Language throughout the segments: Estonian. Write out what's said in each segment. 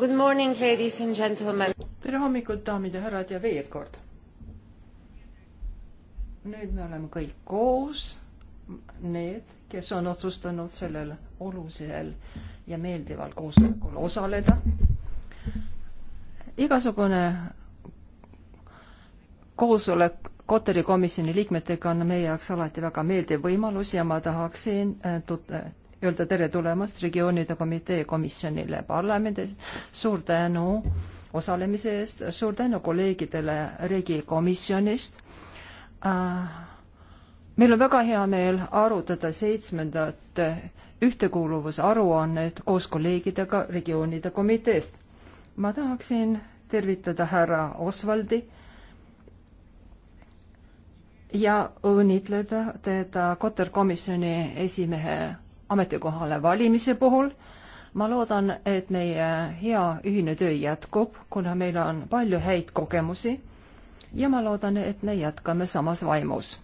Good morning, ladies and gentlemen. tere hommikut, daamid ja härrad ja veel kord. nüüd me oleme kõik koos, need, kes on otsustanud sellel olulisel ja meeldival koosolekul osaleda. igasugune koosolek Kotari komisjoni liikmetega on meie jaoks alati väga meeldiv võimalus ja ma tahaksin äh, äh, öelda tere tulemast regioonide komitee komisjonile parlamendis. suur tänu osalemise eest, suur tänu kolleegidele riigikomisjonist. Äh, meil on väga hea meel arutada seitsmendat ühtekuuluvusaruannet koos kolleegidega regioonide komiteest. ma tahaksin tervitada härra Osvaldi ja õnnitleda teda Kotter komisjoni esimehe ametikohale valimise puhul. ma loodan, et meie hea ühine töö jätkub, kuna meil on palju häid kogemusi ja ma loodan, et me jätkame samas vaimus.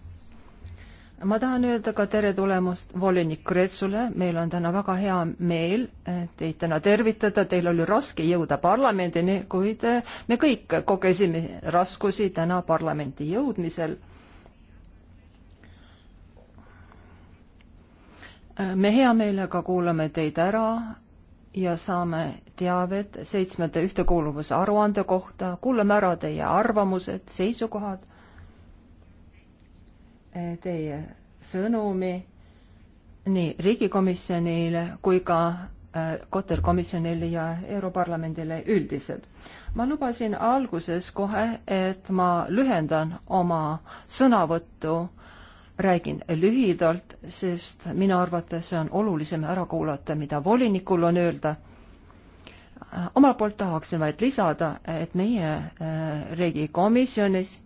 ma tahan öelda ka tere tulemast volinik Kretsule, meil on täna väga hea meel teid täna tervitada, teil oli raske jõuda parlamendini, kuid me kõik kogesime raskusi täna parlamenti jõudmisel me hea meelega kuulame teid ära ja saame teavet seitsmenda ühtekuuluvuse aruande kohta, kuulame ära teie arvamused, seisukohad, teie sõnumi nii Riigikomisjonile kui ka äh, Koterkomisjonile ja Europarlamendile üldiselt. ma lubasin alguses kohe, et ma lühendan oma sõnavõttu räägin lühidalt, sest minu arvates on olulisem ära kuulata, mida volinikul on öelda. omalt poolt tahaksin vaid lisada, et meie äh, riigikomisjonis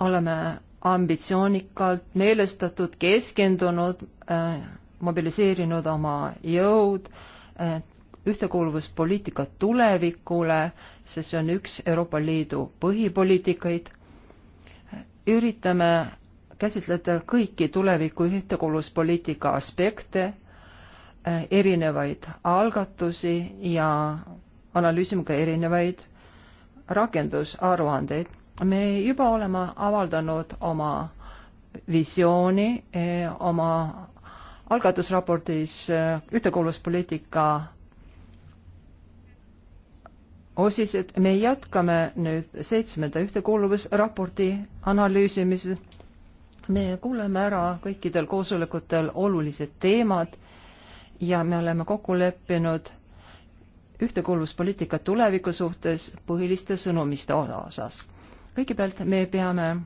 oleme ambitsioonikalt meelestatud, keskendunud, äh, mobiliseerinud oma jõud, äh, ühtekuuluvuspoliitika tulevikule, sest see on üks Euroopa Liidu põhipoliitikaid üritame käsitleda kõiki tuleviku ühtekuuluvuspoliitika aspekte, eh, erinevaid algatusi ja analüüsime ka erinevaid rakendusaruandeid. me juba oleme avaldanud oma visiooni eh, oma algatusraportis eh, ühtekuuluvuspoliitika osised me jätkame nüüd seitsmenda ühtekuuluvusraporti analüüsimisel. me kuuleme ära kõikidel koosolekutel olulised teemad ja me oleme kokku leppinud ühtekuuluvuspoliitika tuleviku suhtes põhiliste sõnumiste osas. kõigepealt me peame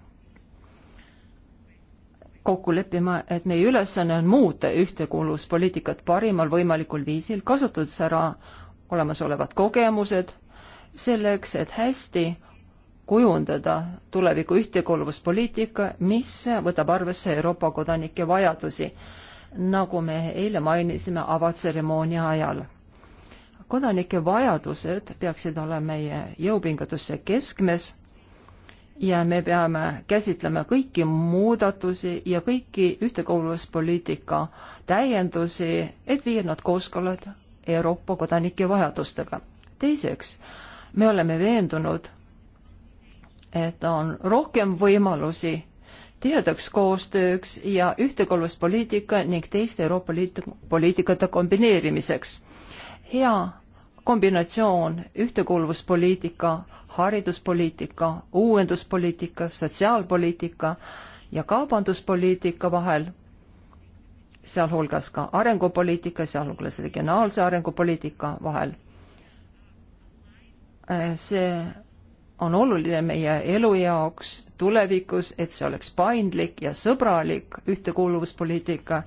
kokku leppima, et meie ülesanne on muuta ühtekuuluvuspoliitikat parimal võimalikul viisil, kasutades ära olemasolevad kogemused selleks, et hästi kujundada tuleviku ühtekuuluvuspoliitika, mis võtab arvesse Euroopa kodanike vajadusi, nagu me eile mainisime avatseremoonia ajal. kodanike vajadused peaksid olema meie jõupingutuse keskmes ja me peame käsitlema kõiki muudatusi ja kõiki ühtekuuluvuspoliitika täiendusi, et viia nad kooskõlad Euroopa kodanike vajadustega. teiseks, me oleme veendunud, et on rohkem võimalusi tihedaks koostööks ja ühtekuuluvuspoliitika ning teiste Euroopa Liidu poliitikate kombineerimiseks. hea kombinatsioon ühtekuuluvuspoliitika, hariduspoliitika, uuenduspoliitika, sotsiaalpoliitika ja kaubanduspoliitika vahel, sealhulgas ka arengupoliitika, sealhulgas regionaalse arengupoliitika vahel Äh, see on oluline meie elu jaoks tulevikus, et see oleks paindlik ja sõbralik ühtekuuluvuspoliitika,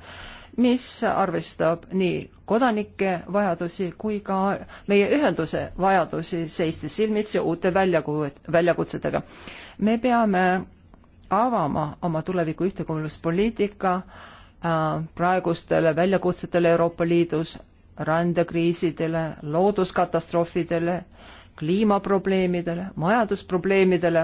mis arvestab nii kodanike vajadusi kui ka meie ühenduse vajadusi seistes silmitsi uute väljakutsetega. me peame avama oma tuleviku ühtekuuluvuspoliitika äh, praegustele väljakutsetele Euroopa Liidus, rändekriisidele, looduskatastroofidele äh,, kliimaprobleemidele, majandusprobleemidele,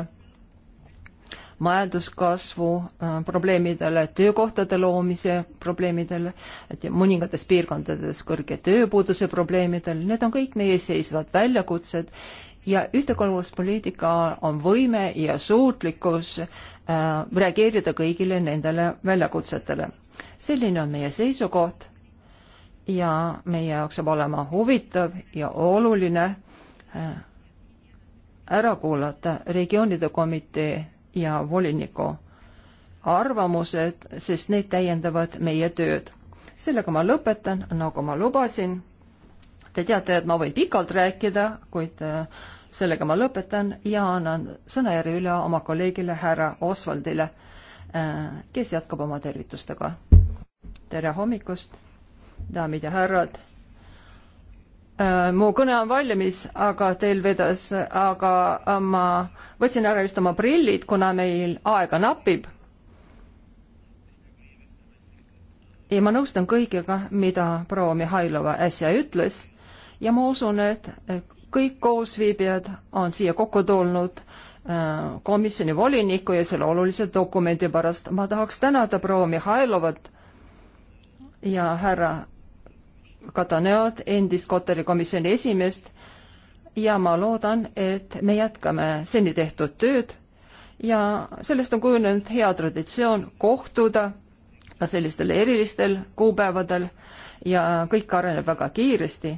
majanduskasvu äh, probleemidele, töökohtade loomise probleemidele, et mõningates piirkondades kõrge tööpuuduse probleemidel, need on kõik meie seisvad väljakutsed ja ühtekuuluvuspoliitika on võime ja suutlikkus äh, reageerida kõigile nendele väljakutsetele. selline on meie seisukoht ja meie jaoks saab olema huvitav ja oluline ära kuulata regioonide komitee ja voliniku arvamused, sest need täiendavad meie tööd. sellega ma lõpetan, nagu ma lubasin. Te teate, et ma võin pikalt rääkida, kuid äh, sellega ma lõpetan ja annan sõnajärje üle oma kolleegile härra Osvaldile, äh, kes jätkab oma tervitustega. tere hommikust, daamid ja härrad Äh, mu kõne on valmis, aga teil vedas, aga äh, ma võtsin ära just oma prillid, kuna meil aega napib. ja ma nõustun kõigega, mida proua Mihhailova äsja ütles ja ma usun, et kõik koosviibijad on siia kokku tulnud äh, komisjoni voliniku ja selle olulise dokumendi pärast. ma tahaks tänada proua Mihhailovat ja härra Kataneot, endist Kotari komisjoni esimeest ja ma loodan, et me jätkame seni tehtud tööd ja sellest on kujunenud hea traditsioon kohtuda ka sellistel erilistel kuupäevadel ja kõik areneb väga kiiresti.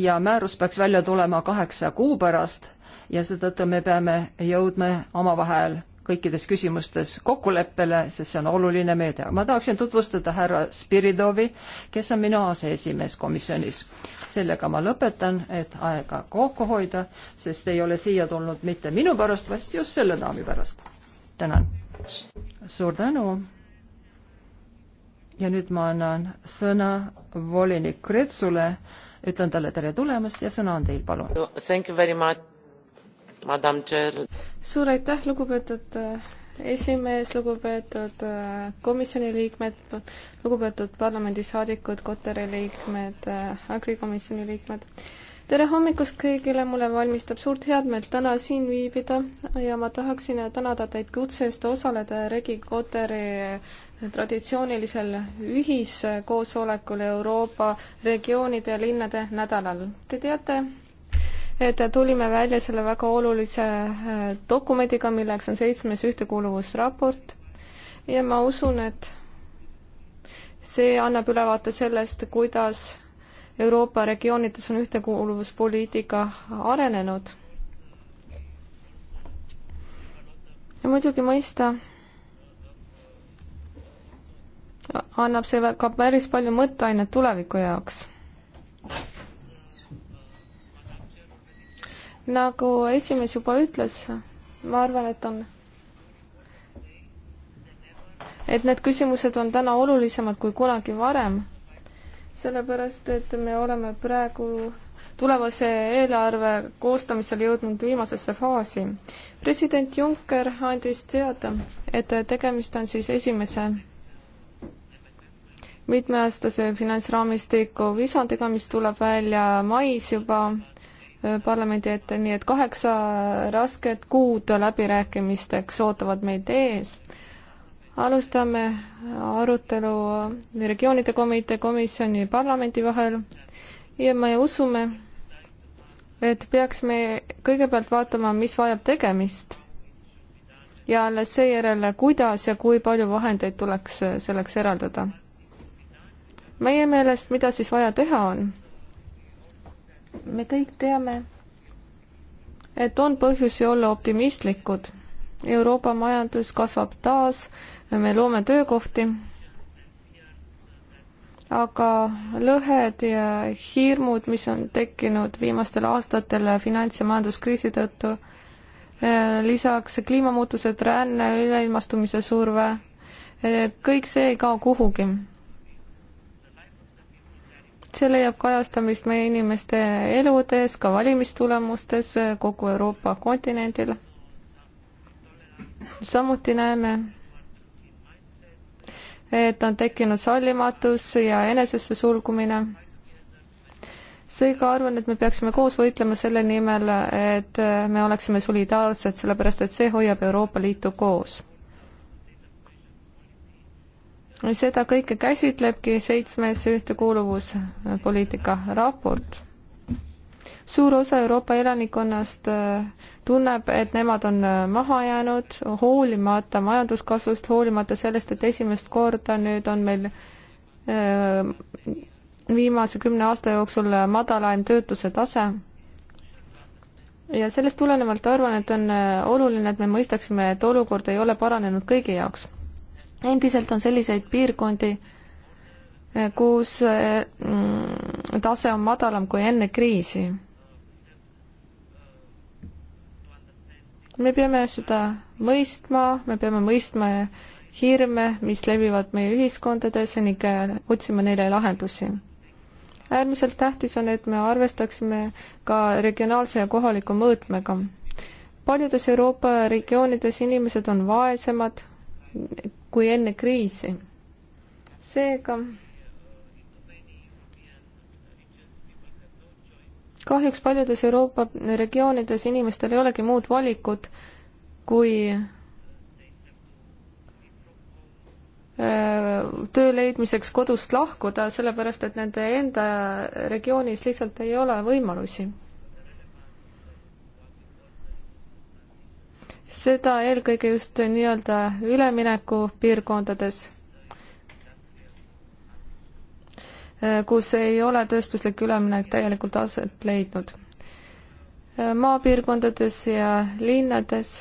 ja määrus peaks välja tulema kaheksa kuu pärast ja seetõttu me peame jõudma omavahel kõikides küsimustes kokkuleppele, sest see on oluline meede. ma tahaksin tutvustada härra Spiridovi, kes on minu aseesimees komisjonis. sellega ma lõpetan, et aega kokku hoida, sest ei ole siia tulnud mitte minu pärast, vaid just selle daami pärast. tänan. suur tänu. ja nüüd ma annan sõna volinik Kretsule, ütlen talle tere tulemast ja sõna on teil, palun. Thank you very much suur aitäh, lugupeetud äh, esimees, lugupeetud äh, komisjoni liikmed, lugupeetud parlamendisaadikud, Kotari liikmed, äh, agrikomisjoni liikmed. tere hommikust kõigile, mulle valmistab suurt headmeelt täna siin viibida ja ma tahaksin tänada teid kutse eest osaleda Regi Kotari traditsioonilisel ühiskoosolekul Euroopa regioonide ja linnade nädalal. Te teate, et tulime välja selle väga olulise äh, dokumendiga, milleks on seitsmes ühtekuuluvusraport ja ma usun, et see annab ülevaate sellest, kuidas Euroopa regioonides on ühtekuuluvuspoliitika arenenud. ja muidugi mõista annab see ka päris palju mõtteainet tuleviku jaoks nagu esimees juba ütles, ma arvan, et on, et need küsimused on täna olulisemad kui kunagi varem, sellepärast et me oleme praegu tulevase eelarve koostamisel jõudnud viimasesse faasi. president Juncker andis teada, et tegemist on siis esimese mitmeaastase finantsraamistiku visandiga, mis tuleb välja mais juba Äh, parlamendi ette, nii et kaheksa rasket kuud läbirääkimisteks ootavad meid ees. alustame arutelu regioonide komitee, komisjoni ja parlamendi vahel ja me usume, et peaksime kõigepealt vaatama, mis vajab tegemist ja alles seejärel, kuidas ja kui palju vahendeid tuleks selleks eraldada. meie meelest, mida siis vaja teha on me kõik teame, et on põhjusi olla optimistlikud. Euroopa majandus kasvab taas, me loome töökohti, aga lõhed ja hirmud, mis on tekkinud viimastel aastatel finants- ja majanduskriisi tõttu, eh, lisaks kliimamuutused, ränne, üleilmastumise surve, eh, kõik see ei kao kuhugi see leiab kajastamist meie inimeste eludes, ka valimistulemustes kogu Euroopa kontinendil. samuti näeme, et on tekkinud sallimatus ja enesesse sulgumine. seega arvan, et me peaksime koos võitlema selle nimel, et me oleksime solidaarsed, sellepärast et see hoiab Euroopa Liitu koos seda kõike käsitlebki seitsmes ühtekuuluvuspoliitika raport. suur osa Euroopa elanikkonnast äh, tunneb, et nemad on äh, maha jäänud, hoolimata majanduskasvust, hoolimata sellest, et esimest korda nüüd on meil äh, viimase kümne aasta jooksul madalaim töötuse tase. ja sellest tulenevalt arvan, et on oluline, et me mõistaksime, et olukord ei ole paranenud kõigi jaoks endiselt on selliseid piirkondi, eh, kus eh, mm, tase on madalam kui enne kriisi. me peame seda mõistma, me peame mõistma hirme, mis levivad meie ühiskondades ning eh, otsima neile lahendusi. äärmiselt tähtis on, et me arvestaksime ka regionaalse ja kohaliku mõõtmega. paljudes Euroopa regioonides inimesed on vaesemad, kui enne kriisi. seega kahjuks paljudes Euroopa regioonides inimestel ei olegi muud valikut, kui äh, töö leidmiseks kodust lahkuda, sellepärast et nende enda regioonis lihtsalt ei ole võimalusi seda eelkõige just nii-öelda üleminekupiirkondades, kus ei ole tööstuslik üleminek täielikult aset leidnud. maapiirkondades ja linnades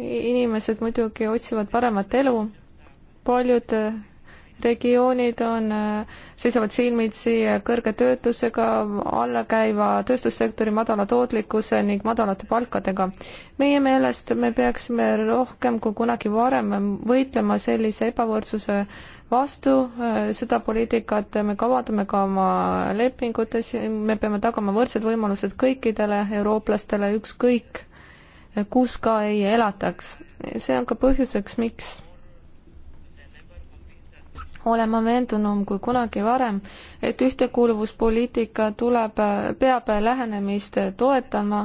inimesed muidugi otsivad paremat elu, paljud regioonid on, seisavad silmitsi kõrge töötusega, allakäiva tööstussektori madala tootlikkuse ning madalate palkadega. meie meelest me peaksime rohkem kui kunagi varem võitlema sellise ebavõrdsuse vastu, seda poliitikat me kavandame ka oma lepingutes, me peame tagama võrdsed võimalused kõikidele eurooplastele, ükskõik kus ka ei elataks. see on ka põhjuseks, miks olen ma veendunum kui kunagi varem, et ühtekuuluvuspoliitika tuleb, peab lähenemist toetama,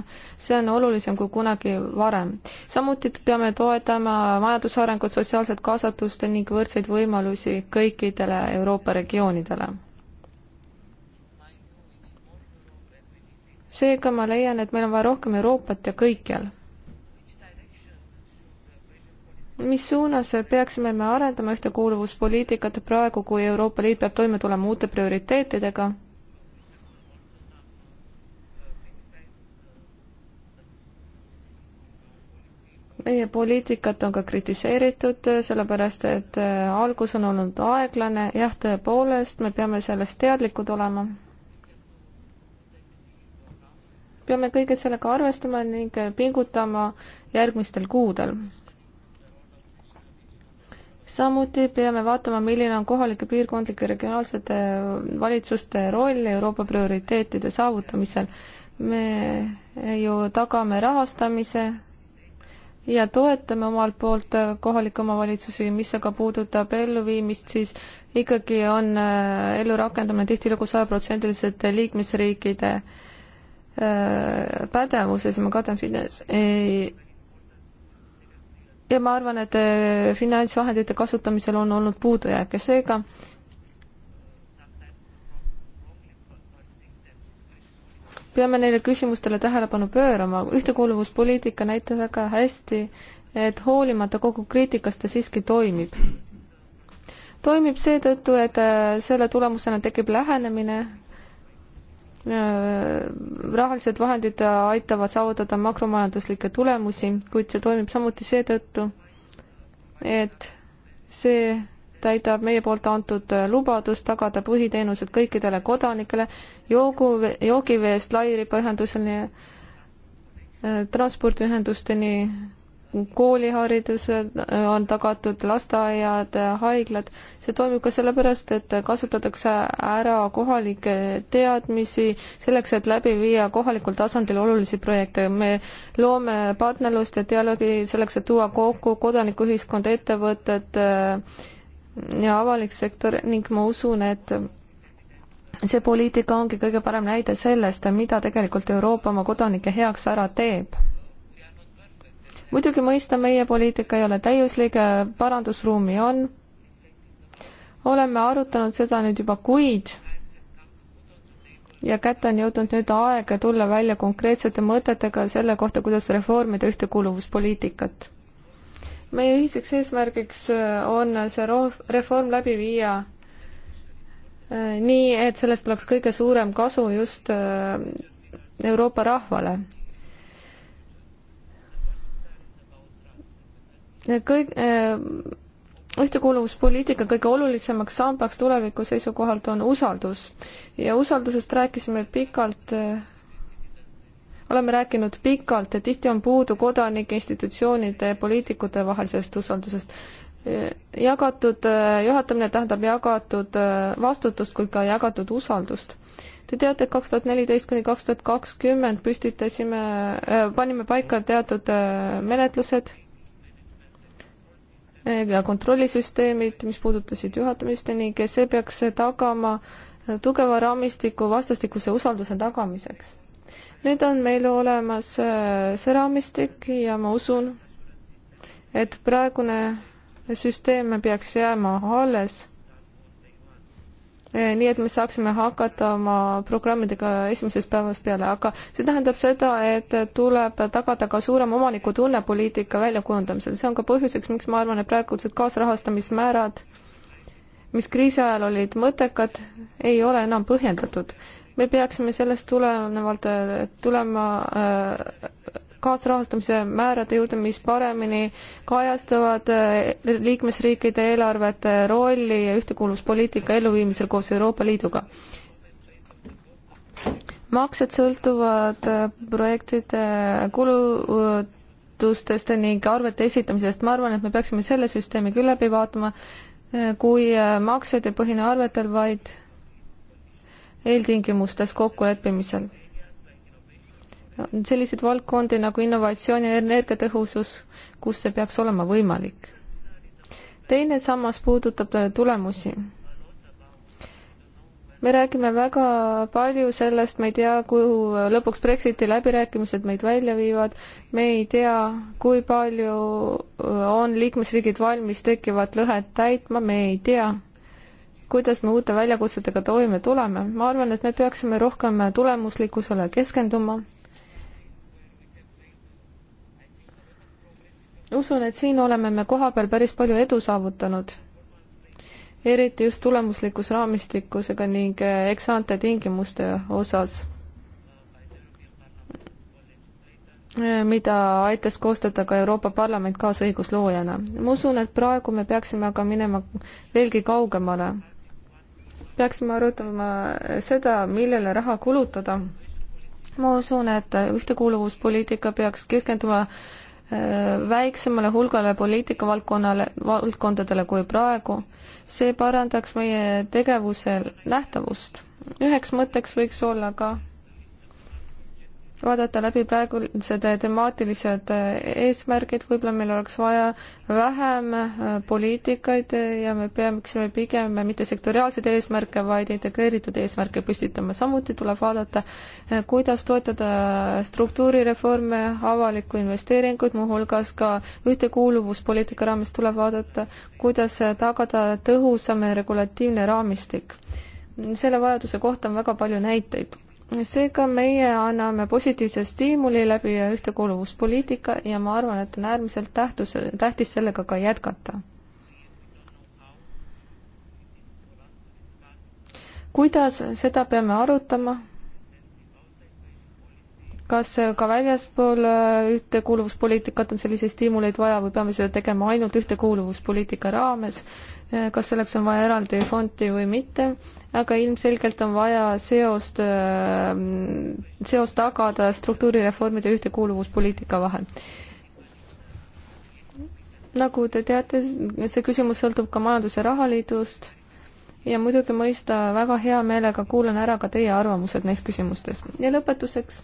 see on olulisem kui kunagi varem. samuti peame toetama majandusarengut, sotsiaalset kaasatust ning võrdseid võimalusi kõikidele Euroopa regioonidele. seega ma leian, et meil on vaja rohkem Euroopat ja kõikjal mis suunas peaksime me arendama ühtekuuluvuspoliitikat praegu, kui Euroopa Liit peab toime tulema uute prioriteetidega? meie poliitikat on ka kritiseeritud, sellepärast et äh, algus on olnud aeglane, jah, tõepoolest, me peame sellest teadlikud olema. peame kõige sellega arvestama ning äh, pingutama järgmistel kuudel samuti peame vaatama, milline on kohalike piirkondlike regionaalsete eh, valitsuste roll Euroopa prioriteetide saavutamisel. me ju tagame rahastamise ja toetame omalt poolt eh, kohalikke omavalitsusi, mis aga puudutab elluviimist, siis ikkagi on eh, ellurakendamine tihtilugu sajaprotsendiliselt liikmesriikide pädevuses ja ma kardan, ei ja ma arvan, et äh, finantsvahendite kasutamisel on olnud puudujääke, seega peame neile küsimustele tähelepanu pöörama, ühtekuuluvuspoliitika näitab väga hästi, et hoolimata kogu kriitikast ta siiski toimib. toimib seetõttu, et äh, selle tulemusena tekib lähenemine, Äh, rahalised vahendid aitavad saavutada makromajanduslikke tulemusi, kuid see toimib samuti seetõttu, et see täidab meie poolt antud lubadust tagada põhiteenused kõikidele kodanikele, joogu, joogiveest lairibaühenduseni, äh, transpordiühendusteni, kooliharidus äh, on tagatud, lasteaiad, haiglad, see toimub ka sellepärast, et kasutatakse ära kohalikke teadmisi selleks, et läbi viia kohalikul tasandil olulisi projekte. me loome partnerlust ja dialoogi selleks, et tuua kokku kodanikuühiskond, ettevõtted äh, ja avalik sektor ning ma usun, et see poliitika ongi kõige parem näide sellest, mida tegelikult Euroopa oma kodanike heaks ära teeb muidugi mõista, meie poliitika ei ole täiuslik, äh, parandusruumi on. oleme arutanud seda nüüd juba kuid ja kätte on jõudnud nüüd aeg tulla välja konkreetsete mõtetega selle kohta, kuidas reformida ühtekuuluvuspoliitikat. meie ühiseks eesmärgiks äh, on see reform läbi viia äh, nii, et sellest oleks kõige suurem kasu just Euroopa rahvale kõik äh, ühtekuuluvuspoliitika kõige olulisemaks sambaks tuleviku seisukohalt on usaldus ja usaldusest rääkisime pikalt äh, oleme rääkinud pikalt ja tihti on puudu kodanike, institutsioonide ja poliitikute vahelisest usaldusest. Äh, jagatud juhatamine tähendab jagatud vastutust kui ka jagatud usaldust. Te teate, et kaks tuhat neliteist kuni kaks tuhat kakskümmend püstitasime, panime paika teatud menetlused Eh, ja kontrollisüsteemid, mis puudutasid juhatamist ning see peaks tagama eh, tugeva raamistiku vastastikuse usalduse tagamiseks. nüüd on meil olemas eh, see raamistik ja ma usun, et praegune süsteem peaks jääma alles Eh, nii et me saaksime hakata oma programmidega esimesest päevast peale, aga see tähendab seda, et tuleb tagada ka suurem omanikutunne poliitika väljakujundamisel, see on ka põhjuseks, miks ma arvan, et praegused kaasrahastamismäärad, mis kriisi ajal olid mõttekad, ei ole enam põhjendatud. me peaksime sellest tulenevalt tulema äh, kaasrahastamise määrade juurde, mis paremini kajastavad äh, liikmesriikide eelarvete rolli ühtekuuluvuspoliitika elluviimisel koos Euroopa Liiduga maksed sõltuvad äh, projektide äh, kulutustest ning arvete esitamisest. ma arvan, et me peaksime selle süsteemi küll läbi vaatama, kui maksed ei põhine arvetel, vaid eeltingimustes kokkuleppimisel selliseid valdkondi nagu innovatsioon ja energiatõhusus, kus see peaks olema võimalik. teine sammas puudutab tulemusi. me räägime väga palju sellest, me ei tea, kuhu lõpuks Brexiti läbirääkimised meid välja viivad, me ei tea, kui palju on liikmesriigid valmis tekkivat lõhet täitma, me ei tea kuidas me uute väljakutsetega toime tuleme. ma arvan, et me peaksime rohkem tulemuslikkusele keskenduma usun, et siin oleme me kohapeal päris palju edu saavutanud, eriti just tulemuslikus raamistikusega ning eh, eksante tingimuste osas, eh, mida aitas koostada ka Euroopa Parlament kaasõigusloojana. ma usun, et praegu me peaksime aga minema veelgi kaugemale. peaksime arutama seda, millele raha kulutada. ma usun, et ühtekuuluvuspoliitika peaks keskenduma Äh, väiksemale hulgale poliitikavaldkonnale, valdkondadele kui praegu. see parandaks meie tegevuse nähtavust. üheks mõtteks võiks olla ka vaadata läbi praegused temaatilised eesmärgid, võib-olla meil oleks vaja vähem äh, poliitikaid ja me peaksime pigem mitte sektoriaalseid eesmärke, vaid integreeritud eesmärke püstitama. samuti tuleb vaadata, äh, kuidas toetada struktuurireforme, avalikku investeeringuid, muuhulgas ka ühtekuuluvuspoliitika raames tuleb vaadata, kuidas tagada tõhusam regulatiivne raamistik. selle vajaduse kohta on väga palju näiteid seega meie anname positiivse stiimuli läbi ühtekuuluvuspoliitika ja ma arvan, et on äärmiselt tähtus, tähtis sellega ka jätkata. kuidas, seda peame arutama. kas ka väljaspool ühtekuuluvuspoliitikat on selliseid stiimuleid vaja või peame seda tegema ainult ühtekuuluvuspoliitika raames Eh, kas selleks on vaja eraldi fondi või mitte, aga ilmselgelt on vaja seost, eh, seos tagada struktuurireformide ühtekuuluvuspoliitika vahel. nagu te teate, see küsimus sõltub ka Majandus- ja Rahaliidust ja muidugi mõista väga hea meelega kuulan ära ka teie arvamused neis küsimustes. ja lõpetuseks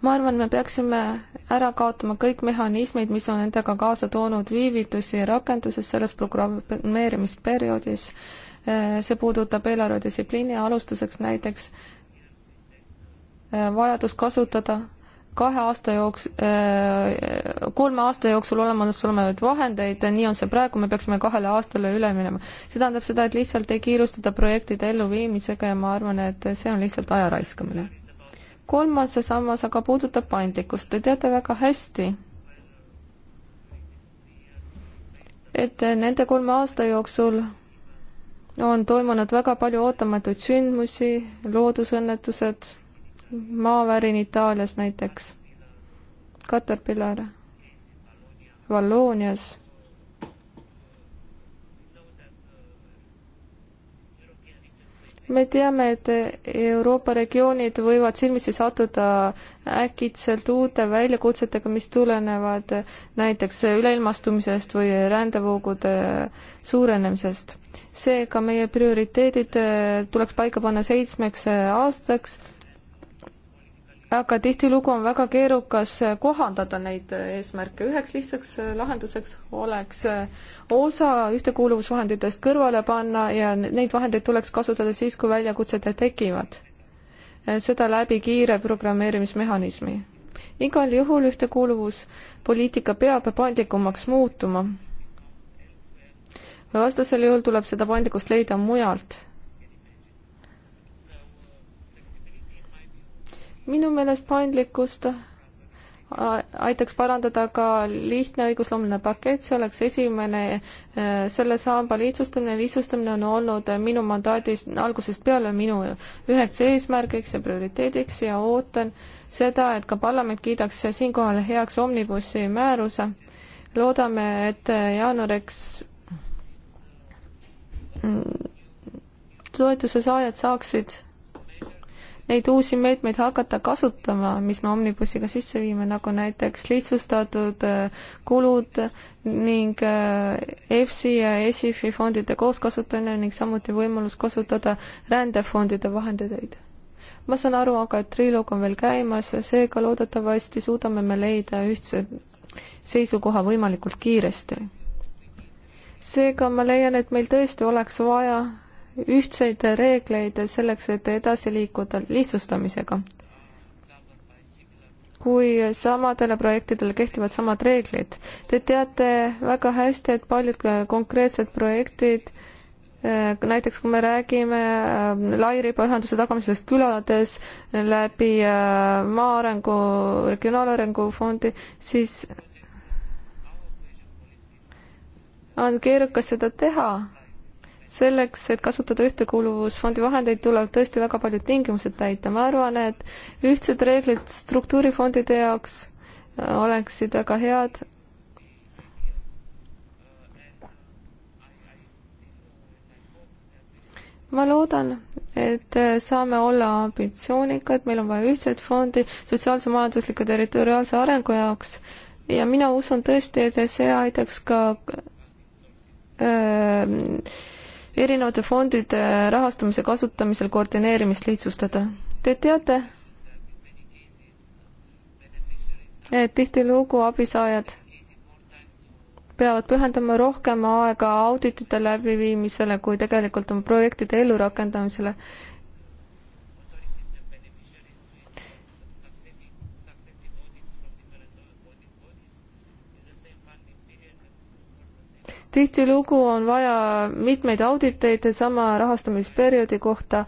ma arvan, me peaksime ära kaotama kõik mehhanismid, mis on endaga kaasa toonud viivitusi rakenduses selles programmeerimisperioodis. see puudutab eelarvedistsipliini ja alustuseks näiteks äh, vajadus kasutada kahe aasta jooks-, äh, kolme aasta jooksul olemas olevaid vahendeid, nii on see praegu, me peaksime kahele aastale üle minema. see tähendab seda, et lihtsalt ei kiirustada projektide elluviimisega ja ma arvan, et see on lihtsalt aja raiskamine kolmas sammas aga puudutab paindlikkust, te teate väga hästi, et nende kolme aasta jooksul on toimunud väga palju ootamatuid sündmusi, loodusõnnetused, maavärin Itaalias näiteks, Caterpillar, Valloonias me teame, et Euroopa regioonid võivad silmitsi sattuda äkitselt uute väljakutsetega, mis tulenevad näiteks üleilmastumisest või rändevoogude suurenemisest. seega meie prioriteedid eh, tuleks paika panna seitsmeks aastaks aga tihtilugu on väga keerukas kohandada neid eesmärke. üheks lihtsaks äh, lahenduseks oleks äh, osa ühtekuuluvusvahenditest kõrvale panna ja neid vahendeid tuleks kasutada siis, kui väljakutsed tekivad. Äh, seda läbi kiire programmeerimismehhanismi. igal juhul ühtekuuluvuspoliitika peab paindlikumaks muutuma. vastasel juhul tuleb seda paindlikkust leida mujalt minu meelest paindlikkust aitaks parandada ka lihtne õigusloomeline pakett, see oleks esimene e, selle samba lihtsustamine, lihtsustamine on olnud minu mandaadis algusest peale minu üheks eesmärgiks ja prioriteediks ja ootan seda, et ka parlament kiidaks siinkohal heaks omnibussi määruse. loodame, et jaanuariks mm, toetuse saajad saaksid neid uusi meetmeid hakata kasutama, mis me Omnibussiga sisse viime, nagu näiteks lihtsustatud äh, kulud ning äh, EFSI ja ESIFi fondide kooskasutamine ning samuti võimalus kasutada rändefondide vahendeid. ma saan aru aga, et triloog on veel käimas, seega loodetavasti suudame me leida ühtse seisukoha võimalikult kiiresti. seega ma leian, et meil tõesti oleks vaja ühtseid reegleid selleks, et edasi liikuda lihtsustamisega. kui samadele projektidele kehtivad samad reeglid, te teate väga hästi, et paljud konkreetsed projektid näiteks kui me räägime äh, lairibaühenduse tagamisest külades äh, läbi äh, Maaarengu Regionaalarengu Fondi, siis on keerukas seda teha selleks, et kasutada ühtekuuluvusfondi vahendeid, tuleb tõesti väga paljud tingimused täita. ma arvan, et ühtsed reeglid struktuurifondide jaoks äh, oleksid väga head. ma loodan, et äh, saame olla ambitsioonikad, meil on vaja ühtset fondi sotsiaalse, majandusliku, territoriaalse arengu jaoks ja mina usun tõesti, et see aitaks ka öö, äh, erinevate fondide rahastamise kasutamisel koordineerimist lihtsustada. Te teate, et tihtilugu abisaajad peavad pühendama rohkem aega auditite läbiviimisele, kui tegelikult on projektide ellurakendamisele tihtilugu on vaja mitmeid auditeid sama rahastamisperioodi kohta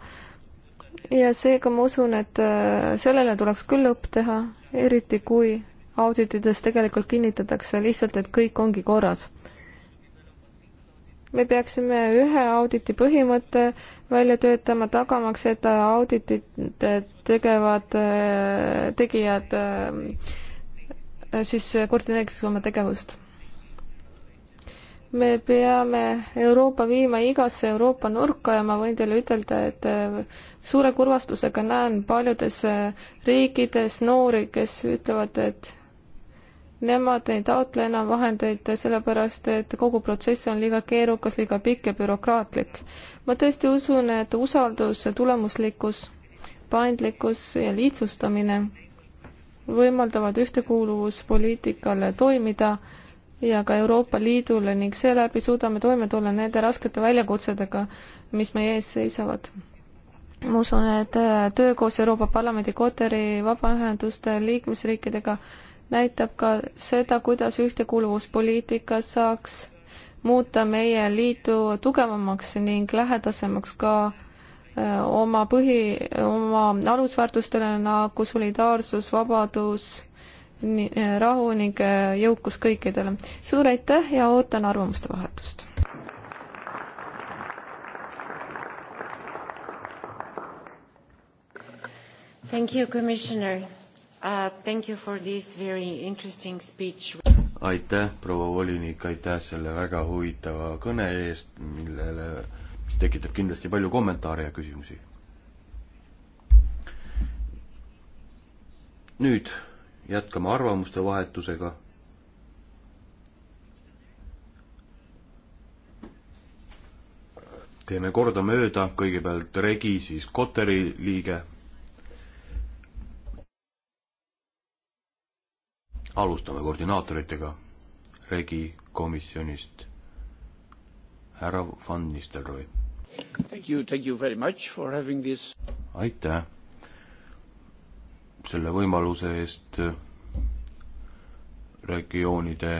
ja seega ma usun, et äh, sellele tuleks küll lõpp teha, eriti kui auditides tegelikult kinnitatakse lihtsalt, et kõik ongi korras. me peaksime ühe auditi põhimõtte välja töötama, tagamaks, et auditit tegevad äh, tegijad äh, siis koordineeriks oma tegevust me peame Euroopa viima igasse Euroopa nurka ja ma võin teile ütelda, et äh, suure kurvastusega näen paljudes äh, riikides noori, kes ütlevad, et nemad ei taotle enam vahendeid, sellepärast et kogu protsess on liiga keerukas, liiga pikk ja bürokraatlik. ma tõesti usun, et usaldus, tulemuslikkus, paindlikkus ja lihtsustamine võimaldavad ühtekuuluvuspoliitikale toimida ja ka Euroopa Liidule ning seeläbi suudame toime tulla nende raskete väljakutsedega, mis meie ees seisavad. ma usun, et äh, töö koos Euroopa Parlamendi Kotari vabaühenduste liikmesriikidega näitab ka seda, kuidas ühtekuuluvuspoliitika saaks muuta meie liitu tugevamaks ning lähedasemaks ka äh, oma põhi, oma alusväärtustele nagu solidaarsus, vabadus Äh, rahu ning äh, jõukus kõikidele. suur aitäh ja ootan arvamuste vahetust! Thank you, Commissioner. Uh, thank you for this very interesting speech. aitäh, proua volinik, aitäh selle väga huvitava kõne eest, millele, mis tekitab kindlasti palju kommentaare ja küsimusi. nüüd jätkame arvamuste vahetusega. teeme kordamööda, kõigepealt Regi, siis Koteri liige. alustame koordinaatoritega. Regi komisjonist, härra Van Nistelrooy. Thank you, thank you very much for having this. aitäh selle võimaluse eest regioonide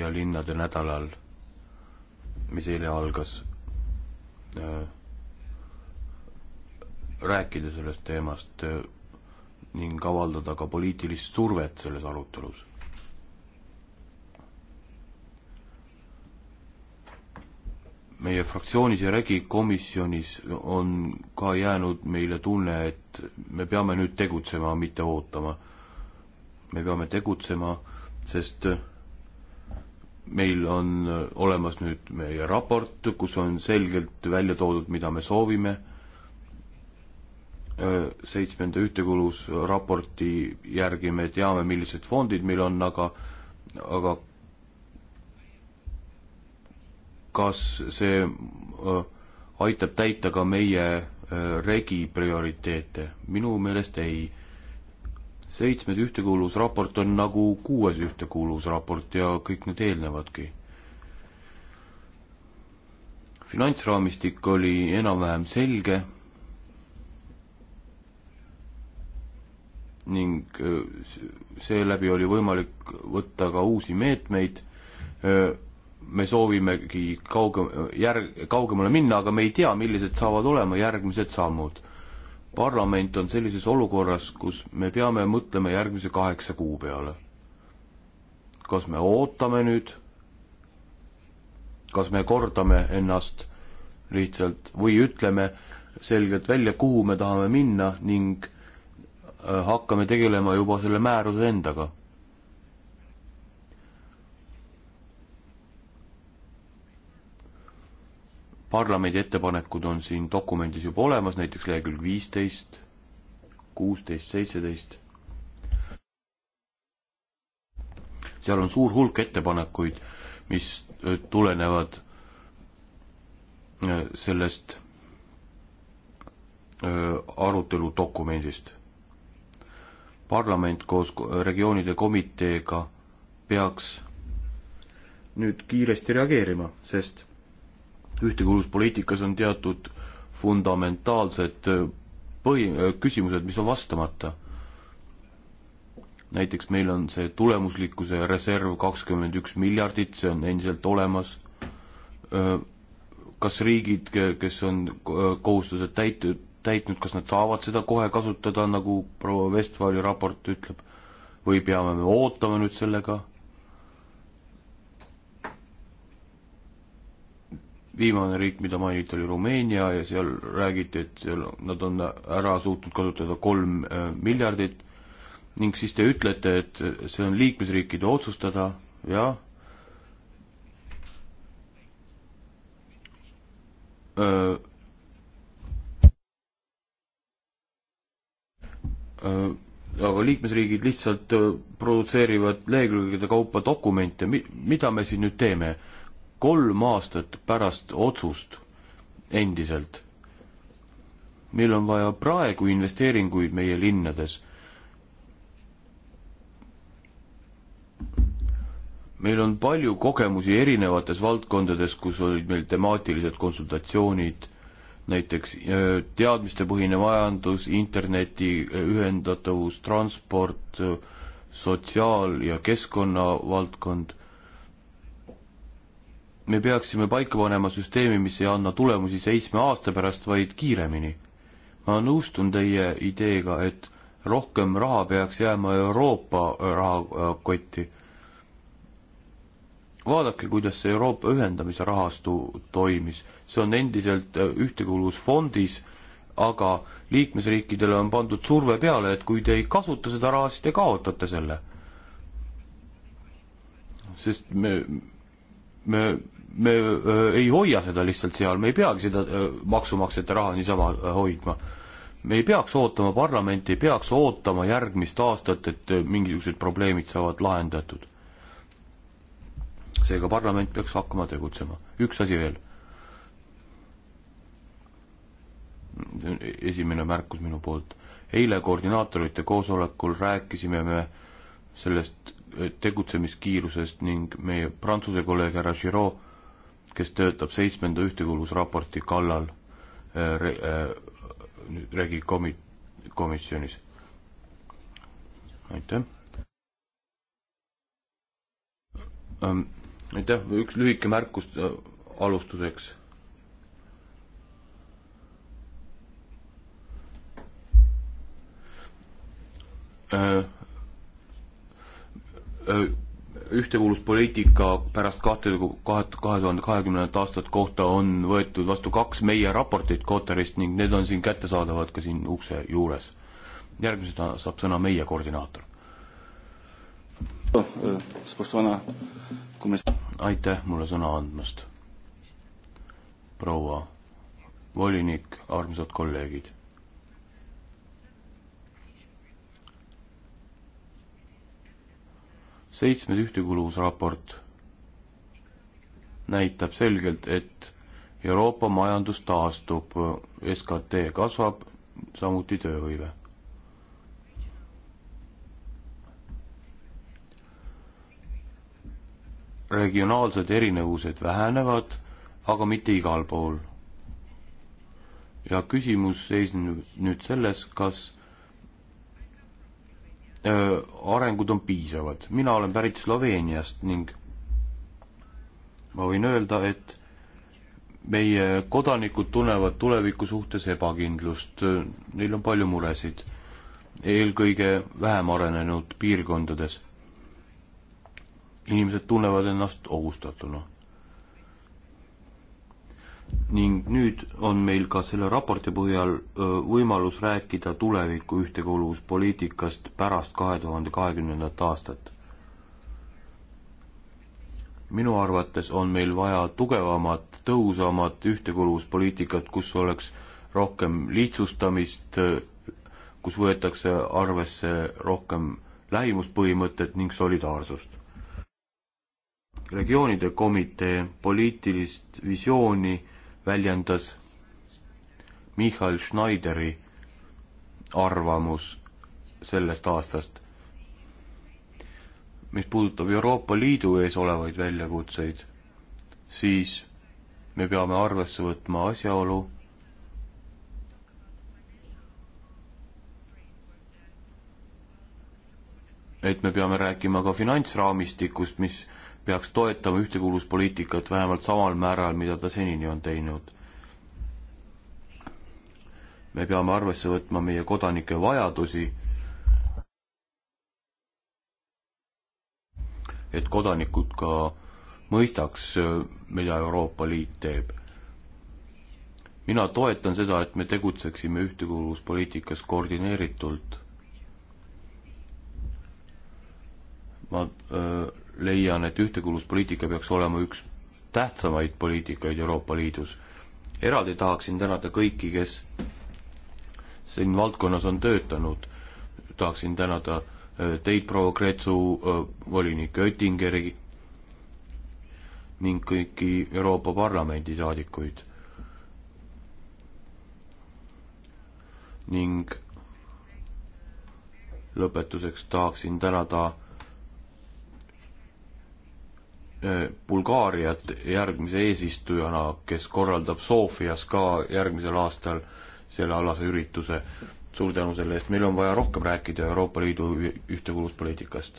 ja linnade nädalal, mis eile algas, äh, rääkida sellest teemast äh, ning avaldada ka poliitilist survet selles arutelus meie fraktsioonis ja regikomisjonis on ka jäänud meile tunne, et me peame nüüd tegutsema, mitte ootama. me peame tegutsema, sest meil on olemas nüüd meie raport, kus on selgelt välja toodud, mida me soovime, seitsmenda ühtekuuluvusraporti järgi me teame, millised fondid meil on, aga aga kas see aitab täita ka meie regi prioriteete? minu meelest ei. seitsmes ühtekuuluvusraport on nagu kuues ühtekuuluvusraport ja kõik need eelnevadki. finantsraamistik oli enam-vähem selge ning seeläbi oli võimalik võtta ka uusi meetmeid me soovimegi kaugem-, järg-, kaugemale minna, aga me ei tea, millised saavad olema järgmised sammud. parlament on sellises olukorras, kus me peame mõtlema järgmise kaheksa kuu peale. kas me ootame nüüd, kas me kordame ennast lihtsalt või ütleme selgelt välja, kuhu me tahame minna ning äh, hakkame tegelema juba selle määruse endaga parlamendi ettepanekud on siin dokumendis juba olemas, näiteks lehekülg viisteist, kuusteist, seitseteist. seal on suur hulk ettepanekuid, mis äh, tulenevad äh, sellest äh, aruteludokumendist. parlament koos regioonide komiteega peaks nüüd kiiresti reageerima, sest ühtekuuluvuspoliitikas on teatud fundamentaalsed äh, põhi, äh, küsimused, mis on vastamata. näiteks meil on see tulemuslikkuse reserv kakskümmend üks miljardit, see on endiselt olemas. Äh, kas riigid, kes on kohustused täitnud, täitnud, kas nad saavad seda kohe kasutada, nagu proua Vestvali raport ütleb, või peame me ootama nüüd sellega? viimane riik, mida mainiti, oli Rumeenia ja seal räägiti, et seal nad on ära suutnud kasutada kolm äh, miljardit ning siis te ütlete, et see on liikmesriikide otsustada, jah. Äh, äh, aga liikmesriigid lihtsalt produtseerivad lehekülgede kaupa dokumente, mida me siin nüüd teeme? kolm aastat pärast otsust endiselt. meil on vaja praegu investeeringuid meie linnades. meil on palju kogemusi erinevates valdkondades, kus olid meil temaatilised konsultatsioonid, näiteks teadmistepõhine majandus, interneti ühendatavus, transport, sotsiaal- ja keskkonnavaldkond me peaksime paika panema süsteemi, mis ei anna tulemusi seitsme aasta pärast, vaid kiiremini. ma nõustun teie ideega, et rohkem raha peaks jääma Euroopa äh, rahakotti. vaadake, kuidas see Euroopa ühendamise rahastu toimis, see on endiselt äh, ühtekuuluvusfondis, aga liikmesriikidele on pandud surve peale, et kui te ei kasuta seda raha, siis te kaotate selle. sest me, me, me äh, ei hoia seda lihtsalt seal, me ei peagi seda äh, maksumaksjate raha niisama äh, hoidma. me ei peaks ootama parlamenti, ei peaks ootama järgmist aastat, et mingisugused probleemid saavad lahendatud. seega parlament peaks hakkama tegutsema. üks asi veel. esimene märkus minu poolt. eile koordinaatorite koosolekul rääkisime me sellest tegutsemiskiirusest ning meie Prantsuse kolleeg härra Giraud, kes töötab seitsmenda ühtekuuluvusraporti kallal re, nüüd regi komi-, komisjonis. aitäh. aitäh, üks lühike märkus alustuseks ühtekuuluspoliitika pärast kahte, kahe, kahe tuhande kahekümnendat aastat kohta on võetud vastu kaks meie raportit Kotarist ning need on siin kättesaadavad ka siin ukse juures. järgmisena saab sõna meie koordinaator. aitäh mulle sõna andmast, proua volinik, armsad kolleegid seitsmes ühtekuuluvusraport näitab selgelt, et Euroopa majandus taastub, SKT kasvab, samuti tööhõive. regionaalsed erinevused vähenevad, aga mitte igal pool. ja küsimus seisneb nüüd selles, kas arengud on piisavad. mina olen pärit Sloveeniast ning ma võin öelda, et meie kodanikud tunnevad tuleviku suhtes ebakindlust, neil on palju muresid, eelkõige vähem arenenud piirkondades. inimesed tunnevad ennast ohustatuna ning nüüd on meil ka selle raporti põhjal võimalus rääkida tuleviku ühtekuuluvuspoliitikast pärast kahe tuhande kahekümnendat aastat. minu arvates on meil vaja tugevamat, tõhusamat ühtekuuluvuspoliitikat, kus oleks rohkem lihtsustamist, kus võetakse arvesse rohkem lähimuspõhimõtet ning solidaarsust. regioonide komitee poliitilist visiooni väljendas Michal Schneideri arvamus sellest aastast, mis puudutab Euroopa Liidu ees olevaid väljakutseid, siis me peame arvesse võtma asjaolu, et me peame rääkima ka finantsraamistikust, mis peaks toetama ühtekuuluvuspoliitikat vähemalt samal määral, mida ta senini on teinud. me peame arvesse võtma meie kodanike vajadusi, et kodanikud ka mõistaks, mida Euroopa Liit teeb. mina toetan seda, et me tegutseksime ühtekuuluvuspoliitikas koordineeritult. ma öö, äh, leian, et ühtekuuluvuspoliitika peaks olema üks tähtsamaid poliitikaid Euroopa Liidus. eraldi tahaksin tänada kõiki, kes siin valdkonnas on töötanud, tahaksin tänada äh, teid, proua Kretsu, äh, volinik Oettingeri ning kõiki Euroopa Parlamendi saadikuid. ning lõpetuseks tahaksin tänada Eh, Bulgaariat järgmise eesistujana, kes korraldab Sofias ka järgmisel aastal sellealase ürituse. suur tänu selle eest, meil on vaja rohkem rääkida Euroopa Liidu ühtekuuluvuspoliitikast.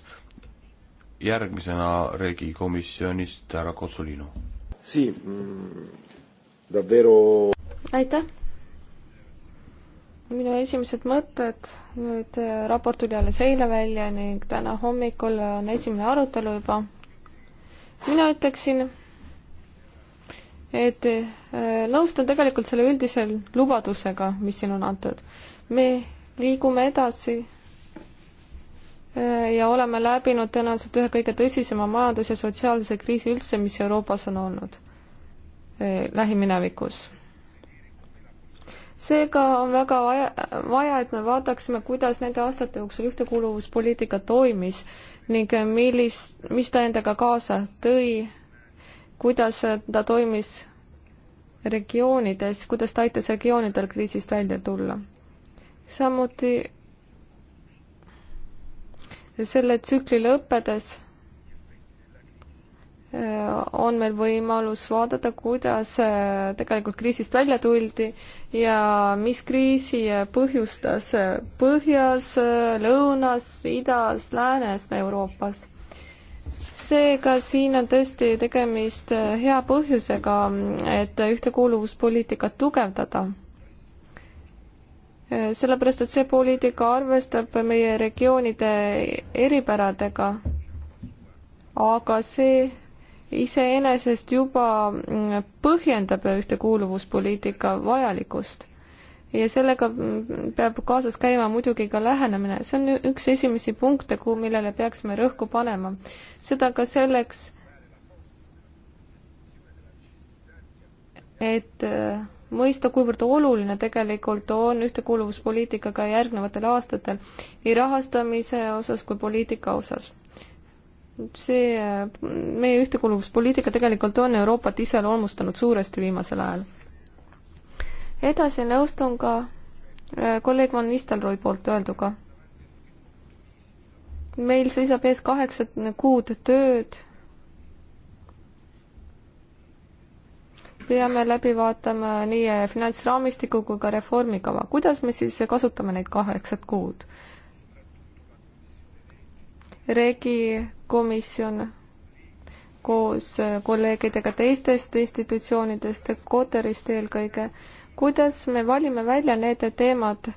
järgmisena Regi komisjonist härra Kotsulino. Sì, mm, davvero. aitäh! minu esimesed mõtted, nüüd äh, raport tuli alles eile välja ning täna hommikul on esimene arutelu juba mina ütleksin, et äh, nõustun tegelikult selle üldise lubadusega, mis siin on antud. me liigume edasi äh, ja oleme läbinud tõenäoliselt ühe kõige tõsisema majandus- ja sotsiaalse kriisi üldse, mis Euroopas on olnud äh, lähiminevikus. seega on väga vaja, vaja, et me vaataksime, kuidas nende aastate jooksul ühtekuuluvuspoliitika toimis ning millis, mis ta endaga kaasa tõi, kuidas ta toimis regioonides, kuidas ta aitas regioonidel kriisist välja tulla. samuti selle tsükli lõppedes on meil võimalus vaadata, kuidas äh, tegelikult kriisist välja tuldi ja mis kriisi äh, põhjustas äh, põhjas, lõunas, idas, läänes Euroopas. seega siin on tõesti tegemist hea põhjusega, et ühtekuuluvuspoliitikat tugevdada. sellepärast, et see poliitika arvestab meie regioonide eripäradega, aga see iseenesest juba mm, põhjendab ühtekuuluvuspoliitika vajalikkust. ja sellega mm, peab kaasas käima muidugi ka lähenemine, see on üks esimesi punkte, kuhu, millele peaksime rõhku panema. seda ka selleks, et äh, mõista, kuivõrd oluline tegelikult on ühtekuuluvuspoliitika ka järgnevatel aastatel nii rahastamise osas kui poliitika osas see, meie ühtekuuluvuspoliitika tegelikult on Euroopat iseloomustanud suuresti viimasel ajal. edasi nõustun ka äh, kolleeg Van Nistelrooy poolt öelduga. meil seisab ees kaheksa kuud tööd. peame läbi vaatama nii finantsraamistiku kui ka reformikava, kuidas me siis kasutame neid kaheksat kuud regikomisjon koos äh, kolleegidega teistest institutsioonidest, Koterist eelkõige, kuidas me valime välja need teemad,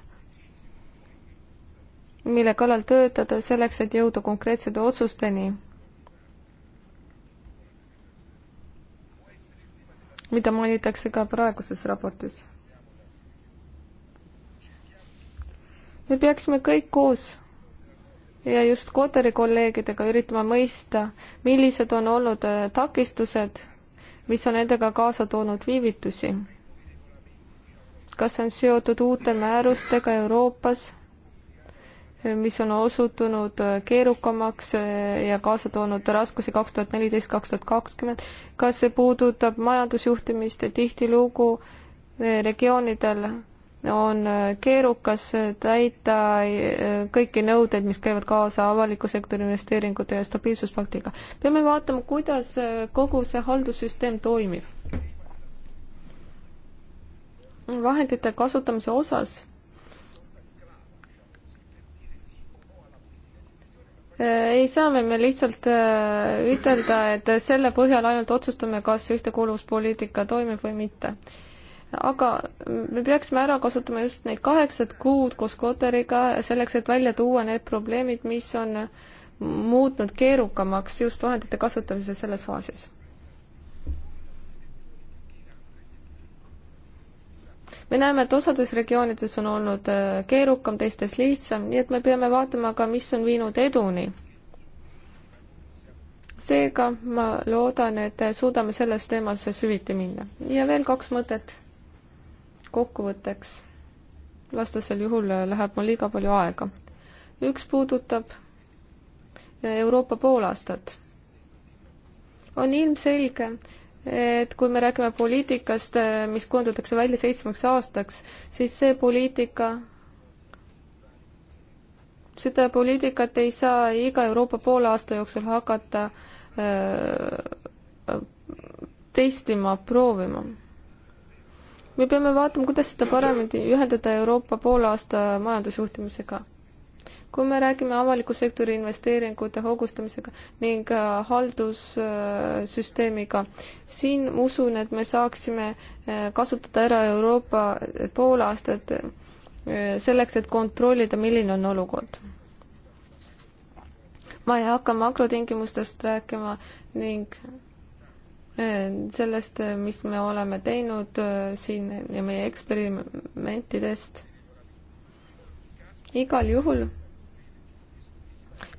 mille kallal töötada selleks, et jõuda konkreetsete otsusteni, mida mainitakse ka praeguses raportis. me peaksime kõik koos ja just Kotari kolleegidega üritama mõista, millised on olnud äh, takistused, mis on endaga kaasa toonud viivitusi. kas see on seotud uute määrustega Euroopas, äh, mis on osutunud äh, keerukamaks ja kaasa toonud raskusi kaks tuhat neliteist, kaks tuhat kakskümmend, kas see puudutab majandusjuhtimist tihtilugu regioonidel on äh, keerukas äh, täita äh, kõiki nõudeid, mis käivad kaasa avaliku sektori investeeringute ja stabiilsuspaktiga. peame vaatama, kuidas kogu see haldussüsteem toimib. vahendite kasutamise osas ei saa me, me lihtsalt ütelda, et selle põhjal ainult otsustame, kas ühtekuuluvuspoliitika toimib või mitte aga me peaksime ära kasutama just neid kaheksat kuud koos Koteriga selleks, et välja tuua need probleemid, mis on muutnud keerukamaks just vahendite kasutamise selles faasis. me näeme, et osades regioonides on olnud äh, keerukam, teistes lihtsam, nii et me peame vaatama ka, mis on viinud eduni. seega ma loodan, et äh, suudame selles teemas süviti minna. ja veel kaks mõtet kokkuvõtteks. vastasel juhul läheb mul liiga palju aega. üks puudutab äh, Euroopa poolaastat. on ilmselge, et kui me räägime poliitikast, äh, mis kujundatakse välja seitsmeks aastaks, siis see poliitika seda poliitikat ei saa iga Euroopa poole aasta jooksul hakata öö, äh, testima, proovima me peame vaatama, kuidas seda paremini ühendada Euroopa poolaasta majandusjuhtimisega. kui me räägime avaliku sektori investeeringute hoogustamisega ning äh, haldussüsteemiga, siin ma usun, et me saaksime äh, kasutada ära Euroopa poolaastat äh, selleks, et kontrollida, milline on olukord. ma ei hakka makrotingimustest rääkima ning sellest, mis me oleme teinud äh, siin ja meie eksperimentidest. igal juhul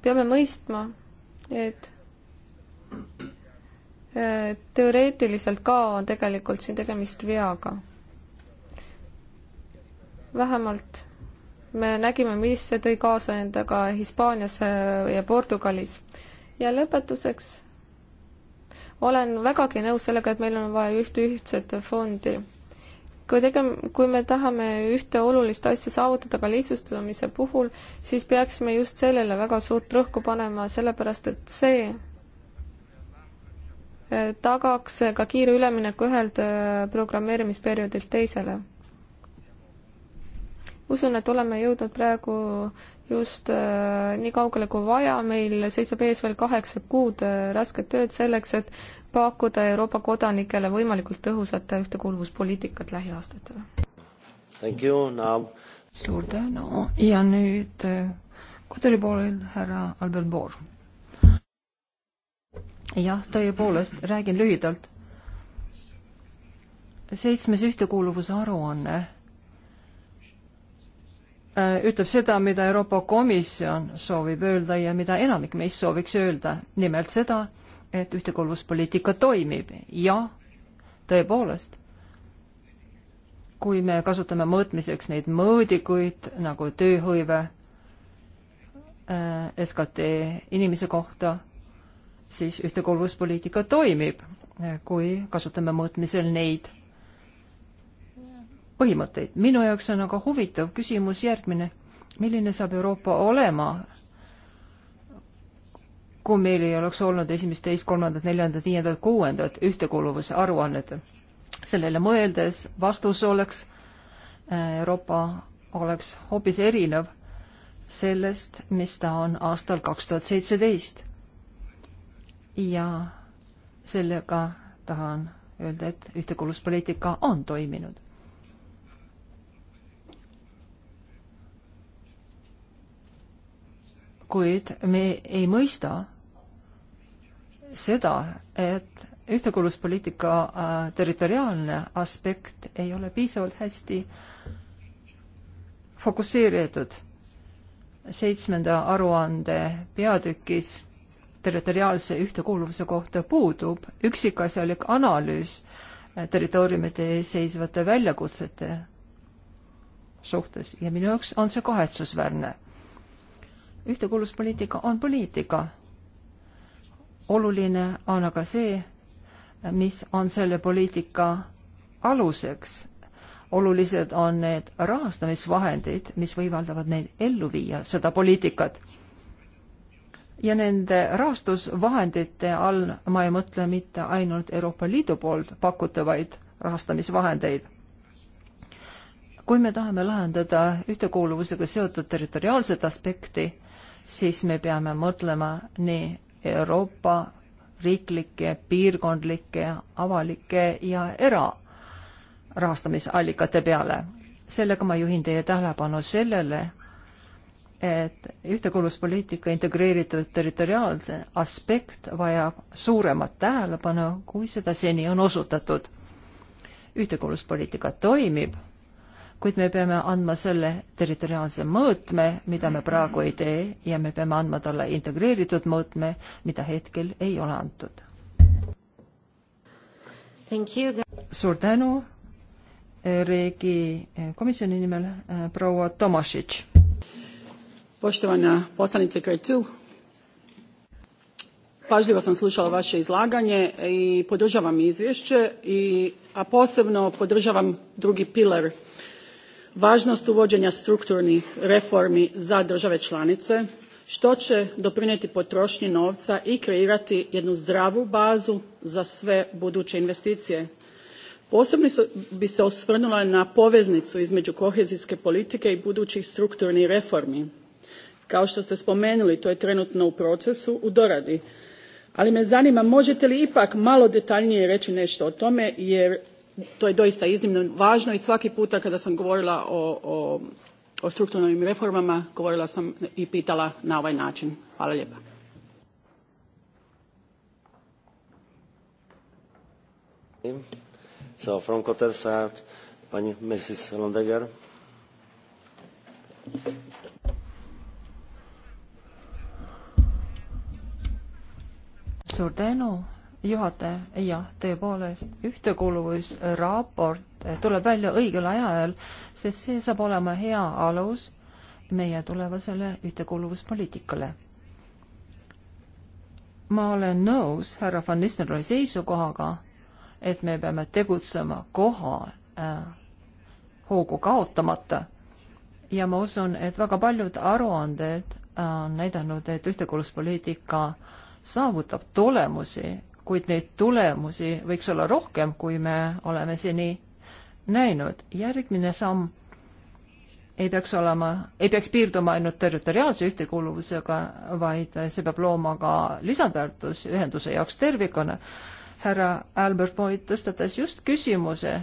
peame mõistma, et äh, teoreetiliselt ka on tegelikult siin tegemist veaga. vähemalt me nägime, mis see tõi kaasa endaga Hispaanias äh, ja Portugalis. ja lõpetuseks olen vägagi nõus sellega, et meil on vaja ühte ühtset fondi. kui tege-, kui me tahame ühte olulist asja saavutada ka lihtsustamise puhul, siis peaksime just sellele väga suurt rõhku panema, sellepärast et see eh, tagaks ka kiire ülemineku ühelt eh, programmeerimisperioodilt teisele usun, et oleme jõudnud praegu just äh, nii kaugele kui vaja, meil seisab ees veel kaheksa kuud äh, rasket tööd selleks, et pakkuda Euroopa kodanikele võimalikult tõhusat ühtekuuluvuspoliitikat lähiaastatele. suur tänu ja nüüd äh, koduri poolel härra Albert Boor. jah, tõepoolest, räägin lühidalt. seitsmes ühtekuuluvuse aruanne Äh, ütleb seda, mida Euroopa Komisjon soovib öelda ja mida enamik meist sooviks öelda. nimelt seda, et ühtekuuluvuspoliitika toimib ja tõepoolest, kui me kasutame mõõtmiseks neid mõõdikuid nagu tööhõive, äh, SKT inimese kohta, siis ühtekuuluvuspoliitika toimib, äh, kui kasutame mõõtmisel neid põhimõtteid. minu jaoks on aga huvitav küsimus järgmine. milline saab Euroopa olema, kui meil ei oleks olnud esimest, teist, kolmandat, neljandat, viiendat, kuuendat ühtekuuluvuse aruannet? sellele mõeldes vastus oleks, äh, Euroopa oleks hoopis erinev sellest, mis ta on aastal kaks tuhat seitseteist. ja sellega tahan öelda, et ühtekuuluvuspoliitika on toiminud. kuid me ei mõista seda, et ühtekuuluvuspoliitika äh, territoriaalne aspekt ei ole piisavalt hästi fokusseeritud. seitsmenda aruande peatükis territoriaalse ühtekuuluvuse kohta puudub üksikasjalik analüüs äh, territooriumide ees seisvate väljakutsete suhtes ja minu jaoks on see kahetsusväärne ühtekuuluvuspoliitika on poliitika. oluline on aga see, mis on selle poliitika aluseks. olulised on need rahastamisvahendid, mis võimaldavad meil ellu viia seda poliitikat. ja nende rahastusvahendite all ma ei mõtle mitte ainult Euroopa Liidu poolt pakutavaid rahastamisvahendeid kui me tahame lahendada ühtekuuluvusega seotud territoriaalset aspekti, siis me peame mõtlema nii Euroopa riiklike, piirkondlike, avalike ja erarahastamisallikate peale. sellega ma juhin teie tähelepanu sellele, et ühtekuuluvuspoliitika integreeritud territoriaalse aspekt vajab suuremat tähelepanu, kui seda seni on osutatud. ühtekuuluvuspoliitika toimib kuid me peame andma selle territoriaalse mõõtme, mida me praegu ei tee ja me peame andma talle integreeritud mõõtme, mida hetkel ei ole antud. suur tänu eh, Regi eh, komisjoni nimel eh, proua Tomašič. Poštovana poslanice Kretu, pažljivo sam slušala vaše izlaganje i podržavam izvješće, i, a posebno podržavam drugi pilar – važnost uvođenja strukturnih reformi za države članice, što će doprinijeti potrošnji novca i kreirati jednu zdravu bazu za sve buduće investicije. Posebno bi se osvrnula na poveznicu između kohezijske politike i budućih strukturnih reformi. Kao što ste spomenuli, to je trenutno u procesu, u doradi. Ali me zanima, možete li ipak malo detaljnije reći nešto o tome, jer to je doista iznimno važno i svaki puta kada sam govorila o, o, o strukturnim reformama, govorila sam i pitala na ovaj način. Hvala lijepa. So from Kotersart, pani Mrs. Londeger. suur tänu, juhataja, jah, tõepoolest, ühtekuuluvusraport eh, tuleb välja õigel ajal, sest see saab olema hea alus meie tulevasele ühtekuuluvuspoliitikale. ma olen nõus härra Van Nistelrooy seisukohaga, et me peame tegutsema koha äh, hoogu kaotamata ja ma usun, et väga paljud aruanded on näidanud, et ühtekuuluvuspoliitika saavutab tulemusi kuid neid tulemusi võiks olla rohkem, kui me oleme seni näinud. järgmine samm ei peaks olema, ei peaks piirduma ainult territoriaalse ühtekuuluvusega, vaid see peab looma ka lisandväärtus ühenduse jaoks tervikuna. härra Albert Moit tõstatas just küsimuse,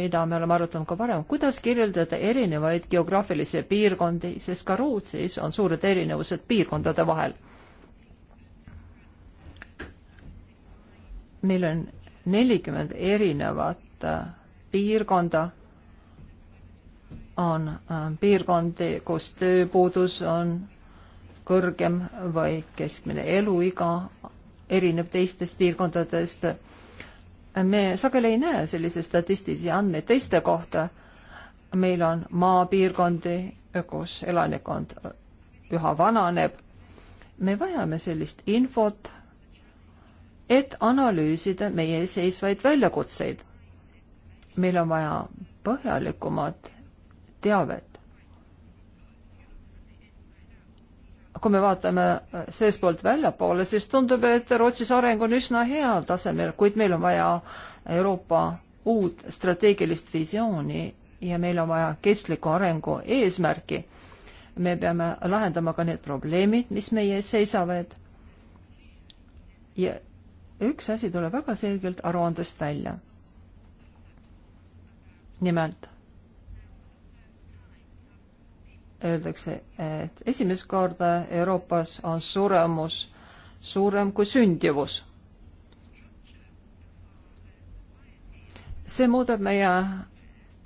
mida me oleme arutanud ka varem, kuidas kirjeldada erinevaid geograafilisi piirkondi, sest ka Rootsis on suured erinevused piirkondade vahel meil on nelikümmend erinevat äh, piirkonda, on äh, piirkondi, kus tööpuudus on kõrgem või keskmine eluiga erineb teistest piirkondadest. me sageli ei näe selliseid statistilisi andmeid teiste kohta. meil on maapiirkondi, kus elanikkond üha vananeb. me vajame sellist infot et analüüsida meie seisvaid väljakutseid. meil on vaja põhjalikumat teavet. kui me vaatame seestpoolt väljapoole, siis tundub, et Rootsis areng on üsna heal tasemel, kuid meil on vaja Euroopa uut strateegilist visiooni ja meil on vaja kestliku arengu eesmärki. me peame lahendama ka need probleemid, mis meie ees seisavad. ja üks asi tuleb väga selgelt aruandest välja. nimelt öeldakse, et esimest korda Euroopas on suremus suurem kui sündivus. see muudab meie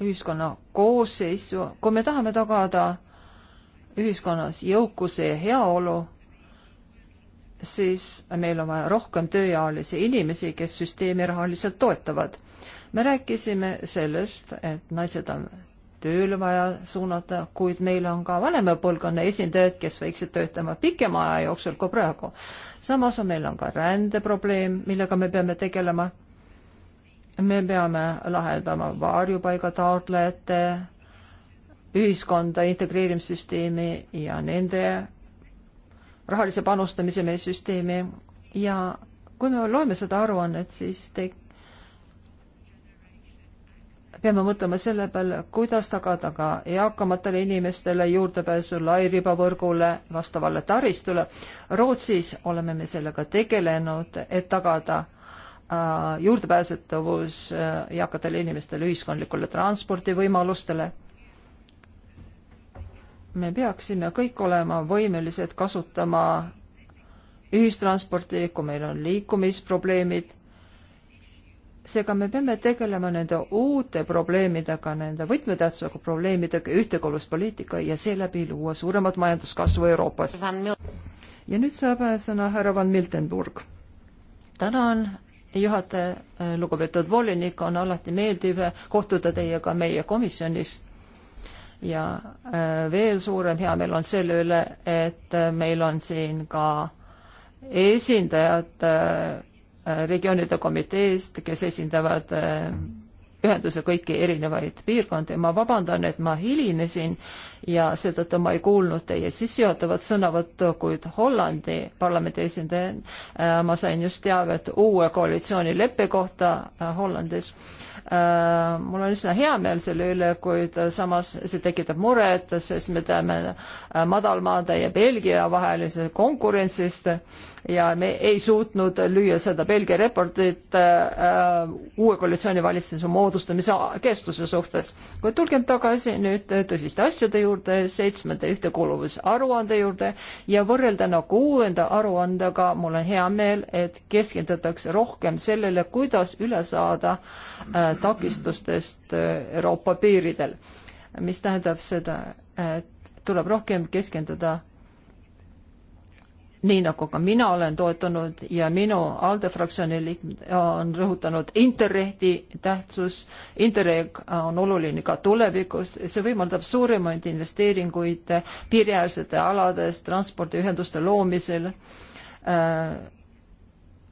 ühiskonna koosseisu, kui me tahame tagada ühiskonnas jõukuse ja heaolu siis meil on vaja rohkem tööealisi inimesi, kes süsteemi rahaliselt toetavad. me rääkisime sellest, et naised on tööle vaja suunata, kuid meil on ka vanema põlvkonna esindajad, kes võiksid töötama pikema aja jooksul kui praegu. samas on meil on ka rändeprobleem, millega me peame tegelema. me peame lahendama varjupaiga taotlejate ühiskonda integreerimissüsteemi ja nende rahalise panustamise meie süsteemi ja kui me loeme seda aruannet, siis te peame mõtlema selle peale, kuidas tagada ka eakamatele inimestele juurdepääsu lairibavõrgule, vastavale taristule. Rootsis oleme me sellega tegelenud, et tagada äh, juurdepääsetavus äh, eakatele inimestele ühiskondlikule transpordivõimalustele me peaksime kõik olema võimelised kasutama ühistransporti, kui meil on liikumisprobleemid. seega me peame tegelema nende uute probleemidega, nende võtmetähtsusega probleemidega ühtekuuluvuspoliitika ja seeläbi luua suuremat majanduskasvu Euroopas. ja nüüd saab sõna härra Van Miltenburg. tänan, juhataja, lugupeetud volinik, on alati meeldiv kohtuda teiega meie komisjonis ja äh, veel suurem heameel on selle üle, et äh, meil on siin ka esindajad äh, regioonide komiteest, kes esindavad ühenduse kõiki erinevaid piirkondi. ma vabandan, et ma hilinesin ja seetõttu ma ei kuulnud teie sissejuhatavat sõnavõttu, kuid Hollandi parlamendi esindajana ma sain just teavet uue koalitsioonileppe kohta Hollandis Äh, mul on üsna hea meel selle üle, kuid samas see tekitab muret, sest me teame äh, madalmaade ja Belgia vahelise konkurentsist ja me ei suutnud lüüa seda Belgia raportit äh, uue koalitsioonivalitsuse moodustamise kestuse suhtes. kuid tulgem tagasi nüüd tõsiste asjade juurde, seitsmenda ühtekuuluvusaruande juurde ja võrrelda nagu kuuenda aruandega, mul on hea meel, et keskendutakse rohkem sellele, kuidas üle saada äh, takistustest äh, Euroopa piiridel, mis tähendab seda, et tuleb rohkem keskenduda nii nagu ka mina olen toetanud ja minu ALDE fraktsiooni liikmed on rõhutanud Interregi tähtsus. Interreg on oluline ka tulevikus, see võimaldab suuremaid investeeringuid piiriäärsete alades transpordiühenduste loomisel äh,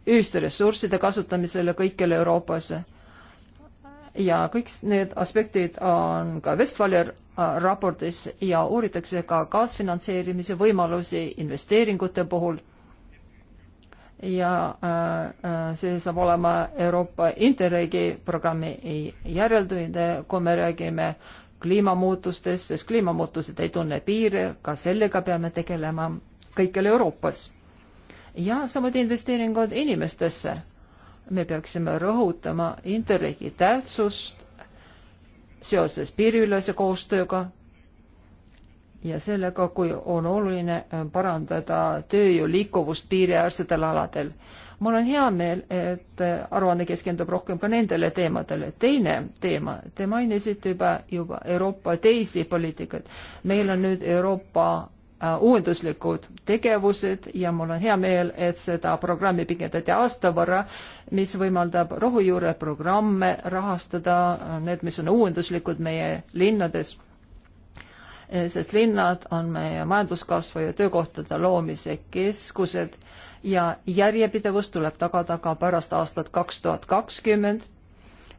ühiste ressursside kasutamisele kõikjal Euroopas. ja kõik need aspektid on ka Westfalia raportis ja uuritakse ka kaasfinantseerimise võimalusi investeeringute puhul. ja äh, äh, see saab olema Euroopa Interregi programmi järeltund, kui me räägime kliimamuutustest, sest kliimamuutused ei tunne piire, ka sellega peame tegelema kõikjal Euroopas. ja samuti investeeringud inimestesse. me peaksime rõhutama Interregi tähtsust seoses piiriülese koostööga ja sellega, kui on oluline äh, parandada tööjõu liikuvust piiriäärsetel aladel. mul on hea meel, et äh, aruanne keskendub rohkem ka nendele teemadele. teine teema, te mainisite juba, juba Euroopa teisi poliitikaid. meil on nüüd Euroopa Äh, uuenduslikud tegevused ja mul on hea meel, et seda programmi pikendati aasta võrra, mis võimaldab rohujuure programme rahastada, äh, need, mis on uuenduslikud meie linnades, äh, sest linnad on meie majanduskasvu ja töökohtade loomise keskused ja järjepidevus tuleb tagada ka pärast aastat kaks tuhat kakskümmend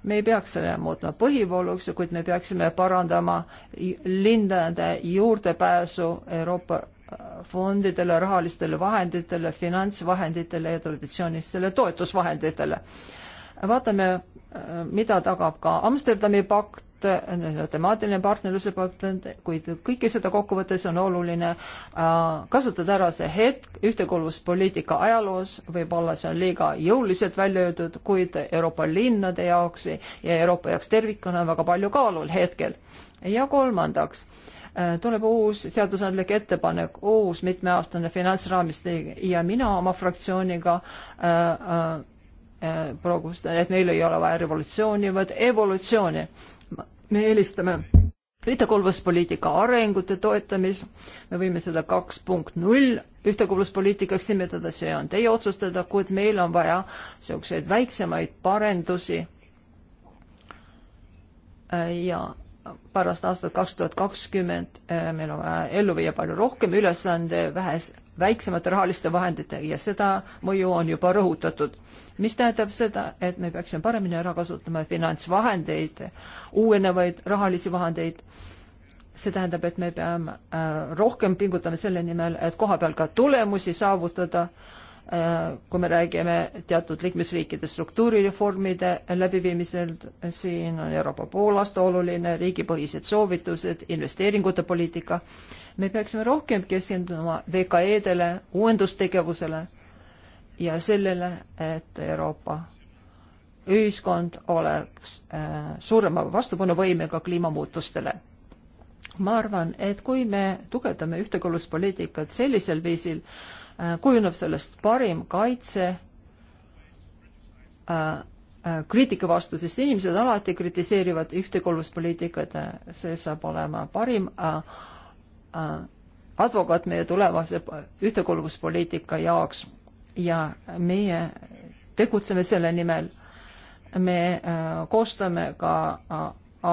me ei peaks selle muutma põhivooluks, kuid me peaksime parandama lindade juurdepääsu Euroopa fondidele, rahalistele vahenditele, finantsvahenditele ja traditsioonilistele toetusvahenditele. vaatame, mida tagab ka Amsterdami pakt, poolt, äh, temaatiline partnerluse poolt, kuid kõike seda kokkuvõttes on oluline äh, kasutada ära see hetk ühtekuuluvuspoliitika ajaloos, võib-olla see on liiga jõuliselt välja öeldud, kuid Euroopa linnade jaoks ja Euroopa jaoks tervikuna on väga palju kaalul hetkel. ja kolmandaks äh, tuleb uus seadusandlik ettepanek, uus mitmeaastane finantsraamistik ja mina oma fraktsiooniga äh, äh, praegust, et meil ei ole vaja revolutsiooni, vaid evolutsiooni me eelistame ühtekuuluvuspoliitika arengute toetamist, me võime seda kaks punkt null ühtekuuluvuspoliitikaks nimetada, see on teie otsustada, kuid meil on vaja niisuguseid väiksemaid parendusi ja pärast aastat kaks tuhat kakskümmend eh, meil on vaja ellu viia palju rohkem ülesande vähes väiksemate rahaliste vahenditega ja seda mõju on juba rõhutatud. mis tähendab seda, et me peaksime paremini ära kasutama finantsvahendeid, uuenevaid rahalisi vahendeid. see tähendab, et me peame äh, rohkem pingutama selle nimel, et kohapeal ka tulemusi saavutada äh, Äh, kui me räägime teatud liikmesriikide struktuurireformide läbiviimisel, siin on Euroopa poolaasta oluline, riigipõhised soovitused, investeeringute poliitika, me peaksime rohkem keskenduma VKE-dele, uuendustegevusele ja sellele, et Euroopa ühiskond oleks äh, suurema vastupanuvõimega kliimamuutustele ma arvan, et kui me tugevdame ühtekuuluvuspoliitikat sellisel viisil, Äh, kujuneb sellest parim kaitse äh, äh, kriitika vastu, sest inimesed alati kritiseerivad ühtekuuluvuspoliitikat, see saab olema parim advokaat meie tulevase ühtekuuluvuspoliitika jaoks ja meie tegutseme selle nimel. me koostame ka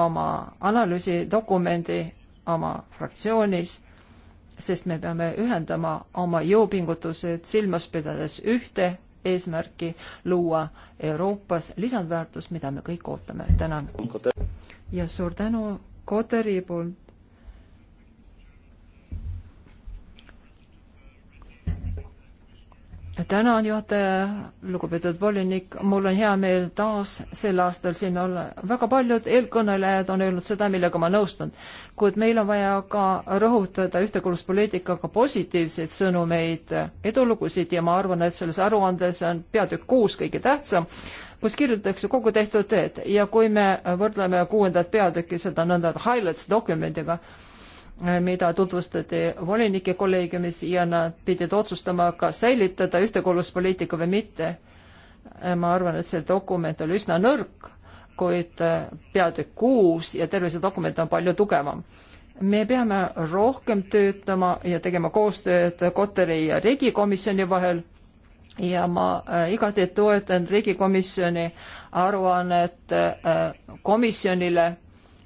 oma analüüsidokumendi oma fraktsioonis sest me peame ühendama oma jõupingutused, silmas pidades ühte eesmärki luua Euroopas lisandväärtus, mida me kõik ootame. tänan. ja suur tänu Kotari poolt tänan, juhataja, lugupeetud volinik, mul on hea meel taas sel aastal siin olla. väga paljud eelkõnelejad on öelnud seda, millega ma nõustun, kuid meil on vaja ka rõhutada ühtekuuluvuspoliitikaga positiivseid sõnumeid, edulugusid ja ma arvan, et selles aruandes on peatükk kuus kõige tähtsam, kus kirjutatakse kogu tehtud teed ja kui me võrdleme kuuendat peatükki seda nõnda highlights dokumendiga, Äh, mida tutvustati volinike kolleegiumis ja nad pidid otsustama, kas säilitada ühtekuuluvuspoliitika või mitte. Äh, ma arvan, et see dokument oli üsna nõrk, kuid äh, peatükk kuus ja terve see dokument on palju tugevam. me peame rohkem töötama ja tegema koostööd Kotari ja Regikomisjoni vahel ja ma igati toetan Riigikomisjoni aruannet komisjonile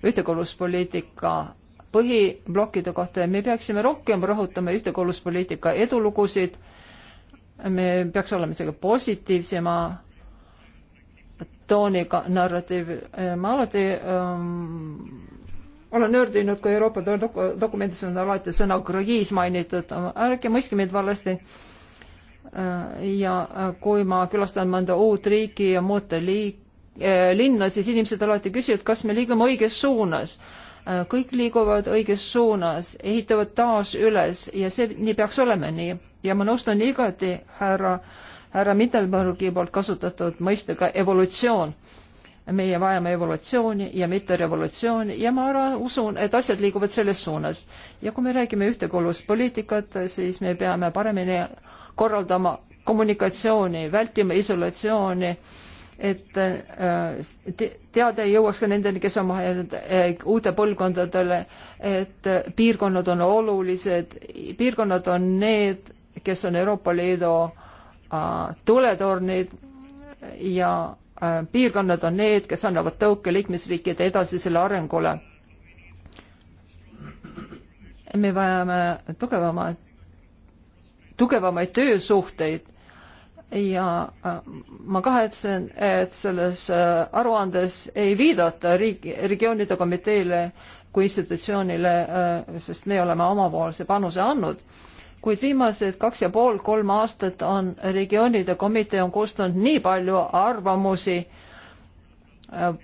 ühtekuuluvuspoliitika põhiblokkide kohta ja me peaksime rohkem rõhutama ühtekuuluvuspoliitika edulugusid. me peaks olema isegi positiivsema tooniga narratiiv. ma alati ähm, olen nördinud, kui Euroopa dok dokumendis on alati sõna kriis mainitud, ärge mõistke mind valesti äh, ja äh, kui ma külastan mõnda uut riiki ja muud liik-, äh, linna, siis inimesed alati küsivad, kas me liigume õiges suunas. Äh, kõik liiguvad õiges suunas, ehitavad taas üles ja see, nii peaks olema nii. ja ma nõustun igati härra, härra Mittelbergi poolt kasutatud mõistega evolutsioon. meie vajame evolutsiooni ja mitte revolutsiooni ja ma ära usun, et asjad liiguvad selles suunas. ja kui me räägime ühtekuuluvuspoliitikat, siis me peame paremini korraldama kommunikatsiooni, vältima isolatsiooni äh, et äh, teade jõuaks ka nendeni, kes on vahel äh, uute põlvkondadele, et äh, piirkonnad on olulised, piirkonnad on need, kes on Euroopa Liidu tuletornid ja piirkonnad on need, kes annavad tõuke liikmesriikide edasisele arengule. me vajame tugevamat tugevamaid töösuhteid ja äh, ma kahetsen, et selles äh, aruandes ei viidata riigi, regioonide komiteele kui institutsioonile, äh, sest me oleme omapoolse panuse andnud. kuid viimased kaks ja pool, kolm aastat on regioonide komitee on koostanud nii palju arvamusi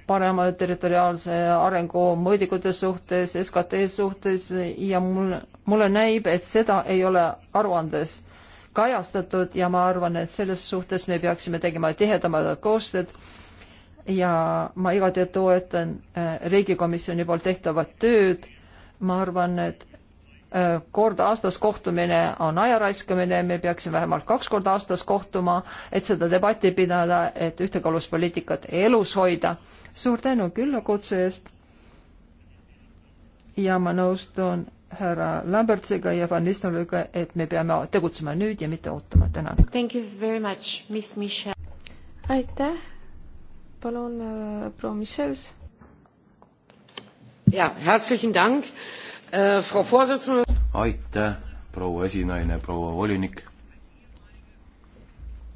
parema territoriaalse arengu mõõdikute suhtes, SKT suhtes ja mul, mulle näib, et seda ei ole aruandes kajastatud ja ma arvan, et selles suhtes me peaksime tegema tihedamat koostööd ja ma igati toetan äh, riigikomisjoni poolt tehtavat tööd. ma arvan, et äh, kord aastas kohtumine on aja raiskamine, me peaksime vähemalt kaks korda aastas kohtuma, et seda debatti pidada, et ühtekaaluspoliitikat elus hoida. suur tänu küllakutse eest. ja ma nõustun härra Lambertsiga ja Van Nistelrooiga, et me peame tegutsema nüüd ja mitte ootama. tänan. aitäh. palun äh,, proua Michels. ja, herzlichen Dank äh,, Frau Vorsitzende. aitäh, proua esinaine, proua volinik.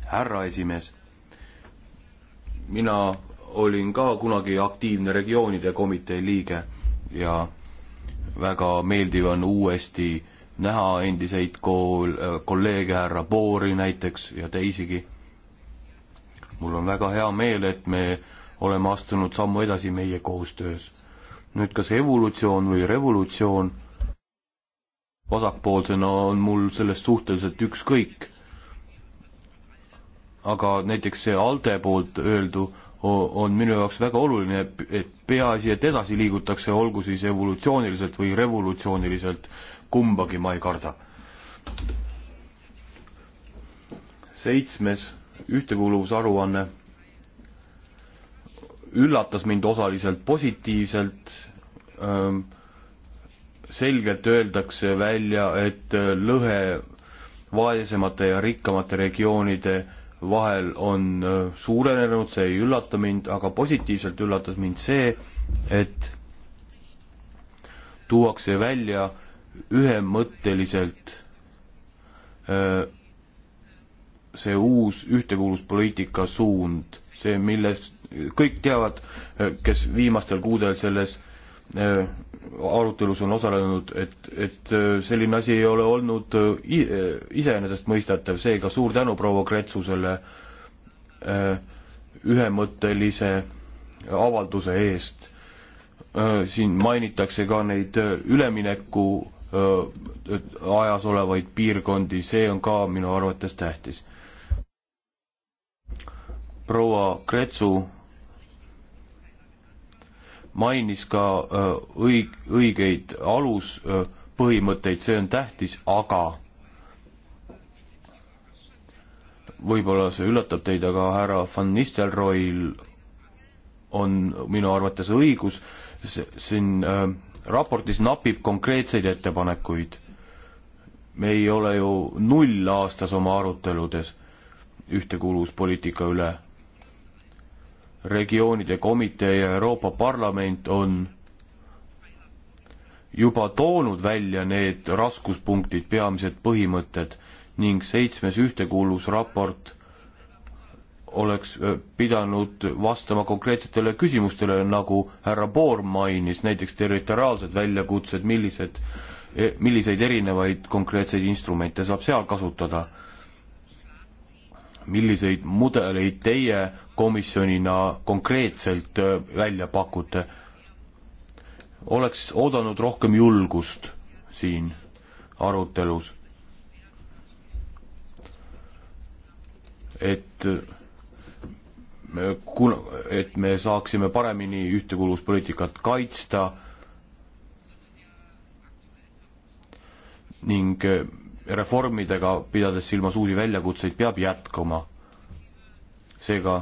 härra esimees. mina olin ka kunagi aktiivne regioonide komitee liige ja väga meeldiv on uuesti näha endiseid kool, kolleege, härra Boori näiteks ja teisigi. mul on väga hea meel, et me oleme astunud sammu edasi meie koostöös. nüüd kas evolutsioon või revolutsioon, vasakpoolsena on mul sellest suhteliselt ükskõik. aga näiteks see ALDE poolt öeldu on minu jaoks väga oluline, et peaasi, et edasi liigutakse, olgu siis evolutsiooniliselt või revolutsiooniliselt, kumbagi ma ei karda. seitsmes ühtekuuluvusaruanne üllatas mind osaliselt positiivselt, selgelt öeldakse välja, et lõhe vaesemate ja rikkamate regioonide vahel on äh, suurenenud, see ei üllata mind, aga positiivselt üllatas mind see, et tuuakse välja ühemõtteliselt äh, see uus ühtekuuluspoliitika suund, see, milles kõik teavad, äh, kes viimastel kuudel selles Äh, arutelus on osalenud, et, et äh, selline asi ei ole olnud äh, iseenesestmõistetav, seega suur tänu proua Kretsu selle ühemõttelise avalduse eest. siin mainitakse ka neid ülemineku ajas olevaid piirkondi, see on ka minu arvates tähtis. proua Kretsu mainis ka äh, õig-, õigeid aluspõhimõtteid, see on tähtis, aga võib-olla see üllatab teid, aga härra Van Nistelrooil on minu arvates õigus, siin äh, raportis napib konkreetseid ettepanekuid. me ei ole ju null aastas oma aruteludes ühtekuuluvuspoliitika üle regioonide komitee ja Euroopa Parlament on juba toonud välja need raskuspunktid, peamised põhimõtted ning seitsmes ühtekuuluvusraport oleks äh, pidanud vastama konkreetsetele küsimustele, nagu härra Boor mainis, näiteks territoriaalsed väljakutsed, millised, e, milliseid erinevaid konkreetseid instrumente saab seal kasutada. milliseid mudeleid teie komisjonina konkreetselt äh, välja pakute. oleks oodanud rohkem julgust siin arutelus. et me, äh, kuna, et me saaksime paremini ühtekuuluvuspoliitikat kaitsta ning äh, reformidega, pidades silmas uusi väljakutseid, peab jätkuma. seega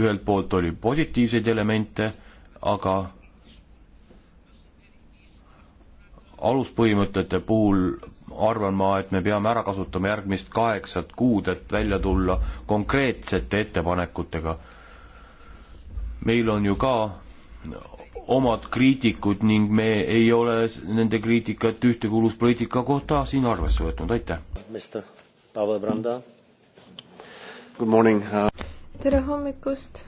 ühelt poolt oli positiivseid elemente, aga aluspõhimõtete puhul arvan ma, et me peame ära kasutama järgmist kaheksat kuud, et välja tulla konkreetsete ettepanekutega. meil on ju ka omad kriitikud ning me ei ole nende kriitikat ühtekuuluvuspoliitika kohta siin arvesse võtnud, aitäh. Mr Pavel Branda. Good morning uh tere hommikust,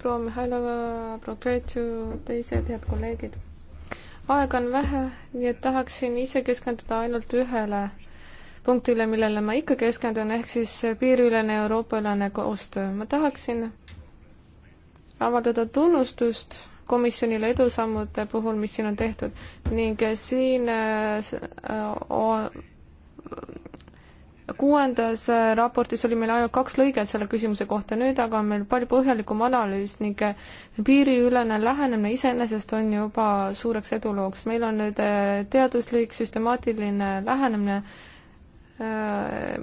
proua Mihhailova, proua Kreetšu, teised head kolleegid. aega on vähe, nii et tahaksin ise keskenduda ainult ühele punktile, millele ma ikka keskendun, ehk siis piiriülene Euroopa-ülene koostöö. ma tahaksin avaldada tunnustust komisjonile edusammude puhul, mis siin on tehtud ning siin äh, äh, kuuendas äh, raportis oli meil ainult kaks lõiget selle küsimuse kohta, nüüd aga on meil palju põhjalikum analüüs ning äh, piiriülene lähenemine iseenesest on juba suureks edulooks. meil on nüüd äh, teaduslik süstemaatiline lähenemine,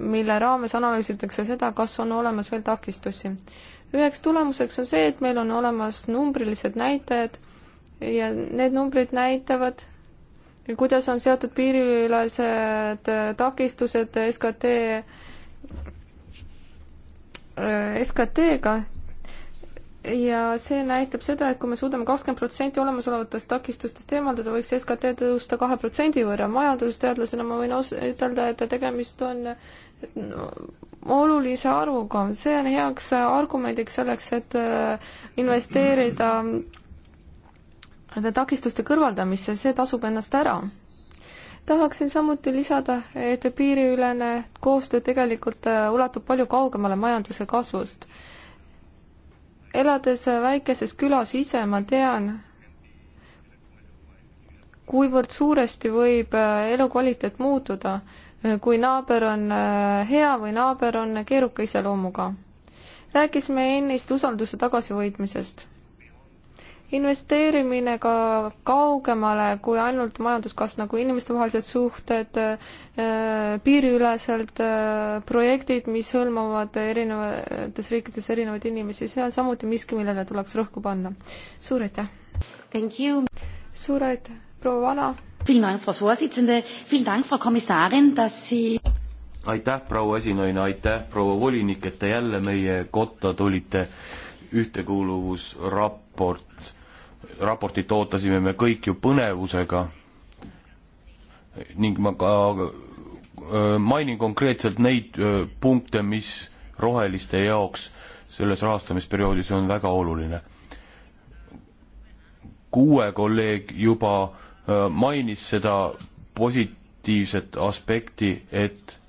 mille raames analüüsitakse seda, kas on olemas veel takistusi. üheks tulemuseks on see, et meil on olemas numbrilised näitajad ja need numbrid näitavad, kuidas on seotud piirilased äh, takistused SKT, äh, SKT-ga ja see näitab seda, et kui me suudame kakskümmend protsenti olemasolevatest takistustest eemaldada, võiks SKT tõusta kahe protsendi võrra. majandusteadlasena ma võin os-, ütelda, et tegemist on no, olulise arvuga, see on heaks argumendiks selleks, et äh, investeerida mm -hmm nende takistuste kõrvaldamisse, see tasub ennast ära. tahaksin samuti lisada, et piiriülene koostöö tegelikult äh, ulatub palju kaugemale majanduse kasvust. elades äh, väikeses külas ise, ma tean, kuivõrd suuresti võib äh, elukvaliteet muutuda, kui naaber on hea või naaber on keeruka iseloomuga. rääkisime ennist usalduse tagasivõitmisest investeerimine ka kaugemale kui ainult majanduskasv, nagu inimestevahelised suhted, äh, piiriüleselt äh, projektid, mis hõlmavad erinevates riikides erinevaid inimesi, see on samuti miski, millele tuleks rõhku panna. suur aitäh! suur aitäh, proua Vana! aitäh, proua esinaine, aitäh, proua volinik, et te jälle meie kotta tulite ühtekuuluvusraport raportit ootasime me kõik ju põnevusega ning ma ka äh, mainin konkreetselt neid äh, punkte, mis roheliste jaoks selles rahastamisperioodis on väga oluline. kuue kolleeg juba äh, mainis seda positiivset aspekti, et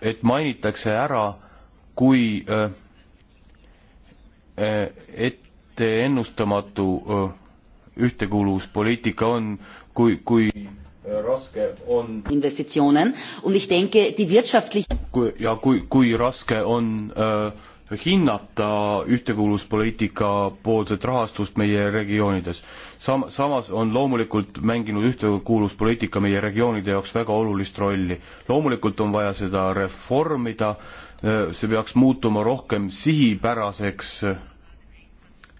et mainitakse ära kui äh, äh, ette ennustamatu äh, ühtekuuluvuspoliitika on, kui, kui raske on investitsioone und ich denke, die wirtschaftlich kui, ja kui, kui raske on äh, hinnata ühtekuuluvuspoliitika poolset rahastust meie regioonides. Sam-, samas on loomulikult mänginud ühtekuuluvuspoliitika meie regioonide jaoks väga olulist rolli. loomulikult on vaja seda reformida äh,, Äh, see peaks muutuma rohkem sihipäraseks,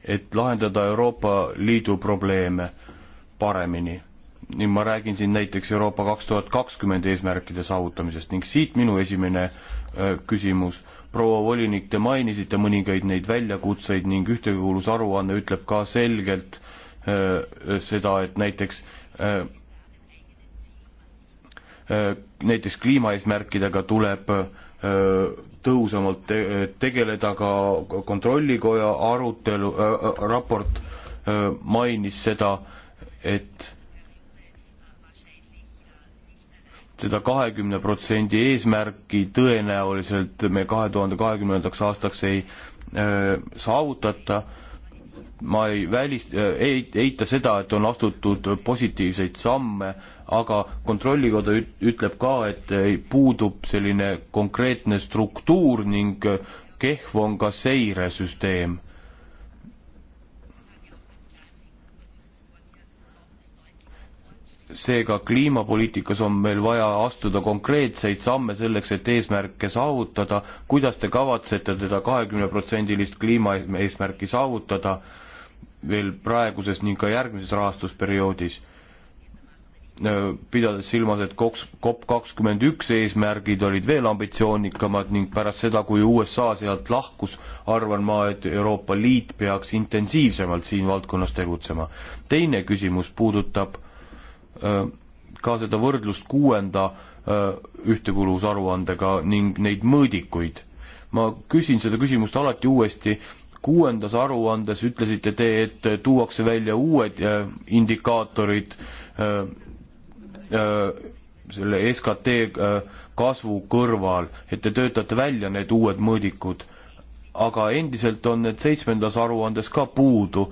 et lahendada Euroopa Liidu probleeme paremini. ning ma räägin siin näiteks Euroopa kaks tuhat kakskümmend eesmärkide saavutamisest ning siit minu esimene äh, küsimus. proua volinik, te mainisite mõningaid neid väljakutseid ning ühtekuuluvusaruanne ütleb ka selgelt äh, seda, et näiteks näiteks kliimaeesmärkidega tuleb tõhusamalt te tegeleda, ka Kontrollikoja arutelu äh,, raport äh, mainis seda, et seda kahekümne protsendi eesmärki tõenäoliselt me kahe tuhande kahekümnendaks aastaks ei äh, saavutata ma ei välist- ei,, eita seda, et on astutud positiivseid samme, aga Kontrollikoda üt-, ütleb ka, et puudub selline konkreetne struktuur ning kehv on ka seiresüsteem. seega kliimapoliitikas on meil vaja astuda konkreetseid samme selleks, et eesmärke saavutada, kuidas te kavatsete teda kahekümneprotsendilist kliimaeesmärki saavutada äh, veel praeguses ning ka järgmises rahastusperioodis, äh, pidades silmas, et koks, COP kakskümmend üks eesmärgid olid veel ambitsioonikamad ning pärast seda, kui USA sealt lahkus, arvan ma, et Euroopa Liit peaks intensiivsemalt siin valdkonnas tegutsema. teine küsimus puudutab äh, ka seda võrdlust kuuenda äh, ühtekuuluvusaruandega ning neid mõõdikuid. ma küsin seda küsimust alati uuesti kuuendas aruandes ütlesite te, et tuuakse välja uued äh, indikaatorid äh, äh, selle SKT kasvu kõrval, et te töötate välja need uued mõõdikud, aga endiselt on need seitsmendas aruandes ka puudu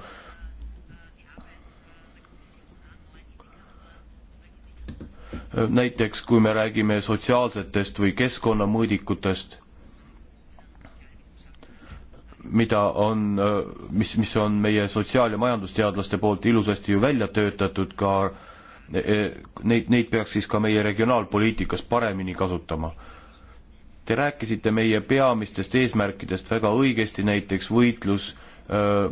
näiteks kui me räägime sotsiaalsetest või keskkonnamõõdikutest, mida on, mis, mis on meie sotsiaal- ja majandusteadlaste poolt ilusasti ju välja töötatud ka e, e, neid, neid peaks siis ka meie regionaalpoliitikas paremini kasutama. Te rääkisite meie peamistest eesmärkidest väga õigesti, näiteks võitlus öö,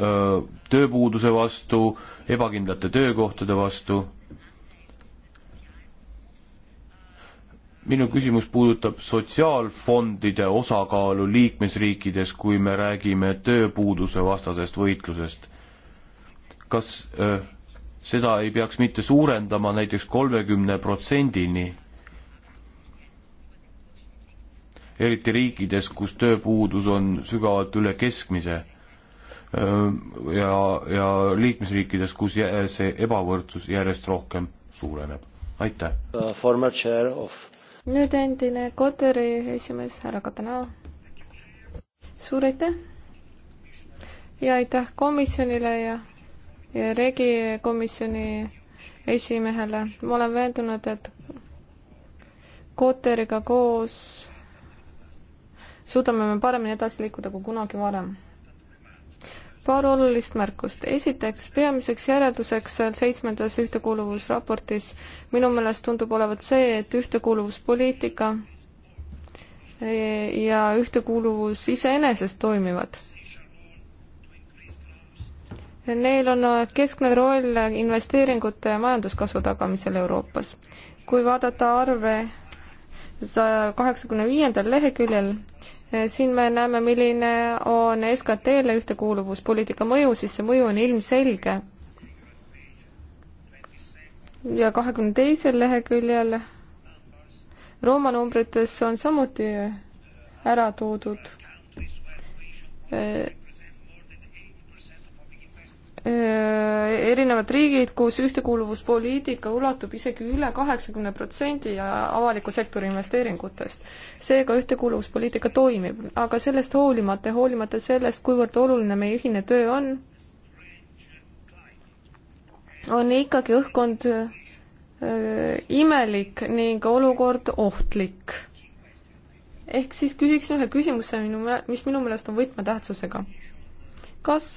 öö, tööpuuduse vastu, ebakindlate töökohtade vastu minu küsimus puudutab sotsiaalfondide osakaalu liikmesriikides, kui me räägime tööpuuduse vastasest võitlusest. kas öö, seda ei peaks mitte suurendama näiteks kolmekümne protsendini? eriti riikides, kus tööpuudus on sügavalt üle keskmise ja, ja liikmesriikides, kus see ebavõrdsus järjest rohkem suureneb. aitäh! former chair of nüüd endine Kotari esimees härra Katana. suur aitäh ja aitäh komisjonile ja, ja regi komisjoni esimehele. ma olen veendunud, et Koteriga koos suudame me paremini edasi liikuda kui kunagi varem paar olulist märkust. esiteks, peamiseks järelduseks seitsmendas ühtekuuluvusraportis minu meelest tundub olevat see, et ühtekuuluvuspoliitika ja ühtekuuluvus iseenesest toimivad. Neil on keskne roll investeeringute ja majanduskasvu tagamisel Euroopas. kui vaadata arve saja kaheksakümne viiendal leheküljel, Eh, siin me näeme, milline on SKT-le ühtekuuluvuspoliitika mõju, siis see mõju on ilmselge. ja kahekümne teisel leheküljel Rooma numbrites on samuti ära toodud eh, erinevad riigid, kus ühtekuuluvuspoliitika ulatub isegi üle kaheksakümne protsendi avaliku sektori investeeringutest. seega ühtekuuluvuspoliitika toimib, aga sellest hoolimata ja hoolimata sellest, kuivõrd oluline meie ühine töö on, on ikkagi õhkkond öö, imelik ning olukord ohtlik. ehk siis küsiksin ühe küsimuse minu, mis minu meelest on võtmetähtsusega. kas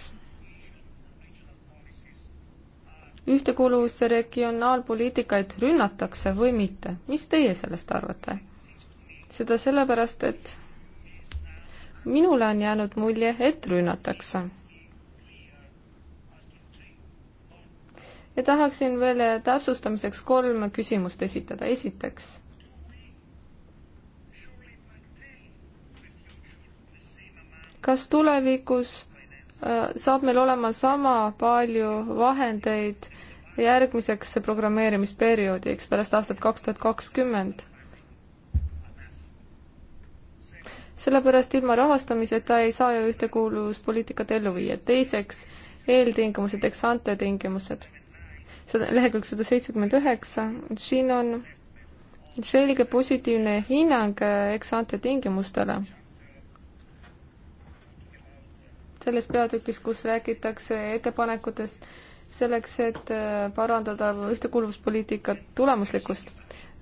ühtekuuluvuse regionaalpoliitikaid rünnatakse või mitte. mis teie sellest arvate? seda sellepärast, et minule on jäänud mulje, et rünnatakse. ja tahaksin veel täpsustamiseks kolm küsimust esitada. esiteks kas tulevikus Äh, saab meil olema sama palju vahendeid järgmiseks programmeerimisperioodiks pärast aastat kaks tuhat kakskümmend. sellepärast ilma rahastamiseta ei saa ju ühtekuuluvuspoliitikat ellu viia. teiseks, eeltingimused, eksante tingimused. seda, lehekülg sada seitsekümmend üheksa, siin on selge positiivne hinnang äh, eksante tingimustele selles peatükis, kus räägitakse ettepanekutest selleks, et äh, parandada ühtekuuluvuspoliitika tulemuslikkust.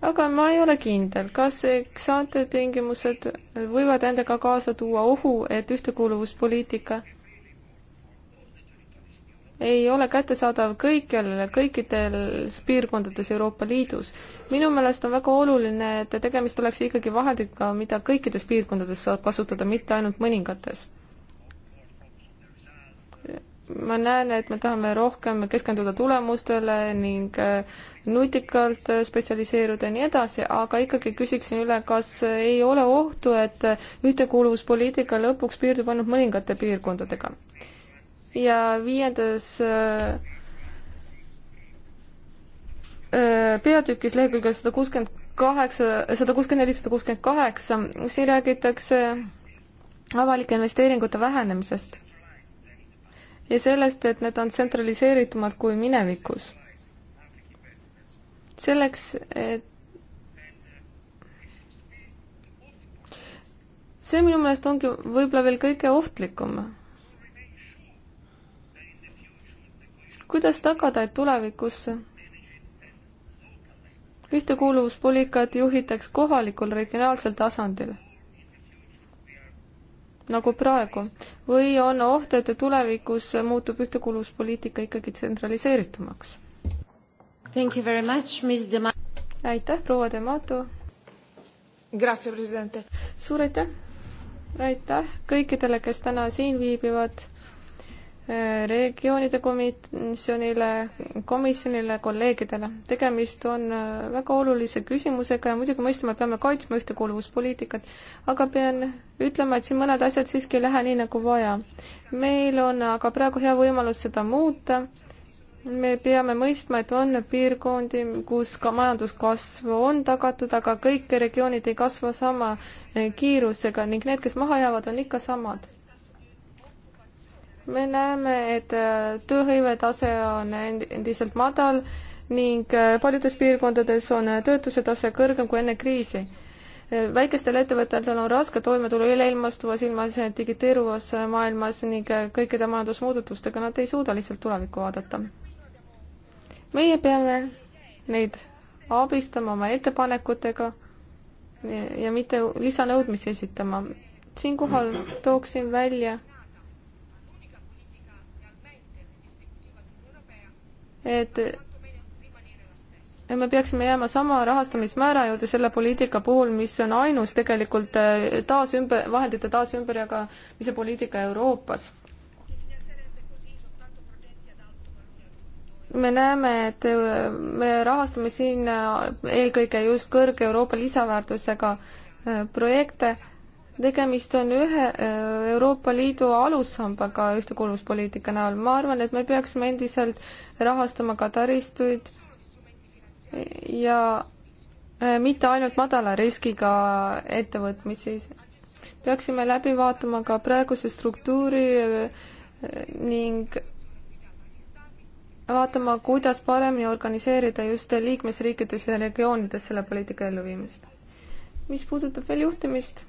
aga ma ei ole kindel, kas eksante tingimused võivad endaga kaasa tuua ohu, et ühtekuuluvuspoliitika ei ole kättesaadav kõikjal, kõikides piirkondades Euroopa Liidus. minu meelest on väga oluline, et tegemist oleks ikkagi vahendiga, mida kõikides piirkondades saab kasutada, mitte ainult mõningates ma näen, et me tahame rohkem keskenduda tulemustele ning äh, nutikalt äh, spetsialiseeruda ja nii edasi, aga ikkagi küsiksin üle, kas ei ole ohtu, et äh, ühtekuuluvuspoliitika lõpuks piirdub ainult mõningate piirkondadega? ja viiendas peatükis leheküljel sada kuuskümmend kaheksa, sada kuuskümmend neli, sada kuuskümmend kaheksa, siin räägitakse avalike investeeringute vähenemisest ja sellest, et need on tsentraliseeritumad kui minevikus. selleks, et see minu meelest ongi võib-olla veel kõige ohtlikum. kuidas tagada, et tulevikus ühtekuuluvuspoliitikat juhitaks kohalikul regionaalsel tasandil? nagu praegu või on oht, et tulevikus muutub ühtekuuluvuspoliitika ikkagi tsentraliseeritumaks? aitäh, proua Demato! suur aitäh! aitäh kõikidele, kes täna siin viibivad regioonide komisjonile, komisjonile, kolleegidele. tegemist on äh, väga olulise küsimusega ja muidugi mõistame, peame kaitsma ühtekuuluvuspoliitikat, aga pean ütlema, et siin mõned asjad siiski ei lähe nii, nagu vaja. meil on aga praegu hea võimalus seda muuta. me peame mõistma, et on piirkondi, kus ka majanduskasv on tagatud, aga kõik regioonid ei kasva sama äh, kiirusega ning need, kes maha jäävad, on ikka samad me näeme, et äh, tööhõive tase on endiselt madal ning äh, paljudes piirkondades on äh, töötuse tase kõrgem kui enne kriisi. väikestel ettevõtetel on raske toime tulla üleilmastuvas ilmas digiteeruvas maailmas ning kõikide majandusmuudatustega nad ei suuda lihtsalt tulevikku vaadata. meie peame neid abistama oma ettepanekutega ja mitte lisanõudmisi esitama. siinkohal tooksin välja et me peaksime jääma sama rahastamismäära juurde selle poliitika puhul, mis on ainus tegelikult äh, taasümber, vahendite taasümberjagamise poliitika Euroopas. me näeme, et äh, me rahastame siin äh, eelkõige just kõrge Euroopa lisaväärtusega projekte tegemist on ühe äh, Euroopa Liidu alussambaga ühtekuuluvuspoliitika näol. ma arvan, et me peaksime endiselt rahastama ka taristuid ja äh, mitte ainult madala riskiga ettevõtmisi. peaksime läbi vaatama ka praeguse struktuuri äh, ning vaatama, kuidas paremini organiseerida just liikmesriikides ja regioonides selle poliitika elluviimist. mis puudutab veel juhtimist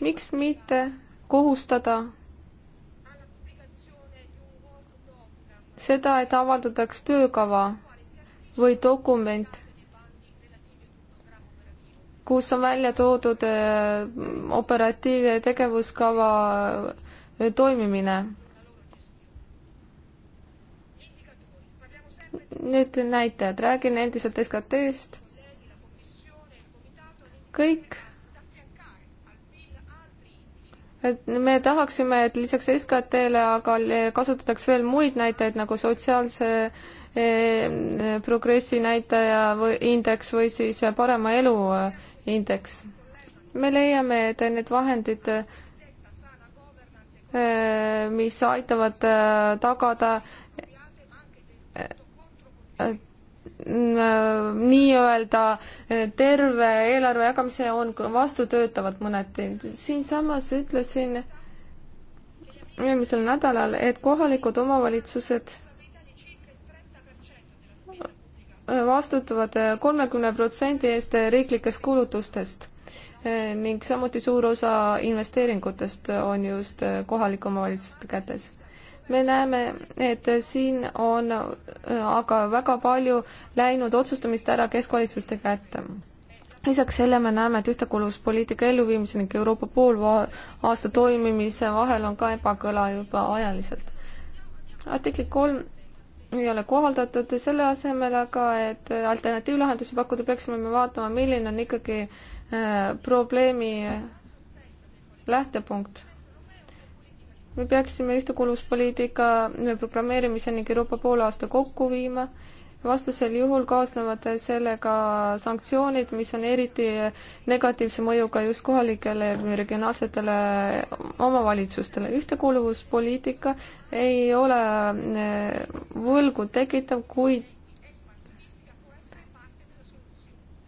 miks mitte kohustada seda, et avaldataks töökava või dokument, kus on välja toodud äh, operatiiv- ja tegevuskava äh, toimimine. nüüd näitajad, räägin endiselt SKT-st. kõik et me tahaksime, et lisaks SKT-le aga kasutataks veel muid näitajaid nagu sotsiaalse e, e, progressi näitaja või indeks või siis parema elu e, indeks. me leiame, et need vahendid, mis aitavad tagada Mm, nii-öelda eh, terve eelarve jagamise on vastutöötavad mõneti. siinsamas ütlesin eelmisel nädalal, et kohalikud omavalitsused vastutavad kolmekümne protsendi eest riiklikest kulutustest eh, ning samuti suur osa investeeringutest on just eh, kohalike omavalitsuste kätes me näeme, et siin on äh, aga väga palju läinud otsustamist ära keskvalitsuste kätte lisaks selle me näeme, et ühtekuuluvuspoliitika elluviimise ning Euroopa poolaasta toimimise vahel on ka ebakõla juba ajaliselt. artiklit kolm ei ole kohaldatud, selle asemel aga, et alternatiivlahendusi pakkuda, peaksime me vaatama, milline on ikkagi äh, probleemi lähtepunkt me peaksime ühtekuuluvuspoliitika programmeerimise ning Euroopa poolaasta kokku viima. vastasel juhul kaasnevad sellega sanktsioonid, mis on eriti negatiivse mõjuga just kohalikele regionaalsetele omavalitsustele. ühtekuuluvuspoliitika ei ole eh, võlgu tekitav, kuid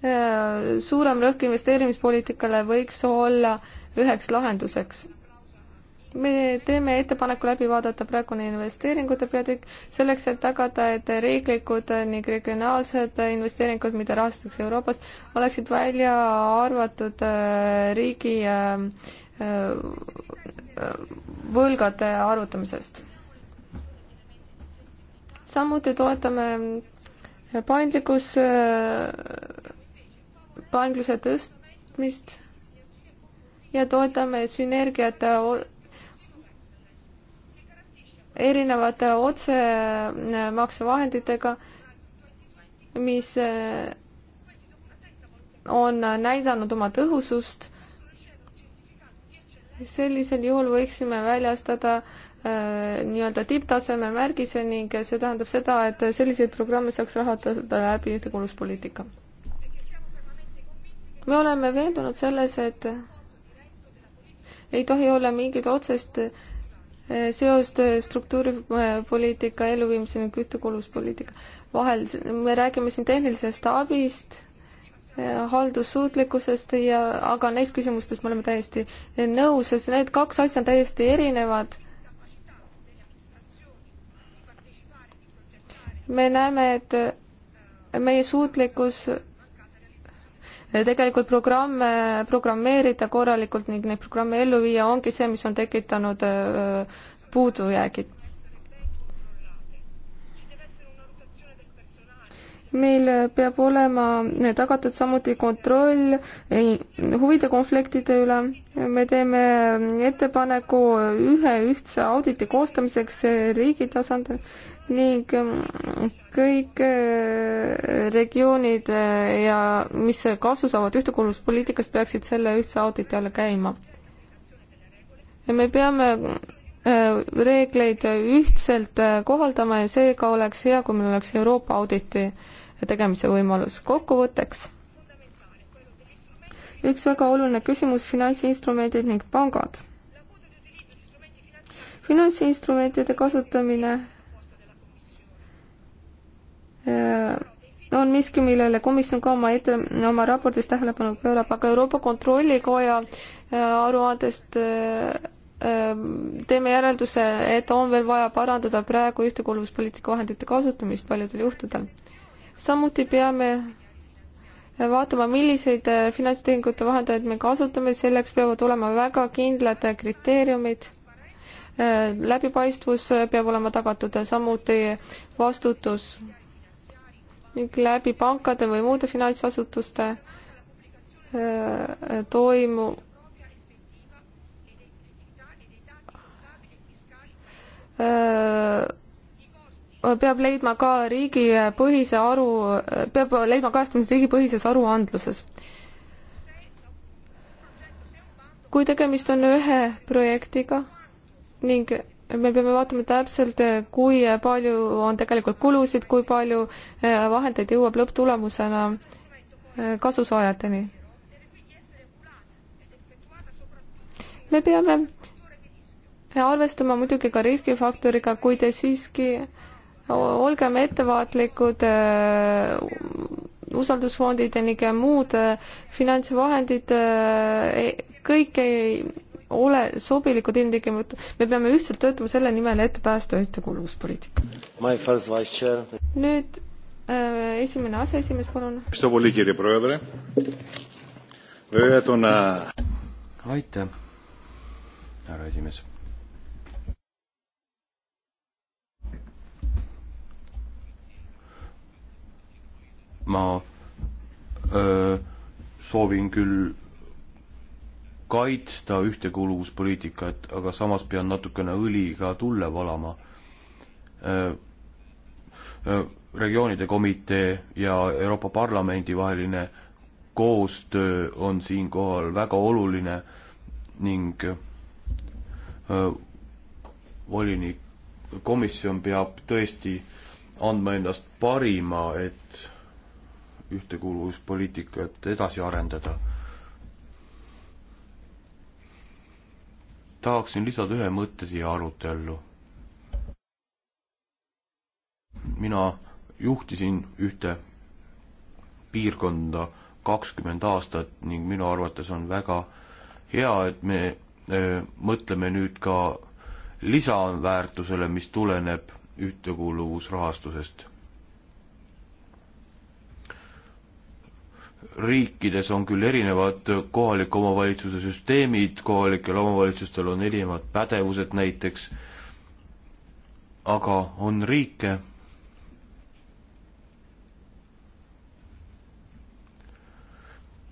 eh, suurem rõhk investeerimispoliitikale võiks olla üheks lahenduseks me teeme ettepaneku läbi vaadata praegune investeeringute peatükk selleks, et tagada, et riiklikud ning regionaalsed investeeringud, mida rahastatakse Euroopast, oleksid välja arvatud äh, riigi äh, äh, võlgade arvutamisest. samuti toetame paindlikkus, paindlikkuse tõstmist ja toetame sünergiate erinevate otsemaksevahenditega, mis eh, on näidanud oma tõhusust. sellisel juhul võiksime väljastada äh, nii-öelda tipptaseme märgise ning see tähendab seda, et selliseid programme saaks rahastada läbi ühtekuuluvuspoliitika. me oleme veendunud selles, et ei tohi olla mingit otsest äh, seost struktuuripoliitika elluviimise ning ühtekuuluvuspoliitika vahel. me räägime siin tehnilisest abist, haldussuutlikkusest ja, aga neist küsimustest me oleme täiesti nõus, sest need kaks asja on täiesti erinevad. me näeme, et meie suutlikkus tegelikult programme programmeerida korralikult ning neid programme ellu viia ongi see, mis on tekitanud puudujäägid. meil peab olema tagatud samuti kontroll huvide konfliktide üle. me teeme ettepaneku ühe ühtse auditi koostamiseks riigi tasandil ning ähm, kõik äh, regioonid äh, ja mis kasu saavad ühtekuuluvuspoliitikast, peaksid selle ühtse auditi alla käima. ja me peame äh, reegleid ühtselt kohaldama ja seega oleks hea, kui meil oleks Euroopa auditi tegemise võimalus. kokkuvõtteks, üks väga oluline küsimus, finantsinstrumendid ning pangad. finantsinstrumentide kasutamine Äh, on miski, millele komisjon ka oma ette, oma raportis tähelepanu pöörab, aga Euroopa Kontrollikoja äh, aruandest äh, teeme järelduse, et on veel vaja parandada praegu ühtekuuluvuspoliitika vahendite kasutamist paljudel juhtudel. samuti peame vaatama, milliseid finantstehingute vahendajaid me kasutame, selleks peavad olema väga kindlad kriteeriumid, läbipaistvus peab olema tagatud ja samuti vastutus ning läbi pankade või muude finantsasutuste äh, toimu äh, peab leidma ka riigipõhise aru, peab leidma kajastamist riigipõhises aruandluses. kui tegemist on ühe projektiga ning me peame vaatama täpselt, kui palju on tegelikult kulusid, kui palju eh, vahendeid jõuab lõpptulemusena eh, kasusaajateni. me peame eh, arvestama muidugi ka riskifaktoriga, kuid siiski olgem ettevaatlikud usaldusfondid ja ning muud finantsvahendid, e-, kõik ei ole sobilikud ilmtingimata, me peame lihtsalt töötama selle nimel, et päästa ühtekuuluvuspoliitika. nüüd äh, esimene aseesimees, palun. aitäh, härra esimees. ma öö, äh, soovin küll kaitsta ühtekuuluvuspoliitikat, aga samas pean natukene õliga tulle valama. Äh, äh, regioonide komitee ja Euroopa Parlamendi vaheline koostöö on siinkohal väga oluline ning äh, volinik, komisjon peab tõesti andma endast parima, et ühtekuuluvuspoliitikat edasi arendada tahaksin lisada ühe mõtte siia arutellu. mina juhtisin ühte piirkonda kakskümmend aastat ning minu arvates on väga hea, et me öö, mõtleme nüüd ka lisaväärtusele, mis tuleneb ühtekuuluvusrahastusest riikides on küll erinevad kohaliku omavalitsuse süsteemid, kohalikel omavalitsustel on erinevad pädevused näiteks, aga on riike,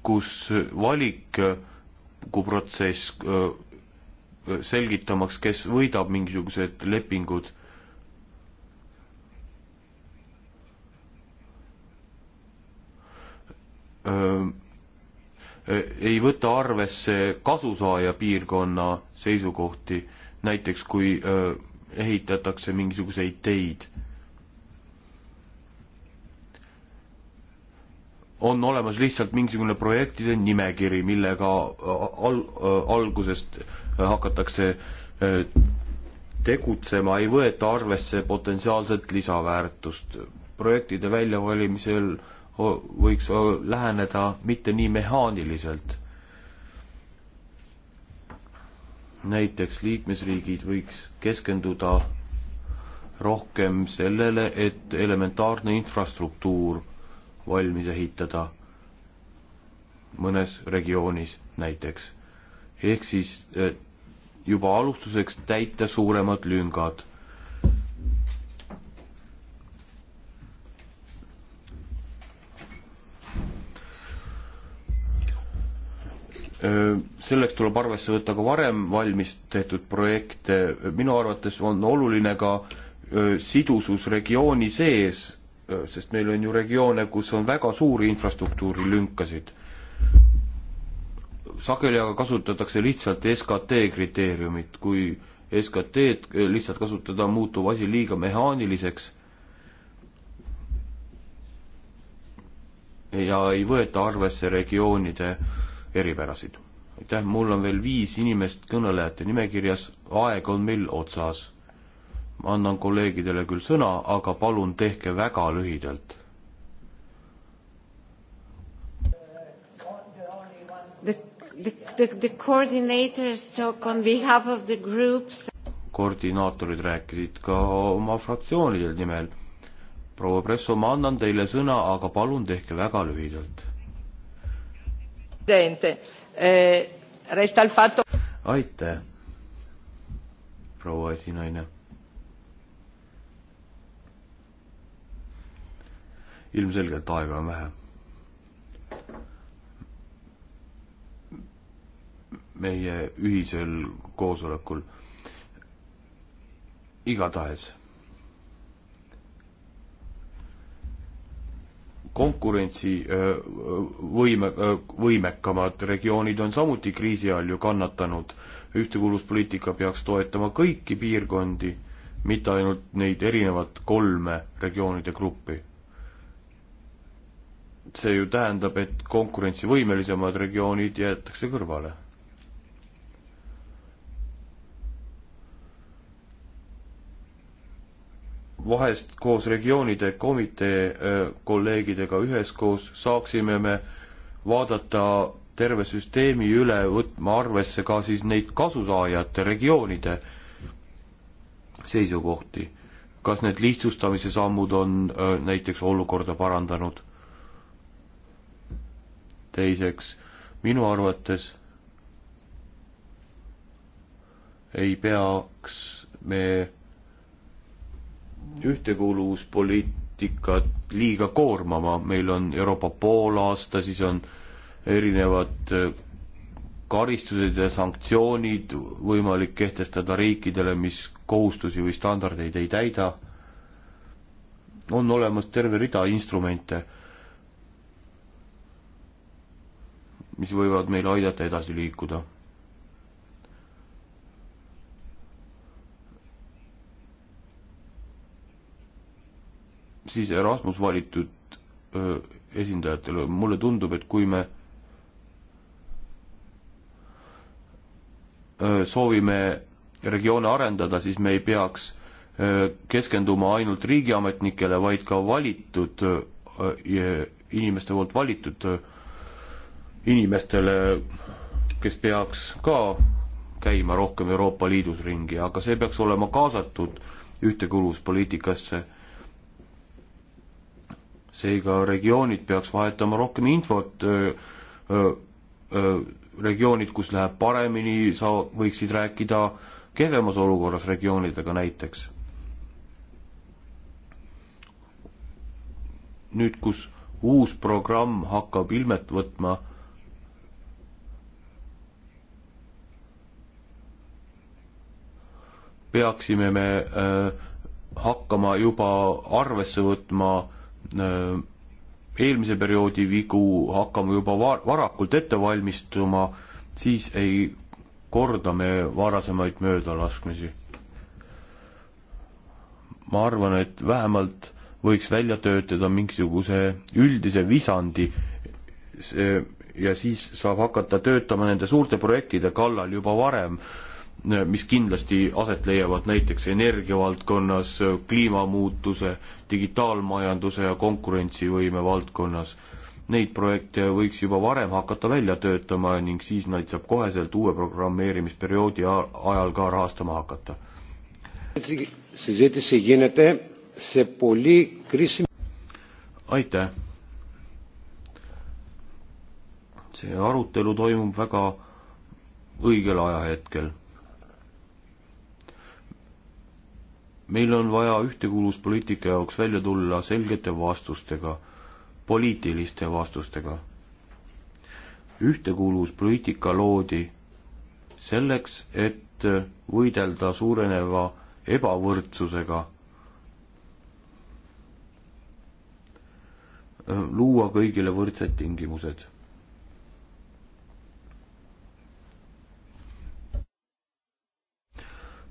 kus valikuprotsess äh, selgitamaks, kes võidab mingisugused lepingud ei võta arvesse kasusaaja piirkonna seisukohti, näiteks kui öö, ehitatakse mingisuguseid teid. on olemas lihtsalt mingisugune projektide nimekiri, millega al-, algusest hakatakse tegutsema, ei võeta arvesse potentsiaalset lisaväärtust. projektide väljavalimisel äh, võiks läheneda mitte nii mehaaniliselt. näiteks liikmesriigid võiks keskenduda rohkem sellele, et elementaarne infrastruktuur valmis ehitada mõnes regioonis näiteks. ehk siis juba alustuseks täita suuremad lüngad selleks tuleb arvesse võtta ka varem valmis tehtud projekte, minu arvates on oluline ka sidusus regiooni sees, sest meil on ju regioone, kus on väga suuri infrastruktuurilünkasid. sageli aga kasutatakse lihtsalt SKT kriteeriumit, kui SKT-d lihtsalt kasutada, muutub asi liiga mehaaniliseks ja ei võeta arvesse regioonide äh, eripärasid. aitäh, mul on veel viis inimest kõnelejate nimekirjas, aeg on meil otsas. ma annan kolleegidele küll sõna, aga palun tehke väga lühidalt. The, the, the, the coordinators talk on behalf of the groups koordinaatorid rääkisid ka oma fraktsioonide nimel. proua Presso, ma annan teile sõna, aga palun tehke väga lühidalt. Eh, aitäh, proua esinaine. ilmselgelt aega on vähe. meie ühisel koosolekul igatahes konkurentsivõime, äh, äh, võimekamad regioonid on samuti kriisi all ju kannatanud. ühtekuuluvuspoliitika peaks toetama kõiki piirkondi, mitte ainult neid erinevat kolme regioonide gruppi. see ju tähendab, et konkurentsivõimelisemad regioonid jäetakse kõrvale vahest koos regioonide komitee äh, kolleegidega üheskoos saaksime me vaadata terve süsteemi üle, võtma arvesse ka siis neid kasusaajate regioonide seisukohti. kas need lihtsustamise sammud on äh, näiteks olukorda parandanud? teiseks, minu arvates ei peaks me ühtekuuluvuspoliitikat liiga koormama, meil on Euroopa poolaasta, siis on erinevad äh, karistused ja sanktsioonid võimalik kehtestada riikidele, mis kohustusi või standardeid ei täida. on olemas terve rida instrumente, mis võivad meil aidata edasi liikuda siis Erasmus valitud öö, esindajatele, mulle tundub, et kui me öö, soovime regioone arendada, siis me ei peaks öö, keskenduma ainult riigiametnikele, vaid ka valitud öö, inimeste poolt valitud öö, inimestele, kes peaks ka käima rohkem Euroopa Liidus ringi, aga see peaks olema kaasatud ühtekuuluvuspoliitikasse seega regioonid peaks vahetama rohkem infot, regioonid, kus läheb paremini, sa võiksid rääkida kehvemas olukorras regioonidega näiteks. nüüd, kus uus programm hakkab ilmet võtma peaksime me äh, hakkama juba arvesse võtma Äh, eelmise perioodi vigu, hakkame juba var-, varakult ette valmistuma, siis ei korda me varasemaid möödalaskmisi. ma arvan, et vähemalt võiks välja töötada mingisuguse üldise visandi see, ja siis saab hakata töötama nende suurte projektide kallal juba varem Äh, mis kindlasti aset leiavad näiteks energiavaldkonnas, äh, kliimamuutuse, digitaalmajanduse ja konkurentsivõime valdkonnas. Neid projekte võiks juba varem hakata välja töötama ning siis neid saab koheselt uue programmeerimisperioodi ajal ka rahastama hakata. aitäh! see arutelu toimub väga õigel ajahetkel meil on vaja ühtekuuluvuspoliitika jaoks välja tulla selgete vastustega, poliitiliste vastustega. ühtekuuluvuspoliitika loodi selleks, et võidelda suureneva ebavõrdsusega, luua kõigile võrdsed tingimused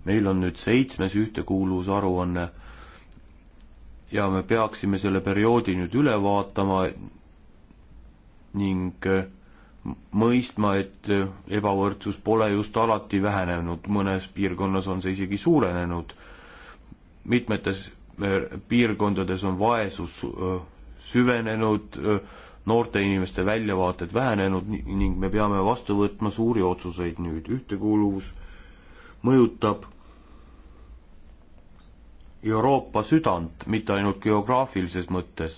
meil on nüüd seitsmes ühtekuuluvusaruanne ja me peaksime selle perioodi nüüd üle vaatama ning äh, mõistma, et äh, ebavõrdsus pole just alati vähenenud, mõnes piirkonnas on see isegi suurenenud. mitmetes äh, piirkondades on vaesus süvenenud, noorte inimeste väljavaated vähenenud ning me peame vastu võtma suuri otsuseid nüüd, ühtekuuluvus mõjutab Euroopa südant, mitte ainult geograafilises mõttes,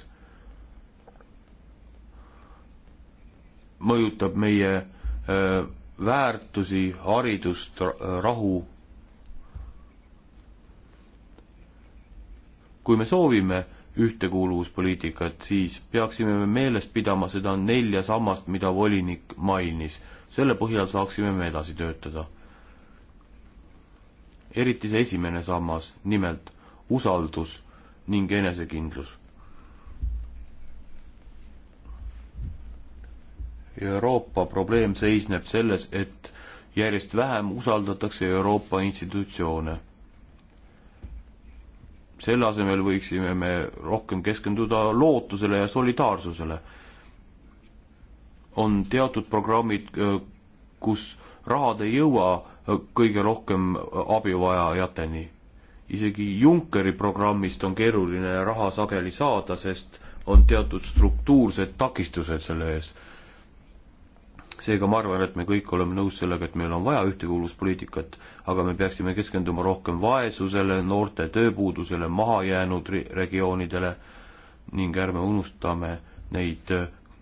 mõjutab meie öö, äh, väärtusi, haridust, äh, rahu. kui me soovime ühtekuuluvuspoliitikat, siis peaksime me meeles pidama seda nelja sammast, mida volinik mainis. selle põhjal saaksime me edasi töötada eriti see esimene sammas, nimelt usaldus ning enesekindlus. Euroopa probleem seisneb selles, et järjest vähem usaldatakse Euroopa institutsioone. selle asemel võiksime me rohkem keskenduda lootusele ja solidaarsusele. on teatud programmid, kus rahad ei jõua kõige rohkem abivajajateni. isegi Junckeri programmist on keeruline raha sageli saada, sest on teatud struktuursed takistused selle ees. seega ma arvan, et me kõik oleme nõus sellega, et meil on vaja ühtekuuluvuspoliitikat, aga me peaksime keskenduma rohkem vaesusele, noorte tööpuudusele, mahajäänud regioonidele ning ärme unustame neid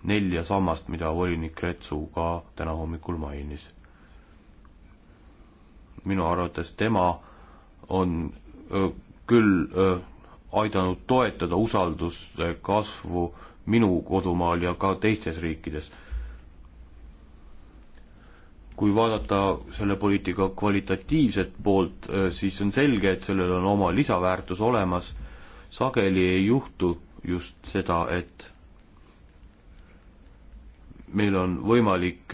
nelja sammast, mida volinik Retsu ka täna hommikul mainis minu arvates tema on öö, küll öö, aidanud toetada usalduse kasvu minu kodumaal ja ka teistes riikides. kui vaadata selle poliitika kvalitatiivset poolt, siis on selge, et sellel on oma lisaväärtus olemas. sageli ei juhtu just seda, et meil on võimalik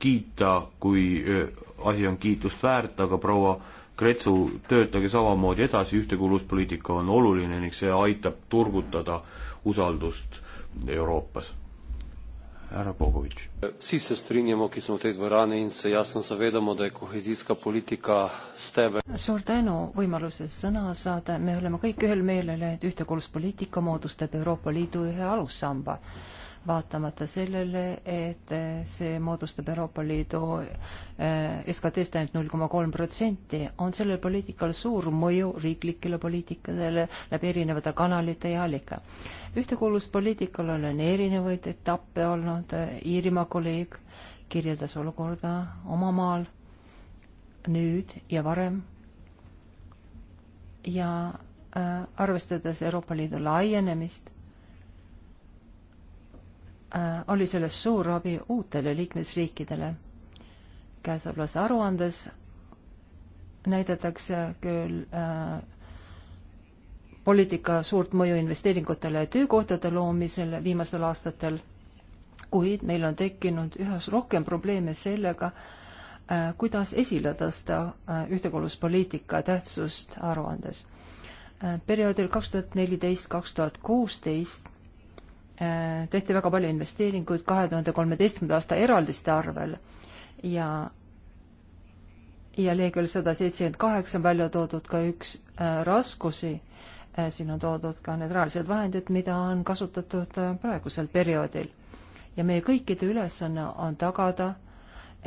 kiita, kui asi on kiitust väärt, aga proua Kretsu, töötage samamoodi edasi, ühtekuuluvuspoliitika on oluline ning see aitab turgutada usaldust Euroopas. härra Bogovitš. vsi se strinjamo, ki smo v tej dvorani in se jasno zavedamo, da je kohezijska poliitika stebe. suur tänu võimaluse eest sõna saada, me oleme kõik ühel meelel, et ühtekuuluvuspoliitika moodustab Euroopa Liidu ühe alussamba vaatamata sellele, et eh, see moodustab Euroopa Liidu eh, SKT-st ainult null koma kolm protsenti, on sellel poliitikal suur mõju riiklikele poliitikadele läbi erinevate kanalite ja allika. ühtekuuluvuspoliitikal on erinevaid etappe olnud, Iirimaa kolleeg kirjeldas olukorda oma maal nüüd ja varem ja äh, arvestades Euroopa Liidu laienemist, Äh, oli sellest suur abi uutele liikmesriikidele. käesolevas aruandes näidatakse küll äh, poliitika suurt mõju investeeringutele ja töökohtade loomisele viimastel aastatel, kuid meil on tekkinud üha rohkem probleeme sellega äh,, kuidas esile tõsta äh, ühtekuuluvuspoliitika tähtsust aruandes. Äh, perioodil kaks tuhat neliteist, kaks tuhat kuusteist tehti väga palju investeeringuid kahe tuhande kolmeteistkümnenda aasta eraldiste arvel ja ja lehekülg sada seitsekümmend kaheksa on välja toodud ka üks äh, raskusi äh,, siin on toodud ka need rahalised vahendid, mida on kasutatud äh, praegusel perioodil. ja meie kõikide ülesanne on tagada,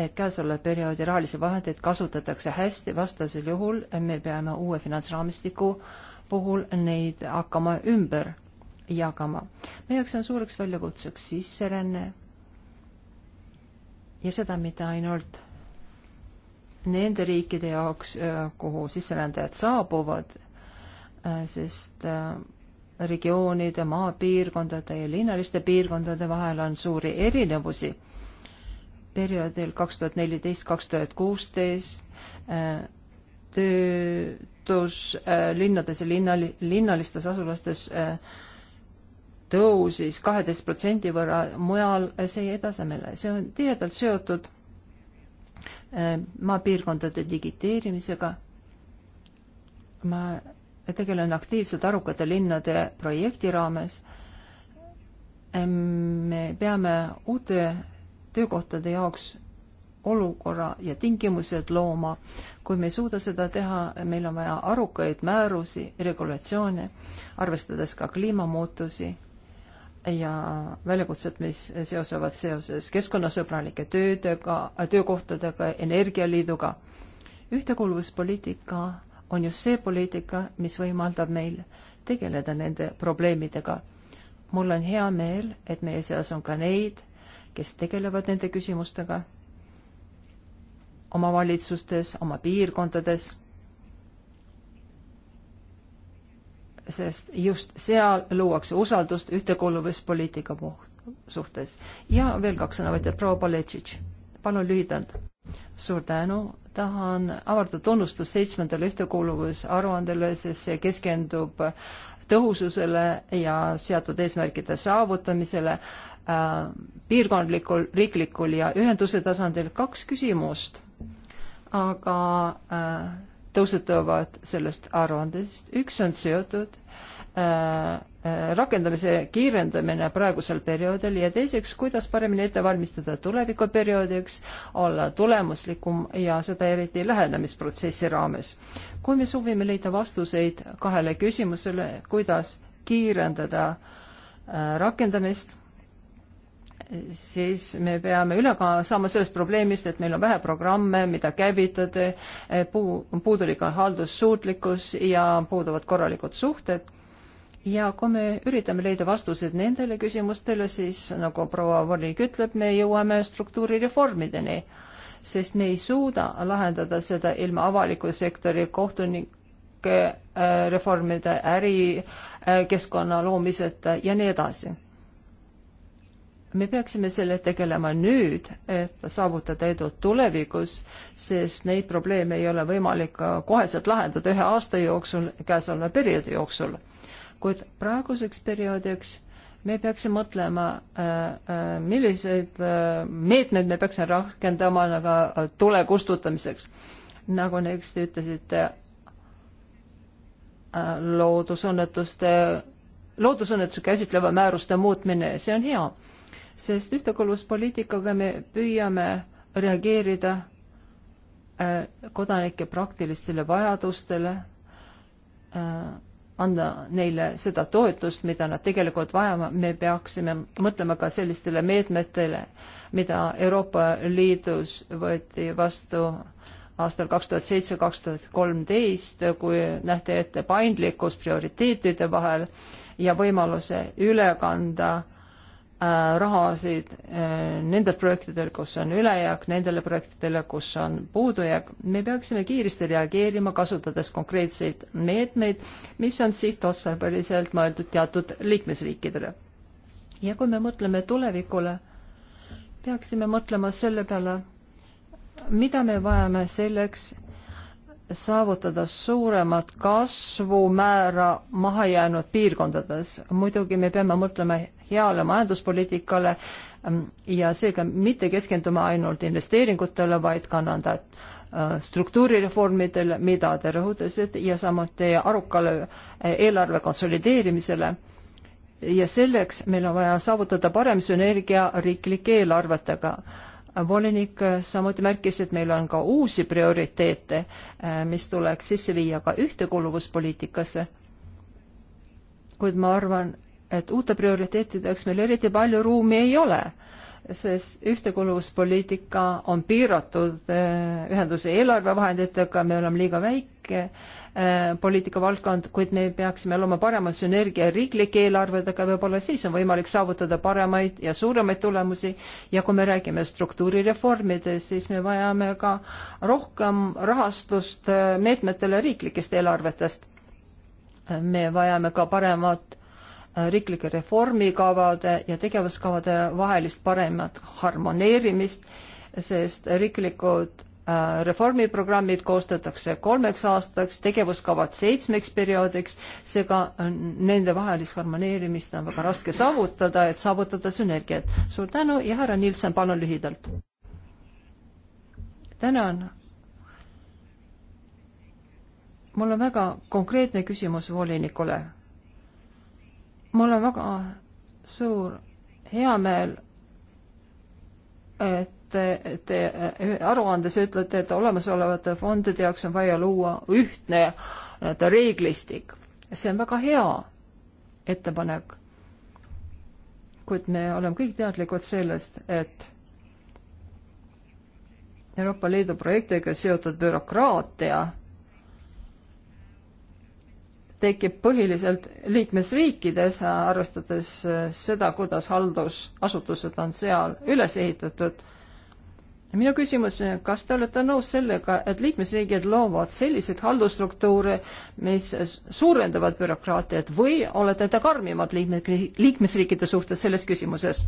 et käesoleva perioodi rahalisi vahendeid kasutatakse hästi, vastasel juhul me peame uue finantsraamistiku puhul neid hakkama ümber jagama. meie jaoks on suureks väljakutseks sisseränne ja seda mitte ainult nende riikide jaoks, äh, kuhu sisserändajad saabuvad, äh, sest äh, regioonide, maapiirkondade ja linnaliste piirkondade vahel on suuri erinevusi. perioodil kaks tuhat neliteist, kaks tuhat kuusteist töötus linnades ja linnali-, linnalistes asulastes äh, tõusis kaheteist protsendi võrra, mujal see edasemele, see on tihedalt seotud äh, maapiirkondade digiteerimisega. ma tegelen aktiivselt arukate linnade projekti raames. me peame uute töökohtade jaoks olukorra ja tingimused looma. kui me ei suuda seda teha, meil on vaja arukaid määrusi, regulatsioone, arvestades ka kliimamuutusi ja väljakutsed, mis seosevad seoses keskkonnasõbralike töödega, töökohtadega, energialiiduga. ühtekuuluvuspoliitika on just see poliitika, mis võimaldab meil tegeleda nende probleemidega. mul on hea meel, et meie seas on ka neid, kes tegelevad nende küsimustega omavalitsustes, oma piirkondades sest just seal luuakse usaldust ühtekuuluvuspoliitika suhtes. ja veel kaks sõnavõtjat, proua Paletšitš, palun lühidalt. suur tänu, tahan avaldada tunnustust seitsmendale ühtekuuluvusaruandele, sest see keskendub tõhususele ja seatud eesmärkide saavutamisele äh, piirkondlikul, riiklikul ja ühenduse tasandil. kaks küsimust, aga äh, tõusetuvad sellest aruandest. üks on seotud äh, äh, rakendamise kiirendamine praegusel perioodil ja teiseks, kuidas paremini ette valmistada tulevikuperioodiks, olla tulemuslikum ja seda eriti lähenemisprotsessi raames. kui me soovime leida vastuseid kahele küsimusele, kuidas kiirendada äh, rakendamist siis me peame üle ka saama sellest probleemist, et meil on vähe programme, mida käivitada, puu, puudulik on haldussuutlikkus ja puuduvad korralikud suhted. ja kui me üritame leida vastused nendele küsimustele, siis nagu proua volinik ütleb, me jõuame struktuurireformideni, sest me ei suuda lahendada seda ilma avaliku sektori kohtunike äh, reformide, ärikeskkonna äh, loomiseta ja nii edasi me peaksime selle tegelema nüüd, et saavutada edu tulevikus, sest neid probleeme ei ole võimalik koheselt lahendada ühe aasta jooksul, käesoleva perioodi jooksul. kuid praeguseks perioodiks me peaksime mõtlema, äh, äh, milliseid äh, meetmeid me peaksime rakendama nagu tule kustutamiseks. nagu näiteks te ütlesite, loodusõnnetuste, loodusõnnetusi käsitleva määruste muutmine, see on hea sest ühtekuuluvuspoliitikaga me püüame reageerida äh, kodanike praktilistele vajadustele, äh, anda neile seda toetust, mida nad tegelikult vajama, me peaksime mõtlema ka sellistele meetmetele, mida Euroopa Liidus võeti vastu aastal kaks tuhat seitse, kaks tuhat kolmteist, kui nähti ette paindlikkus prioriteetide vahel ja võimaluse üle kanda Äh, rahasid äh, nendel projektidel, kus on ülejääk, nendele projektidele, kus on puudujääk. me peaksime kiiresti reageerima, kasutades konkreetseid meetmeid, mis on sihtotstarbeliselt mõeldud teatud liikmesriikidele. ja kui me mõtleme tulevikule, peaksime mõtlema selle peale, mida me vajame selleks, saavutada suuremat kasvumäära mahajäänud piirkondades. muidugi me peame mõtlema heale majanduspoliitikale ähm, ja seega mitte keskenduma ainult investeeringutele, vaid ka nõnda äh, struktuurireformidele, mida te rõhutasite, ja samuti arukale äh, eelarve konsolideerimisele. ja selleks meil on vaja saavutada parem sünergia riiklike eelarvetega volinik samuti märkis, et meil on ka uusi prioriteete, äh, mis tuleks sisse viia ka ühtekuluvuspoliitikasse. kuid ma arvan, et uute prioriteetideks meil eriti palju ruumi ei ole, sest ühtekuuluvuspoliitika on piiratud eh, ühenduse eelarvevahenditega, me oleme liiga väike eh, poliitikavaldkond, kuid me peaksime looma parema sünergia riiklike eelarvedega, võib-olla siis on võimalik saavutada paremaid ja suuremaid tulemusi ja kui me räägime struktuurireformidest, siis me vajame ka rohkem rahastust eh, meetmetele riiklikest eelarvetest. me vajame ka paremat riiklike reformikavade ja tegevuskavade vahelist paremat harmoneerimist, sest riiklikud äh, reformiprogrammid koostatakse kolmeks aastaks, tegevuskavad seitsmeks perioodiks, seega äh, nende vahelist harmoneerimist on väga raske saavutada, et saavutada sünergiat. suur tänu ja härra Nilsen, palun lühidalt. tänan. mul on väga konkreetne küsimus volinikule mul on väga suur heameel, et te, te aruandes ütlete, et olemasolevate fondide jaoks on vaja luua ühtne nii-öelda reeglistik. see on väga hea ettepanek. kuid me oleme kõik teadlikud sellest, et Euroopa Liidu projektiga seotud bürokraatia tekib põhiliselt liikmesriikides, arvestades äh, seda, kuidas haldusasutused on seal üles ehitatud. minu küsimus, äh, kas te olete nõus sellega, et liikmesriigid loovad selliseid haldusstruktuure, mis suurendavad bürokraatiat või olete te karmimad liikmesriikide suhtes selles küsimuses?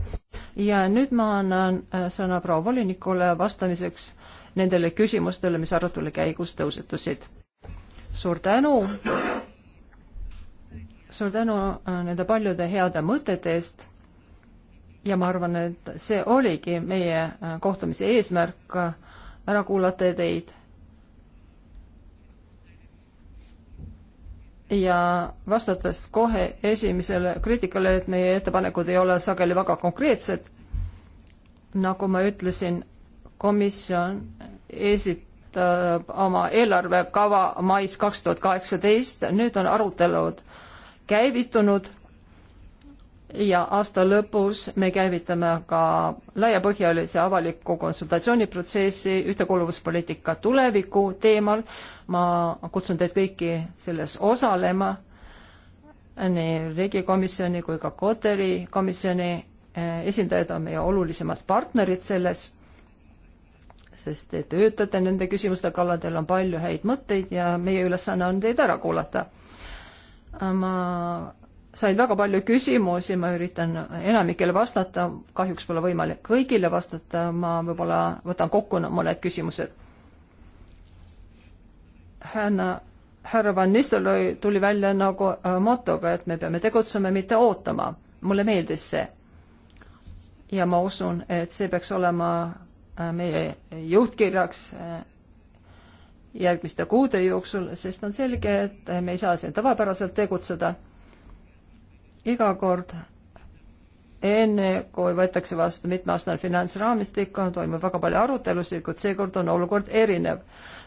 ja nüüd ma annan äh, sõna proua volinikule vastamiseks nendele küsimustele, mis arutelu käigus tõusetusid. suur tänu suur tänu äh, nende paljude heade mõtete eest ja ma arvan, et see oligi meie äh, kohtumise eesmärk, äh, ära kuulata teid. ja vastates kohe esimesele kriitikale, et meie ettepanekud ei ole sageli väga konkreetsed, nagu ma ütlesin, komisjon esitab oma eelarvekava mais kaks tuhat kaheksateist, nüüd on arutelud äh, käivitunud ja aasta lõpus me käivitame ka laiapõhjalise avaliku konsultatsiooniprotsessi ühtekuuluvuspoliitika tuleviku teemal. ma kutsun teid kõiki selles osalema, nii Riigikomisjoni kui ka Koteri komisjoni eh, esindajad on meie olulisemad partnerid selles, sest te töötate nende küsimuste kallal, teil on palju häid mõtteid ja meie ülesanne on teid ära kuulata ma sain väga palju küsimusi, ma üritan enamikele vastata, kahjuks pole võimalik kõigile vastata, ma võib-olla võtan kokku mõned küsimused. härra, härra Van Nistelrooy tuli välja nagu äh, motoga, et me peame tegutsema, mitte ootama. mulle meeldis see. ja ma usun, et see peaks olema äh, meie juhtkirjaks äh, järgmiste kuude jooksul, sest on selge, et me ei saa siin tavapäraselt tegutseda. iga kord enne, kui võetakse vastu mitmeaastane finantsraamistik, toimub väga palju arutelusid, kuid seekord on olukord erinev.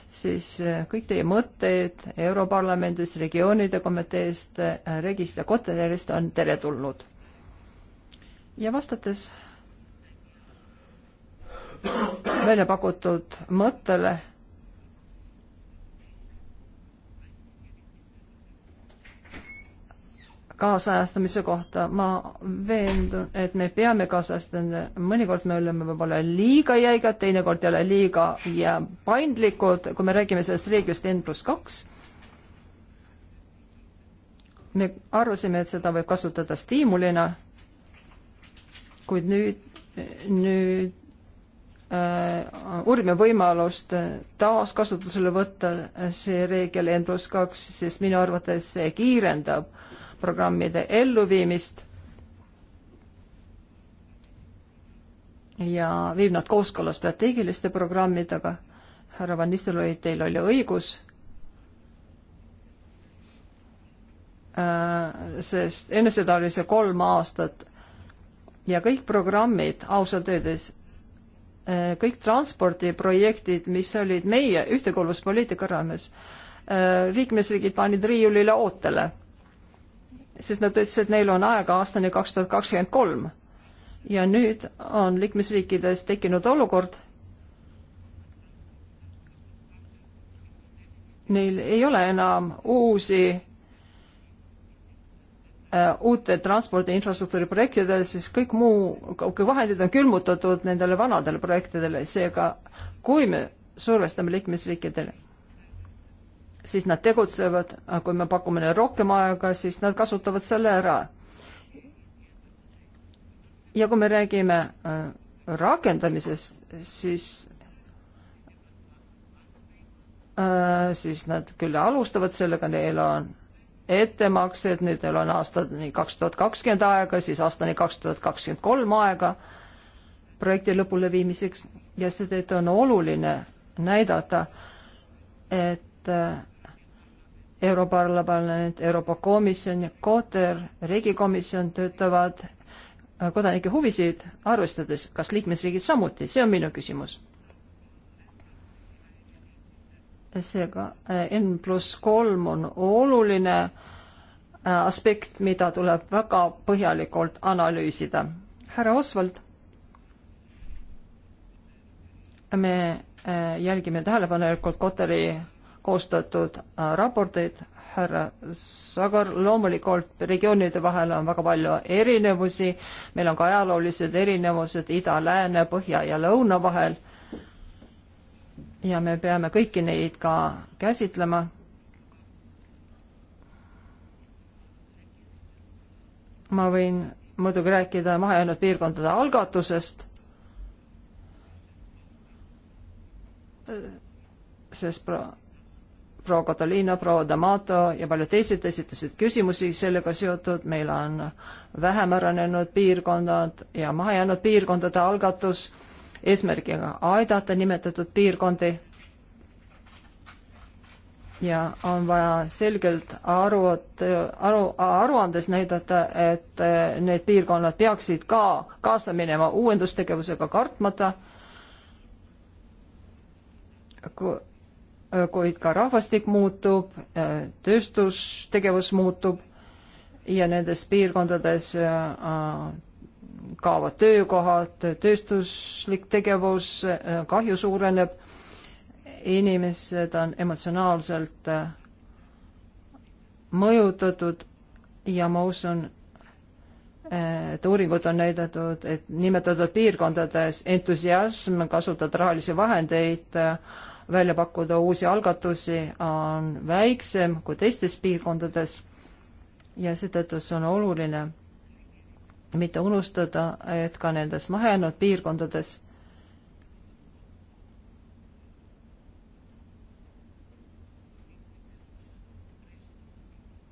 siis eh, kõik teie mõtted Europarlamendist, regioonide komiteest, eh, Regist ja Kotelierist on teretulnud. ja vastates välja pakutud mõttele kaasajastamise kohta ma veendun, et me peame kaasajastama, mõnikord me oleme võib-olla liiga jäigad, teinekord jälle liiga ja paindlikud, kui me räägime sellest reeglist N pluss kaks. me arvasime, et seda võib kasutada stiimulina, kuid nüüd, nüüd Äh, uurime võimalust taaskasutusele võtta see reegel N pluss kaks, sest minu arvates see kiirendab programmide elluviimist ja viib nad kooskõlla strateegiliste programmidega. härra Van Nistelrooy, teil oli õigus äh, sest enne seda oli see kolm aastat ja kõik programmid ausalt öeldes Äh, kõik transpordiprojektid, mis olid meie ühtekuuluvuspoliitika raames, äh, liikmesriigid panid riiulile ootele, sest nad ütlesid, et neil on aega aastani kaks tuhat kakskümmend kolm. ja nüüd on liikmesriikides tekkinud olukord, neil ei ole enam uusi Äh, uute transpordi infrastruktuuri projektidele, siis kõik muu, kui vahendid on külmutatud nendele vanadele projektidele, seega kui me survestame liikmesriikidele, siis nad tegutsevad, aga kui me pakume neile rohkem aega, siis nad kasutavad selle ära. ja kui me räägime äh, rakendamisest, siis äh, siis nad küll alustavad sellega, neil on ettemaksed, nendel on aastani kaks tuhat kakskümmend aega, siis aastani kaks tuhat kakskümmend kolm aega projekti lõpule viimiseks ja seetõttu on oluline näidata, et äh, Europarlament, Euroopa Komisjon ja Koter, riigikomisjon töötavad äh, kodanike huvisid arvestades, kas liikmesriigid samuti, see on minu küsimus seega eh, N pluss kolm on oluline eh, aspekt, mida tuleb väga põhjalikult analüüsida. härra Osvald, me eh, jälgime tähelepanelikult Kotari koostatud raporteid, härra Sagar, loomulikult regioonide vahel on väga palju erinevusi, meil on ka ajaloolised erinevused ida, lääne, põhja ja lõuna vahel ja me peame kõiki neid ka käsitlema. ma võin muidugi rääkida mahajäänud piirkondade algatusest, sest proua pro Catalina, proua D'Amato ja paljud teised esitasid küsimusi sellega seotud, meil on vähem arenenud piirkonnad ja mahajäänud piirkondade algatus eesmärgiga aidata nimetatud piirkondi ja on vaja selgelt aru, aru, aruandes näidata, et eh, need piirkonnad peaksid ka kaasa minema uuendustegevusega kartmata, kuid ka rahvastik muutub, eh, tööstustegevus muutub ja nendes piirkondades eh, kaovad töökohad, tööstuslik tegevus, kahju suureneb, inimesed on emotsionaalselt äh, mõjutatud ja ma usun, et uuringud on näidatud, et nimetatud piirkondades entusiasm kasutada rahalisi vahendeid, äh, välja pakkuda uusi algatusi on väiksem kui teistes piirkondades ja seetõttu see on oluline mitte unustada, et ka nendes mahejäänud piirkondades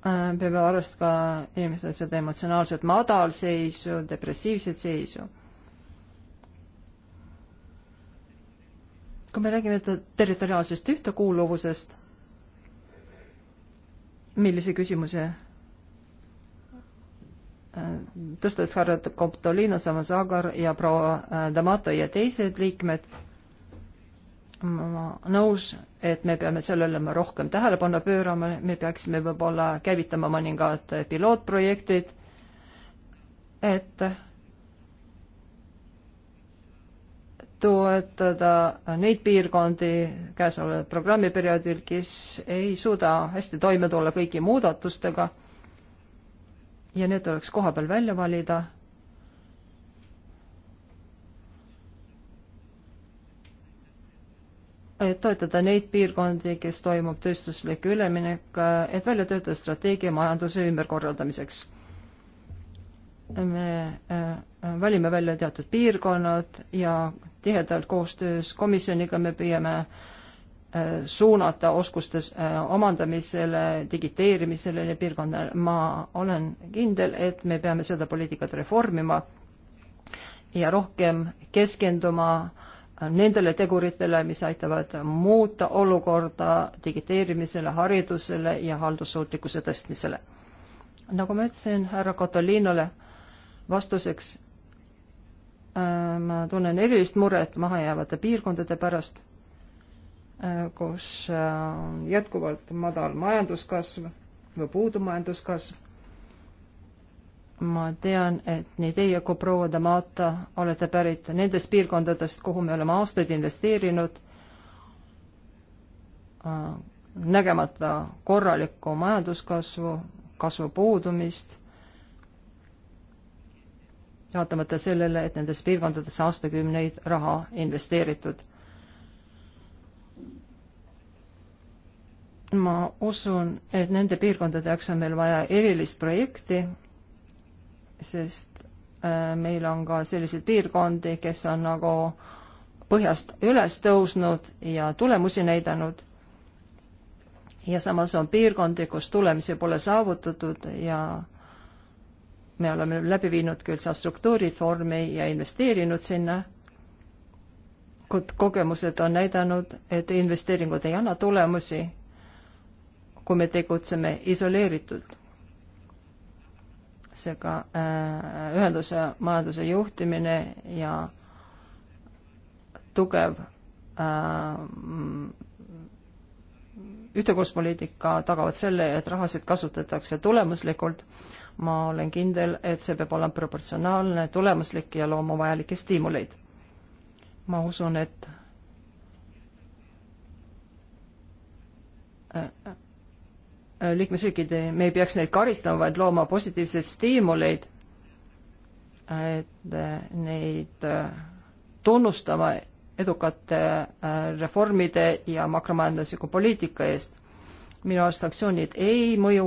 äh, peame arvestama inimeste seda emotsionaalset madalseisu, depressiivset seisu. kui me räägime territoriaalsest ühtekuuluvusest, millise küsimuse tõstes härrad Koptolino, Samazagar ja proua äh, Damato ja teised liikmed, ma nõus, et me peame sellele rohkem tähelepanu pöörama, me peaksime võib-olla käivitama mõningad pilootprojektid, et toetada neid piirkondi käesoleval programmiperioodil, kes ei suuda hästi toime tulla kõigi muudatustega ja need tuleks kohapeal välja valida. et toetada neid piirkondi, kes toimub tööstuslik üleminek, et välja töötada strateegia majanduse ümberkorraldamiseks. me äh, valime välja teatud piirkonnad ja tihedalt koostöös komisjoniga me püüame äh, suunata oskuste äh, omandamisele, digiteerimisele ja piirkonnale. ma olen kindel, et me peame seda poliitikat reformima ja rohkem keskenduma äh, nendele teguritele, mis aitavad muuta olukorda digiteerimisele, haridusele ja haldussuutlikkuse tõstmisele. nagu ma ütlesin härra Katalinale vastuseks, äh, ma tunnen erilist muret mahajäävate piirkondade pärast Äh, kus on äh, jätkuvalt madal majanduskasv või puudu majanduskasv. ma tean, et nii teie kui proua Damata olete pärit nendest piirkondadest, kuhu me oleme aastaid investeerinud, äh, nägemata korralikku majanduskasvu, kasvu puudumist vaatamata sellele, et nendes piirkondades aastakümneid raha investeeritud. ma usun, et nende piirkondade jaoks on meil vaja erilist projekti, sest äh, meil on ka selliseid piirkondi, kes on nagu põhjast üles tõusnud ja tulemusi näidanud. ja samas on piirkondi, kus tulemusi pole saavutatud ja me oleme läbi viinud küll seal struktuurireformi ja investeerinud sinna kogemused on näidanud, et investeeringud ei anna tulemusi kui me tegutseme isoleeritult. seega äh, ühenduse majanduse juhtimine ja tugev äh, ühtekorruspoliitika tagavad selle, et rahasid kasutatakse tulemuslikult. ma olen kindel, et see peab olema proportsionaalne, tulemuslik ja looma vajalikke stiimuleid. ma usun, et äh, Äh, liikmesriigid, me ei peaks neid karistama, vaid looma positiivseid stiimuleid, et äh, neid äh, tunnustama edukate reformide ja makromajandusliku poliitika eest. minu arust sanktsioonid ei mõju,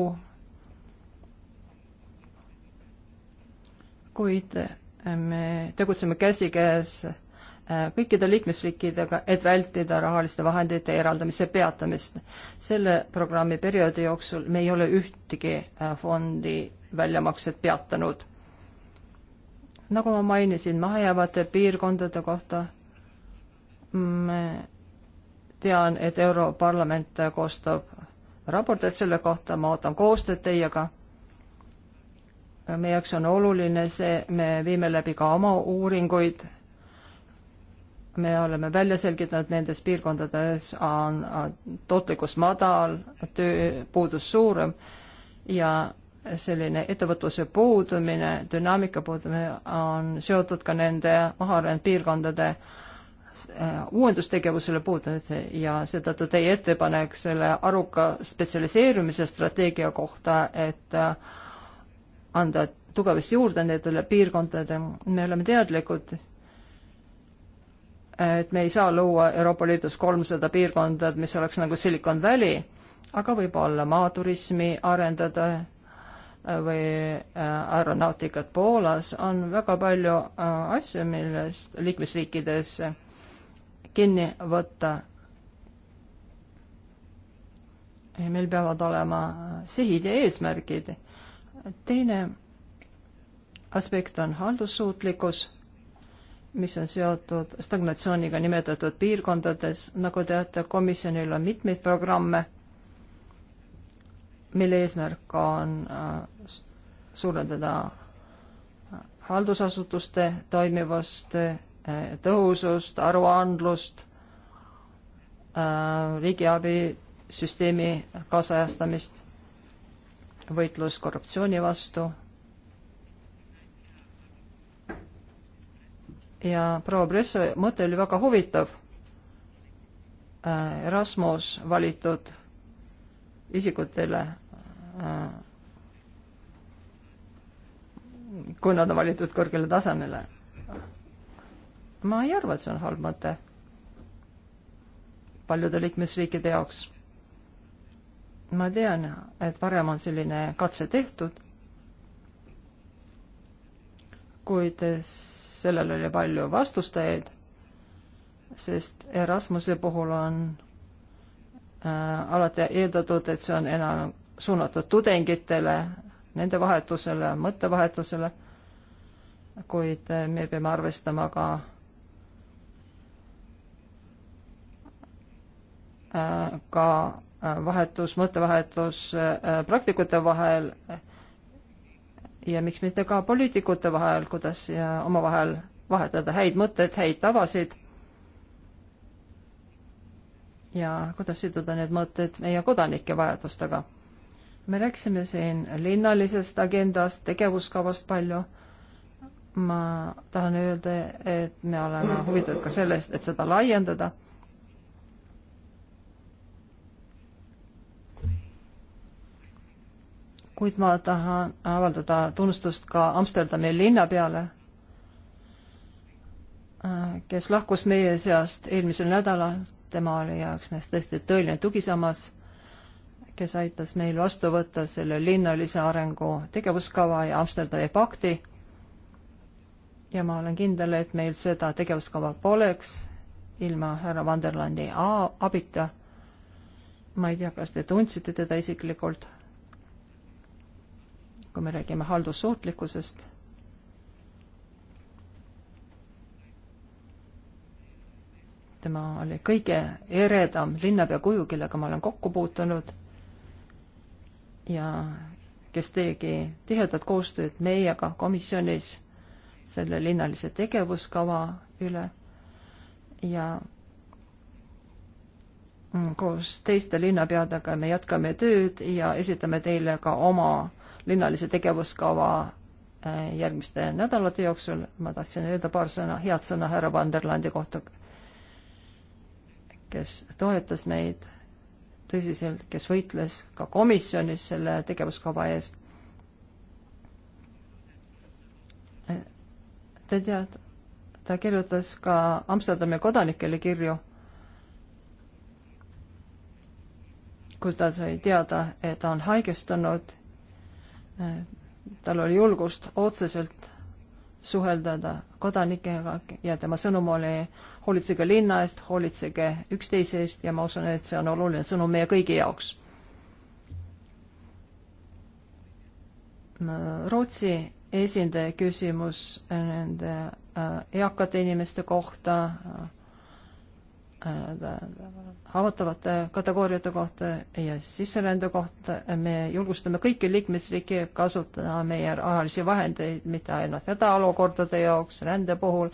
kuid me tegutseme käsikäes kõikide liikmesriikidega, et vältida rahaliste vahendite eraldamise peatamist. selle programmi perioodi jooksul me ei ole ühtegi äh, fondi väljamakset peatanud. nagu ma mainisin, mahajäävate piirkondade kohta tean, et Europarlament koostab raporteid selle kohta, ma ootan koostööd teiega meie jaoks on oluline see, me viime läbi ka oma uuringuid me oleme välja selgitanud, nendes piirkondades on tootlikkus madal, tööpuudus suurem ja selline ettevõtluse puudumine, dünaamika puudumine on seotud ka nende mahaarenenud piirkondade äh, uuendustegevusele puudumise ja seetõttu teie ettepanek selle aruka spetsialiseerumise strateegia kohta, et äh, anda tugevust juurde nendele piirkondadele, me oleme teadlikud, et me ei saa luua Euroopa Liidus kolmsada piirkonda, mis oleks nagu Silicon Valley, aga võib-olla maaturismi arendada äh, või äh, aeronautikat Poolas, on väga palju äh, asju, millest liikmesriikides kinni võtta. meil peavad olema sihid ja eesmärgid. teine aspekt on haldussuutlikkus mis on seotud stagnatsiooniga nimetatud piirkondades. nagu teate, komisjonil on mitmeid programme, mille eesmärk on äh, suurendada äh, haldusasutuste toimivust, äh, tõhusust, aruandlust, riigiabi süsteemi kaasajastamist, võitlus korruptsiooni vastu ja proua Bresso mõte oli väga huvitav. Äh, Erasmus valitud isikutele, äh, kui nad on valitud kõrgele tasemele. ma ei arva, et see on halb mõte paljude liikmesriikide jaoks. ma tean, et varem on selline katse tehtud, kuid sellel oli palju vastustajaid, sest Erasmuse puhul on äh, alati eeldatud, et see on enam suunatud tudengitele, nende vahetusele, mõttevahetusele, kuid äh, me peame arvestama ka äh, ka äh, vahetus, mõttevahetus äh, praktikute vahel äh, ja miks mitte ka poliitikute vahel, kuidas omavahel vahetada häid mõtteid, häid tavasid ja kuidas siduda need mõtted meie kodanike vajadustega. me rääkisime siin linnalisest agendast, tegevuskavast palju. ma tahan öelda, et me oleme huvitatud ka sellest, et seda laiendada kuid ma tahan avaldada tunnustust ka Amsterdami linnapeale, kes lahkus meie seast eelmisel nädalal. tema oli jaoks meist tõesti tõeline tugisammas, kes aitas meil vastu võtta selle linnalise arengu tegevuskava ja Amsterdami pakti. ja ma olen kindel, et meil seda tegevuskava poleks ilma härra Vanderlandi abita. ma ei tea, kas te tundsite teda isiklikult kui me räägime haldussuutlikkusest, tema oli kõige eredam linnapea kuju, kellega ma olen kokku puutunud ja kes tegi tihedat koostööd meiega komisjonis selle linnalise tegevuskava üle ja koos teiste linnapeadega me jätkame tööd ja esitame teile ka oma linnalise tegevuskava äh, järgmiste nädalate jooksul. ma tahtsin öelda paar sõna, head sõna härra Vanderlandi kohta, kes toetas meid tõsiselt, kes võitles ka komisjonis selle tegevuskava eest. Te teate, ta kirjutas ka Amsterdami kodanikele kirju kus ta sai teada, et ta on haigestunud tal oli julgust otseselt suheldada kodanikega ja tema sõnum oli hoolitsege linna eest, hoolitsege üksteise eest ja ma usun, et see on oluline sõnum meie kõigi jaoks. Rootsi esindaja küsimus nende äh, eakate inimeste kohta Äh, haavatavate kategooriate kohta ja sisserände kohta. me julgustame kõiki liikmesriike kasutada meie rahalisi vahendeid mitte ainult hädaolukordade jaoks, rände puhul,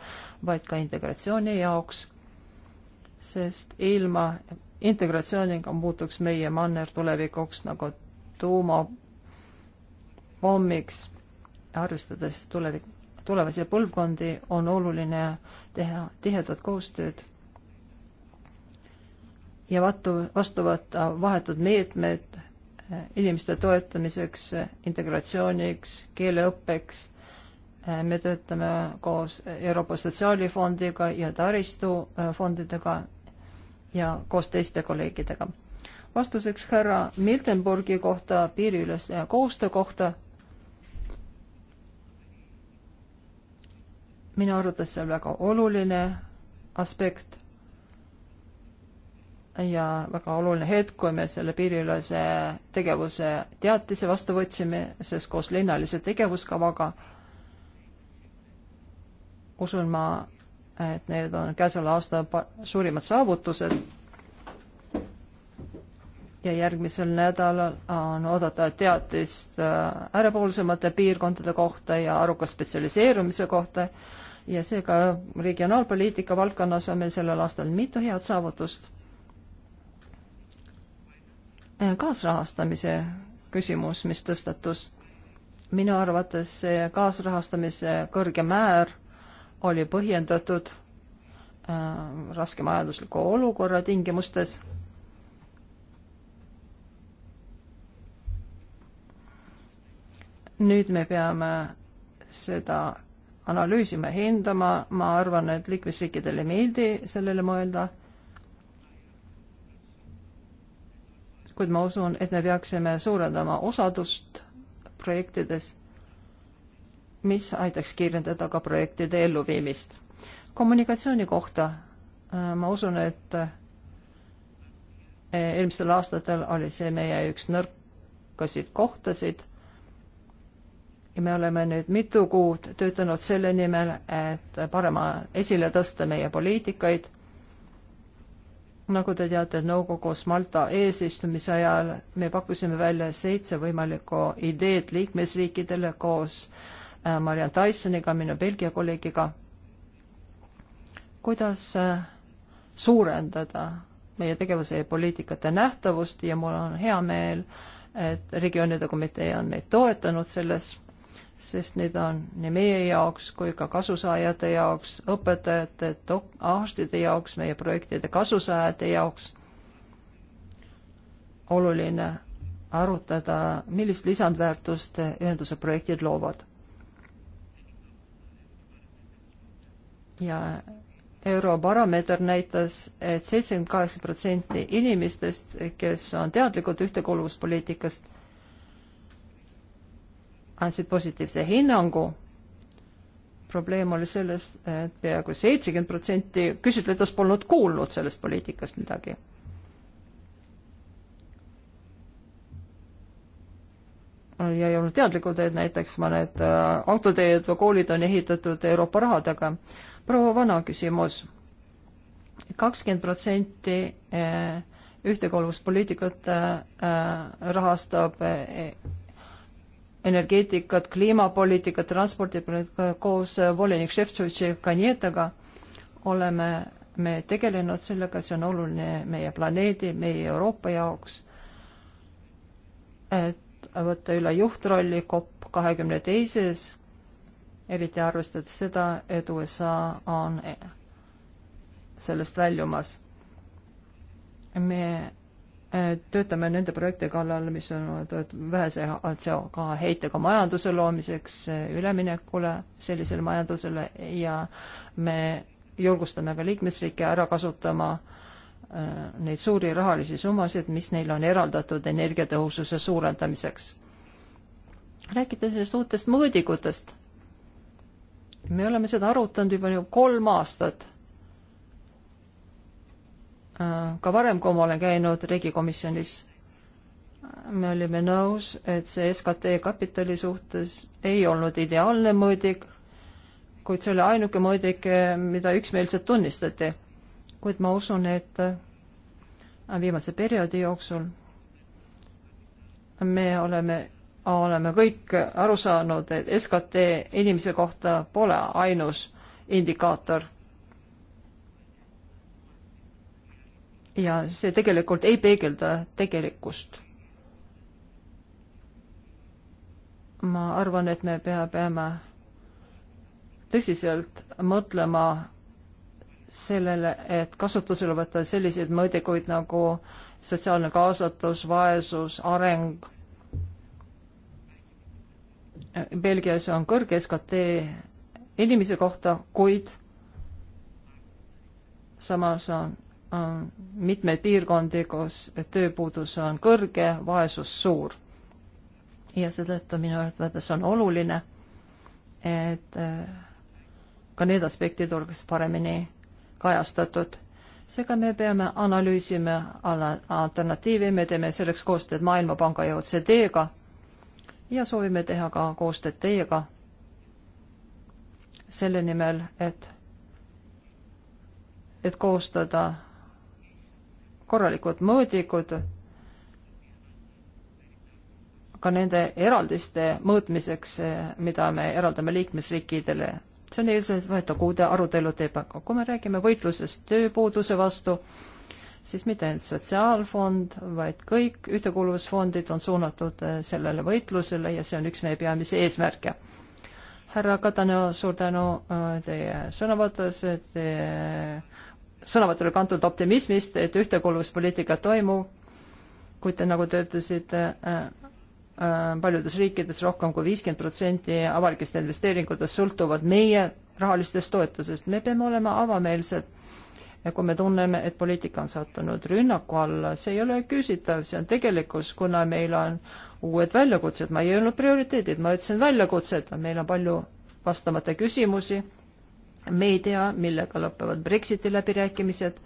vaid ka integratsiooni jaoks. sest ilma integratsiooniga muutuks meie manner tulevikuks nagu tuumapommiks, arvestades tulevik, tulevasi põlvkondi, on oluline teha tihedat koostööd ja vastu, vastu võtta vahetud meetmed eh, inimeste toetamiseks, integratsiooniks, keeleõppeks. Eh, me töötame koos Euroopa Sotsiaalifondiga ja taristufondidega ja koos teiste kolleegidega. vastuseks härra Miltenburgi kohta, piiriülese koostöö kohta. minu arvates see on väga oluline aspekt ja väga oluline hetk, kui me selle piiriülese tegevuse teatise vastu võtsime, sest koos linnalise tegevuskavaga usun ma, et need on käesoleva aasta suurimad saavutused. ja järgmisel nädalal on oodata teatist äh, äärepoolsemate piirkondade kohta ja aruka spetsialiseerumise kohta ja seega regionaalpoliitika valdkonnas on meil sellel aastal mitu head saavutust Äh, kaasrahastamise küsimus, mis tõstatus. minu arvates see kaasrahastamise kõrge määr oli põhjendatud äh, raske majandusliku olukorra tingimustes. nüüd me peame seda analüüsima, hindama, ma arvan, et liikmesriikidele ei meeldi sellele mõelda kuid ma usun, et me peaksime suurendama osadust projektides, mis aitaks kiirendada ka projektide elluviimist. kommunikatsiooni kohta äh, ma usun, et äh, eelmistel aastatel oli see meie üks nõrkasid kohtasid ja me oleme nüüd mitu kuud töötanud selle nimel, et parema esile tõsta meie poliitikaid nagu te teate, nõukogus Malta eesistumise ajal me pakkusime välja seitse võimalikku ideed liikmesriikidele koos äh, Mariann Tysoniga, minu Belgia kolleegiga, kuidas äh, suurendada meie tegevuse ja poliitikate nähtavust ja mul on hea meel, et regioonide komitee on meid toetanud selles sest need on nii meie jaoks kui ka kasusaajate jaoks, õpetajate, arstide jaoks, meie projektide kasusaajate jaoks oluline arutada, millist lisandväärtust ühenduse projektid loovad. ja Eurobaromeeter näitas et, et seitsekümmend kaheksa protsenti inimestest, kes on teadlikud ühtekuuluvuspoliitikast, andsid positiivse hinnangu. probleem oli selles et, et peaaegu seitsekümmend protsenti küsitletust polnud kuulnud sellest poliitikast midagi ja ei olnud teadlikud, et näiteks mõned äh, autoteed või koolid on ehitatud Euroopa rahadega. proua Vana küsimus. kakskümmend protsenti äh, ühtekuuluvuspoliitikat äh, rahastab energeetikat, kliimapoliitikat, transpordipoliitikat koos äh, volinik Šefčovitši Kanietaga oleme me tegelenud sellega, see on oluline meie planeedi, meie Euroopa jaoks, et võtta üle juhtrolli COP kahekümne teises, eriti arvestades seda, et USA on sellest väljumas. me töötame nende projekti kallal, mis on vähese CO2 heitega majanduse loomiseks, eh, üleminekule sellisele majandusele ja me julgustame ka liikmesriike ära kasutama eh, neid suuri rahalisi summasid, mis neile on eraldatud energiatõhususe suurendamiseks. rääkides sellest uutest mõõdikutest, me oleme seda arutanud juba kolm aastat Äh, ka varem, kui ma olen käinud riigikomisjonis, me olime nõus, et see SKT kapitali suhtes ei olnud ideaalne mõõdik, kuid see oli ainuke mõõdik, eh, mida üksmeelselt tunnistati. kuid ma usun, et äh, viimase perioodi jooksul me oleme, oleme kõik aru saanud, et SKT inimese kohta pole ainus indikaator ja see tegelikult ei peegelda tegelikkust. ma arvan, et me pea, peame tõsiselt mõtlema sellele, et kasutusele võtta selliseid mõõdikuid nagu sotsiaalne kaasatus, vaesus, areng. Belgias on kõrge SKT inimese kohta, kuid samas on mitmeid piirkondi, kus tööpuudus on kõrge, vaesus suur. ja seetõttu minu arvates on oluline, et äh, ka need aspektid oleks paremini kajastatud. seega me peame analüüsima alternatiive, me teeme selleks koostööd Maailmapanga ja OCD-ga ja soovime teha ka koostööd teiega selle nimel, et, et koostada korralikud mõõdikud ka nende eraldiste mõõtmiseks, mida me eraldame liikmesriikidele. see on eilset võeta kuude arutelu teemaga. kui me räägime võitlusest tööpuuduse vastu, siis mitte ainult sotsiaalfond, vaid kõik ühtekuuluvusfondid on suunatud eh, sellele võitlusele ja see on üks meie peamisi eesmärke. härra Katane, suur tänu eh, teie sõnavõttes, et te eh, sõnavõtt oli kantud optimismist, et ühtekuuluvuspoliitika toimub, kuid te, nagu te ütlesite äh,, äh, paljudes riikides rohkem kui viiskümmend protsenti avalikest investeeringutest sõltuvad meie rahalistest toetusest. me peame olema avameelsed ja kui me tunneme, et poliitika on sattunud rünnaku alla, see ei ole küsitav, see on tegelikkus, kuna meil on uued väljakutsed, ma ei öelnud prioriteedid, ma ütlesin väljakutsed, meil on palju vastamata küsimusi me ei tea, millega lõpevad Brexiti läbirääkimised,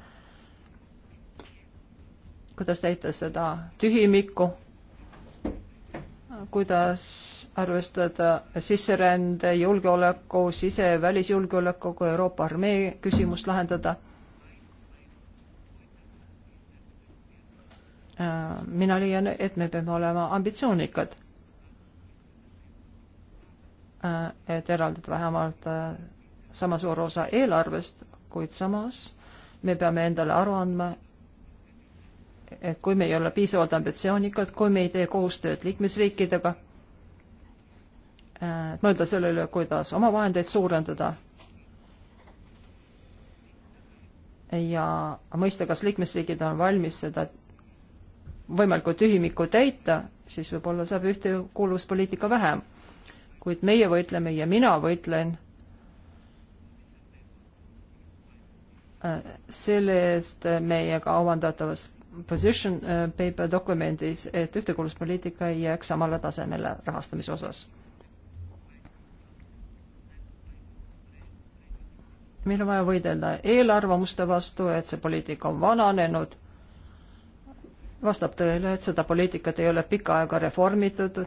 kuidas täita seda tühimikku, kuidas arvestada sisserände, julgeoleku, sise- ja välisjulgeolekuga, Euroopa armee küsimust lahendada. mina leian, et me peame olema ambitsioonikad. et eraldada vähemalt sama suur osa eelarvest, kuid samas me peame endale aru andma, et kui me ei ole piisavalt ambitsioonikad, kui me ei tee koostööd liikmesriikidega, äh, mõelda selle üle, kuidas oma vahendeid suurendada ja mõista, kas liikmesriigid on valmis seda võimalikku tühimikku täita, siis võib-olla saab ühtekuuluvuspoliitika vähem. kuid meie võitleme ja mina võitlen Äh, selle eest meiega omandatavas position äh, paper dokumendis, et ühtekuuluvuspoliitika ei jääks samale tasemele rahastamise osas. meil on vaja võidelda eelarvamuste vastu, et see poliitika on vananenud. vastab tõele, et seda poliitikat ei ole pikka aega reformitud.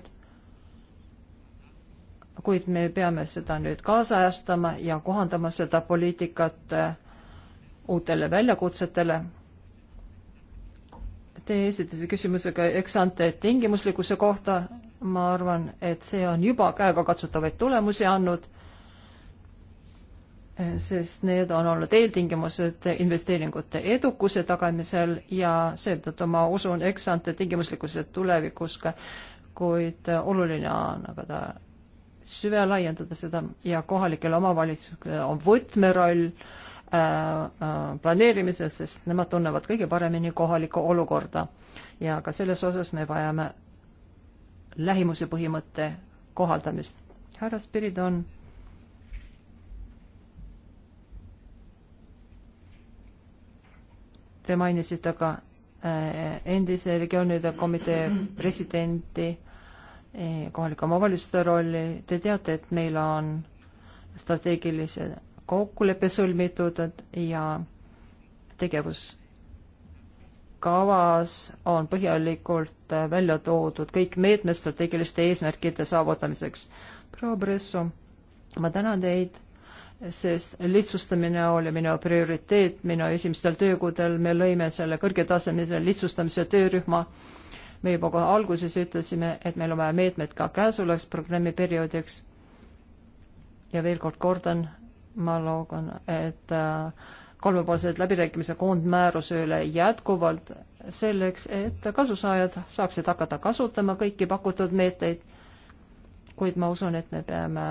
kuid me peame seda nüüd kaasajastama ja kohandama seda poliitikat äh, uutele väljakutsetele. Te esitasite küsimuse ka eksante tingimuslikkuse kohta. ma arvan, et see on juba käegakatsutavaid tulemusi andnud, sest need on olnud eeltingimused investeeringute edukuse tagamisel ja seetõttu ma usun eksante tingimuslikkuse tulevikus ka, kuid oluline on aga ta süve laiendada seda ja kohalikel omavalitsustel on võtmeroll äh, Äh, äh, planeerimisel, sest nemad tunnevad kõige paremini kohalikku olukorda. ja ka selles osas me vajame lähimuse põhimõtte kohaldamist. härra Spiridon. Te mainisite ka äh, endise regioonide komitee presidenti, kohalike omavalitsuste rolli. Te teate, et meil on strateegilise kokkulepe sõlmitud ja tegevuskavas on põhjalikult välja toodud kõik meetmed strateegiliste eesmärkide saavutamiseks. proua Bresso, ma tänan teid, sest lihtsustamine oli minu prioriteet, minu esimestel töökudel me lõime selle kõrgetasemelise lihtsustamise töörühma me juba kohe alguses ütlesime, et meil on vaja meetmed ka käesolevaks programmi perioodiks. ja veel kord kordan, ma loodan, et äh, kolmepoolsed läbirääkimised koondmääruse üle jätkuvalt selleks, et kasusaajad saaksid hakata kasutama kõiki pakutud meetmeid. kuid ma usun, et me peame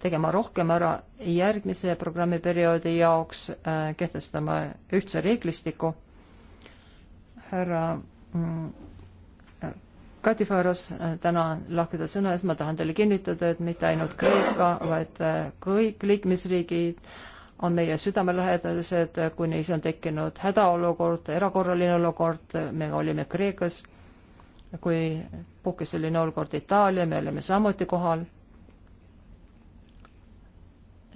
tegema rohkem ära järgmise programmiperioodi jaoks, äh, kehtestama ühtse reeglistiku. härra mm, Kati Faros, äh, tänan lahkeda sõna eest, ma tahan teile kinnitada, et mitte ainult Kreeka, vaid äh, kõik liikmesriigid on meie südamelähedased, kuni siis on tekkinud hädaolukord, erakorraline olukord, me olime Kreekas, kui puhkes selline olukord Itaalia, me olime samuti kohal.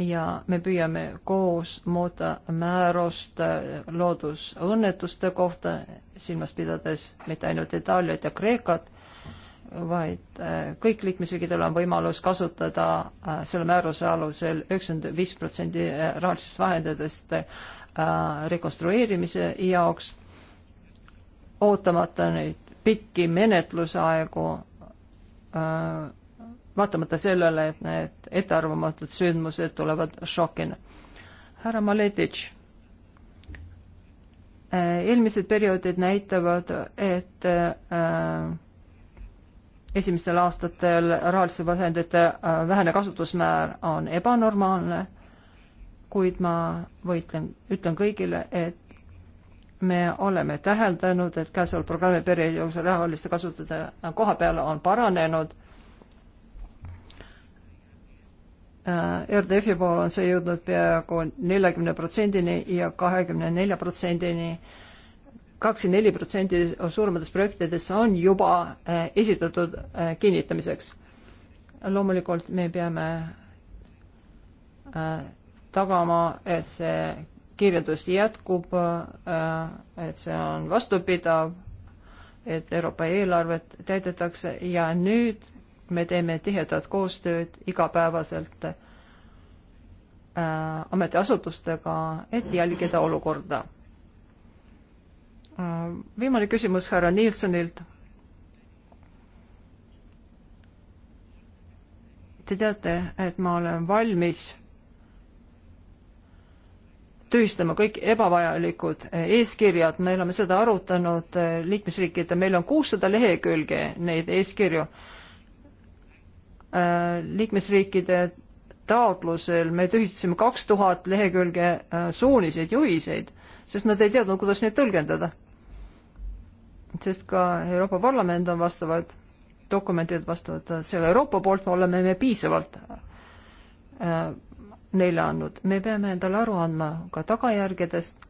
ja me püüame koos muuta määrust äh, loodusõnnetuste kohta, silmas pidades mitte ainult Itaaliat ja Kreekat vaid äh, kõik liikmesriigidel on võimalus kasutada äh, selle määruse alusel üheksakümmend viis protsendi äh, rahalistest vahenditest rekonstrueerimise jaoks, ootamata neid pikki menetlusaegu, vaatamata sellele, et need ettearvamatud sündmused tulevad šokina. härra Maletitš eelmised perioodid näitavad, et äh, esimestel aastatel rahaliste vahendite äh, vähene kasutusmäär on ebanormaalne, kuid ma võitlen, ütlen kõigile, et me oleme täheldanud, et käesoleva programmi perioodi jooksul rahaliste kasutajate koha peal on paranenud. Äh, RDF-i pool on see jõudnud peaaegu neljakümne protsendini ja kahekümne nelja protsendini kakskümmend neli protsenti suurematest projektidest on juba äh, esitatud äh, kinnitamiseks. loomulikult me peame äh, tagama, et see kirjeldus jätkub, et see on vastupidav, et Euroopa eelarvet täidetakse ja nüüd me teeme tihedat koostööd igapäevaselt ametiasutustega, et jälgida olukorda viimane küsimus härra Nilssonilt. Te teate, et ma olen valmis tühistama kõik ebavajalikud eeskirjad, me oleme seda arutanud eh, liikmesriikide, meil on kuussada lehekülge neid eeskirju. Eh, liikmesriikide taotlusel me tühistasime kaks tuhat lehekülge eh, suuniseid, juhiseid, sest nad ei teadnud, kuidas neid tõlgendada sest ka Euroopa Parlament on vastavad dokumentid vastu võtta, selle Euroopa poolt oleme me piisavalt äh, neile andnud. me peame endale aru andma ka tagajärgedest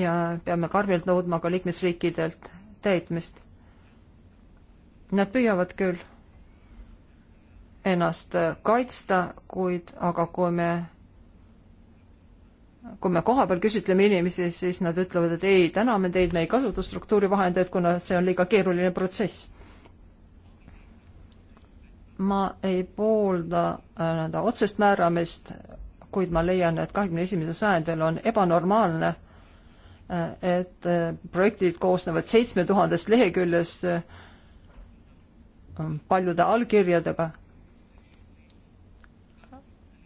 ja peame karmilt nõudma ka liikmesriikidelt täitmist. Nad püüavad küll ennast kaitsta, kuid aga kui me kui me kohapeal küsitleme inimesi, siis nad ütlevad, et ei, täname teid, me ei kasuta struktuurivahendeid, kuna see on liiga keeruline protsess. ma ei poolda äh, nii-öelda otsest määramist, kuid ma leian, et kahekümne esimesel sajandil on ebanormaalne, äh, et äh, projektid koosnevad seitsme tuhandest leheküljest paljude allkirjadega.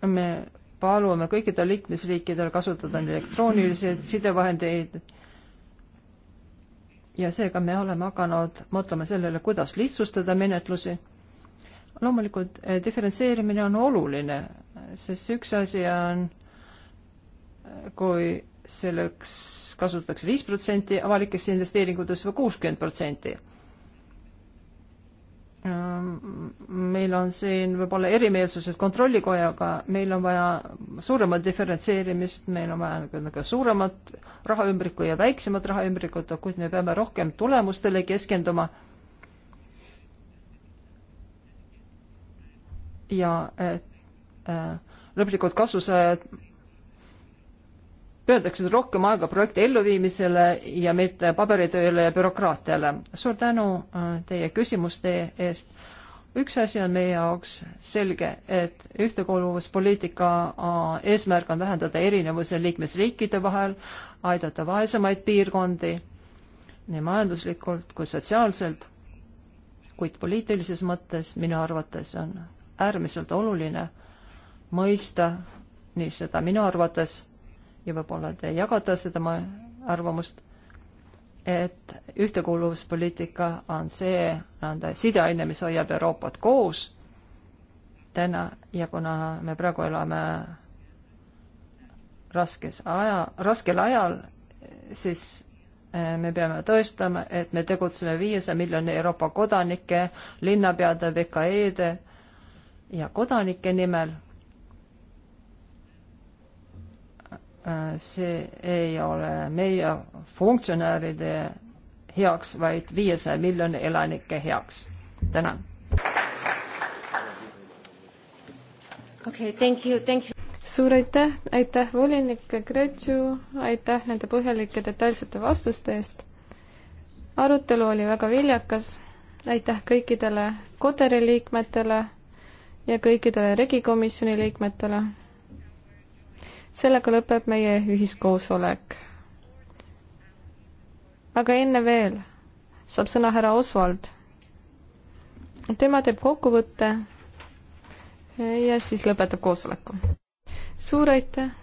me palume kõikidel liikmesriikidel kasutada elektroonilisi sidevahendeid. ja seega me oleme hakanud mõtlema sellele, kuidas lihtsustada menetlusi. loomulikult eh, diferentseerimine on oluline, sest üks asi on, eh, kui selleks kasutatakse viis protsenti avalikest investeeringutest või kuuskümmend protsenti Ähm, meil on siin võib-olla erimeelsused kontrollikojaga, meil on vaja suuremat diferentseerimist, meil on vaja nagu, nagu suuremat rahaümbrikku ja väiksemat rahaümbrikut, kuid me peame rohkem tulemustele keskenduma. ja et äh, lõplikud kasusaajad pööratakse rohkem aega projekti elluviimisele ja mitte paberitööle ja bürokraatiale. suur tänu äh, teie küsimuste eest. üks asi on meie jaoks selge, et ühtekuuluvuspoliitika äh, eesmärk on vähendada erinevusi liikmesriikide vahel, aidata vaesemaid piirkondi nii majanduslikult kui sotsiaalselt, kuid poliitilises mõttes minu arvates on äärmiselt oluline mõista nii seda minu arvates ja võib-olla te jagate seda arvamust, et ühtekuuluvuspoliitika on see nii-öelda sideaine, mis hoiab Euroopat koos täna ja kuna me praegu elame raskes aja, raskel ajal, siis eh, me peame tõestama, et me tegutseme viiesaja miljoni Euroopa kodanike, linnapeade, VKE-de ja kodanike nimel Äh, see ei ole meie funktsionääride heaks, vaid viiesaja miljoni elanike heaks. tänan. okei okay,, thank you, thank you. suur aitäh, aitäh volinik Gretšu, aitäh nende põhjalike detailsete vastuste eest. arutelu oli väga viljakas. aitäh kõikidele Koderi liikmetele ja kõikidele regikomisjoni liikmetele sellega lõpeb meie ühiskoosolek. aga enne veel saab sõna härra Oswald. tema teeb kokkuvõtte ja siis lõpetab koosoleku. suur aitäh!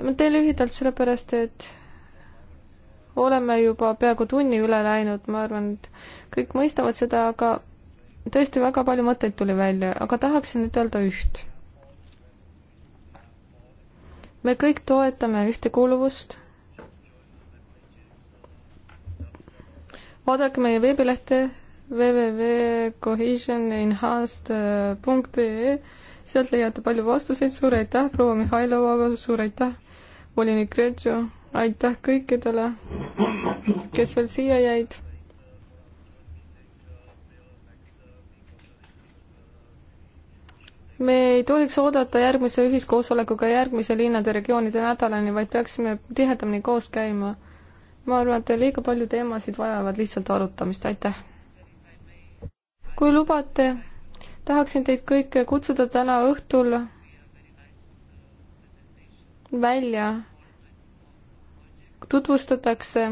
ma teen lühidalt, sellepärast et oleme juba peaaegu tunni üle läinud, ma arvan, et kõik mõistavad seda, aga tõesti väga palju mõtteid tuli välja, aga tahaksin nüüd öelda üht me kõik toetame ühtekuuluvust. vaadake meie veebilehte www.cohesioninhanced.ee, sealt leiate palju vastuseid, suur aitäh, proua Mihhailova, suur aitäh, volinik Retšo, aitäh kõikidele, kes veel siia jäid me ei tohiks oodata järgmise ühiskoosolekuga järgmise linnade regioonide nädalani, vaid peaksime tihedamini koos käima. ma arvan, et liiga palju teemasid vajavad lihtsalt arutamist, aitäh! kui lubate, tahaksin teid kõike kutsuda täna õhtul välja tutvustatakse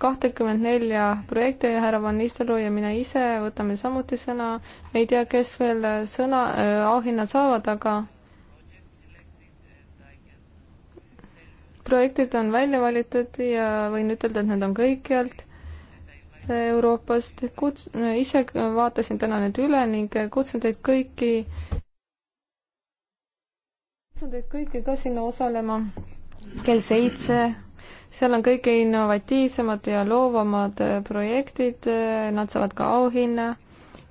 kahtekümmend nelja projekti, härra Van Nistelrooy ja mina ise võtame samuti sõna. ei tea, kes veel sõna äh,, auhinnad saavad, aga projektid on välja valitud ja võin ütelda, et need on kõikjalt äh, Euroopast. kuts-, ise vaatasin täna need üle ning kutsun teid kõiki, kutsun teid kõiki ka sinna osalema kell seitse seal on kõige innovatiivsemad ja loovamad äh, projektid, äh, nad saavad ka auhinna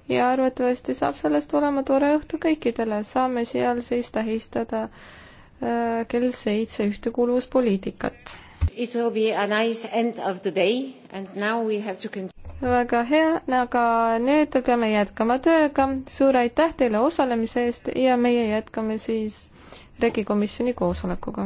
ja arvatavasti saab sellest olema tore õhtu kõikidele, saame seal siis tähistada äh, kell seitse ühtekuuluvuspoliitikat. It will be a nice end of the day and now we have to continue väga hea, aga nüüd peame jätkama tööga, suur aitäh teile osalemise eest ja meie jätkame siis regikomisjoni koosolekuga.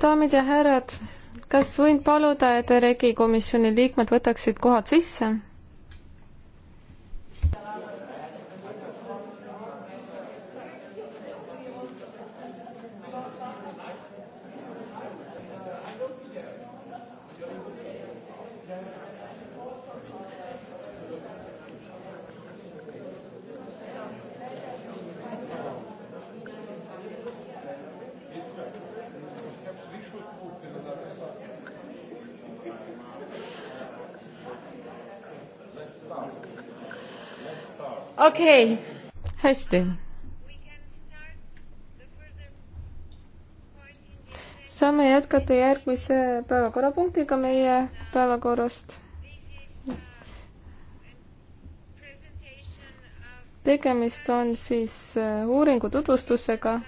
daamid ja härrad, kas võin paluda, et EREKi komisjoni liikmed võtaksid kohad sisse? okei okay.. hästi. saame jätkata järgmise päevakorrapunktiga meie päevakorrast. tegemist on siis äh, uuringu tutvustusega,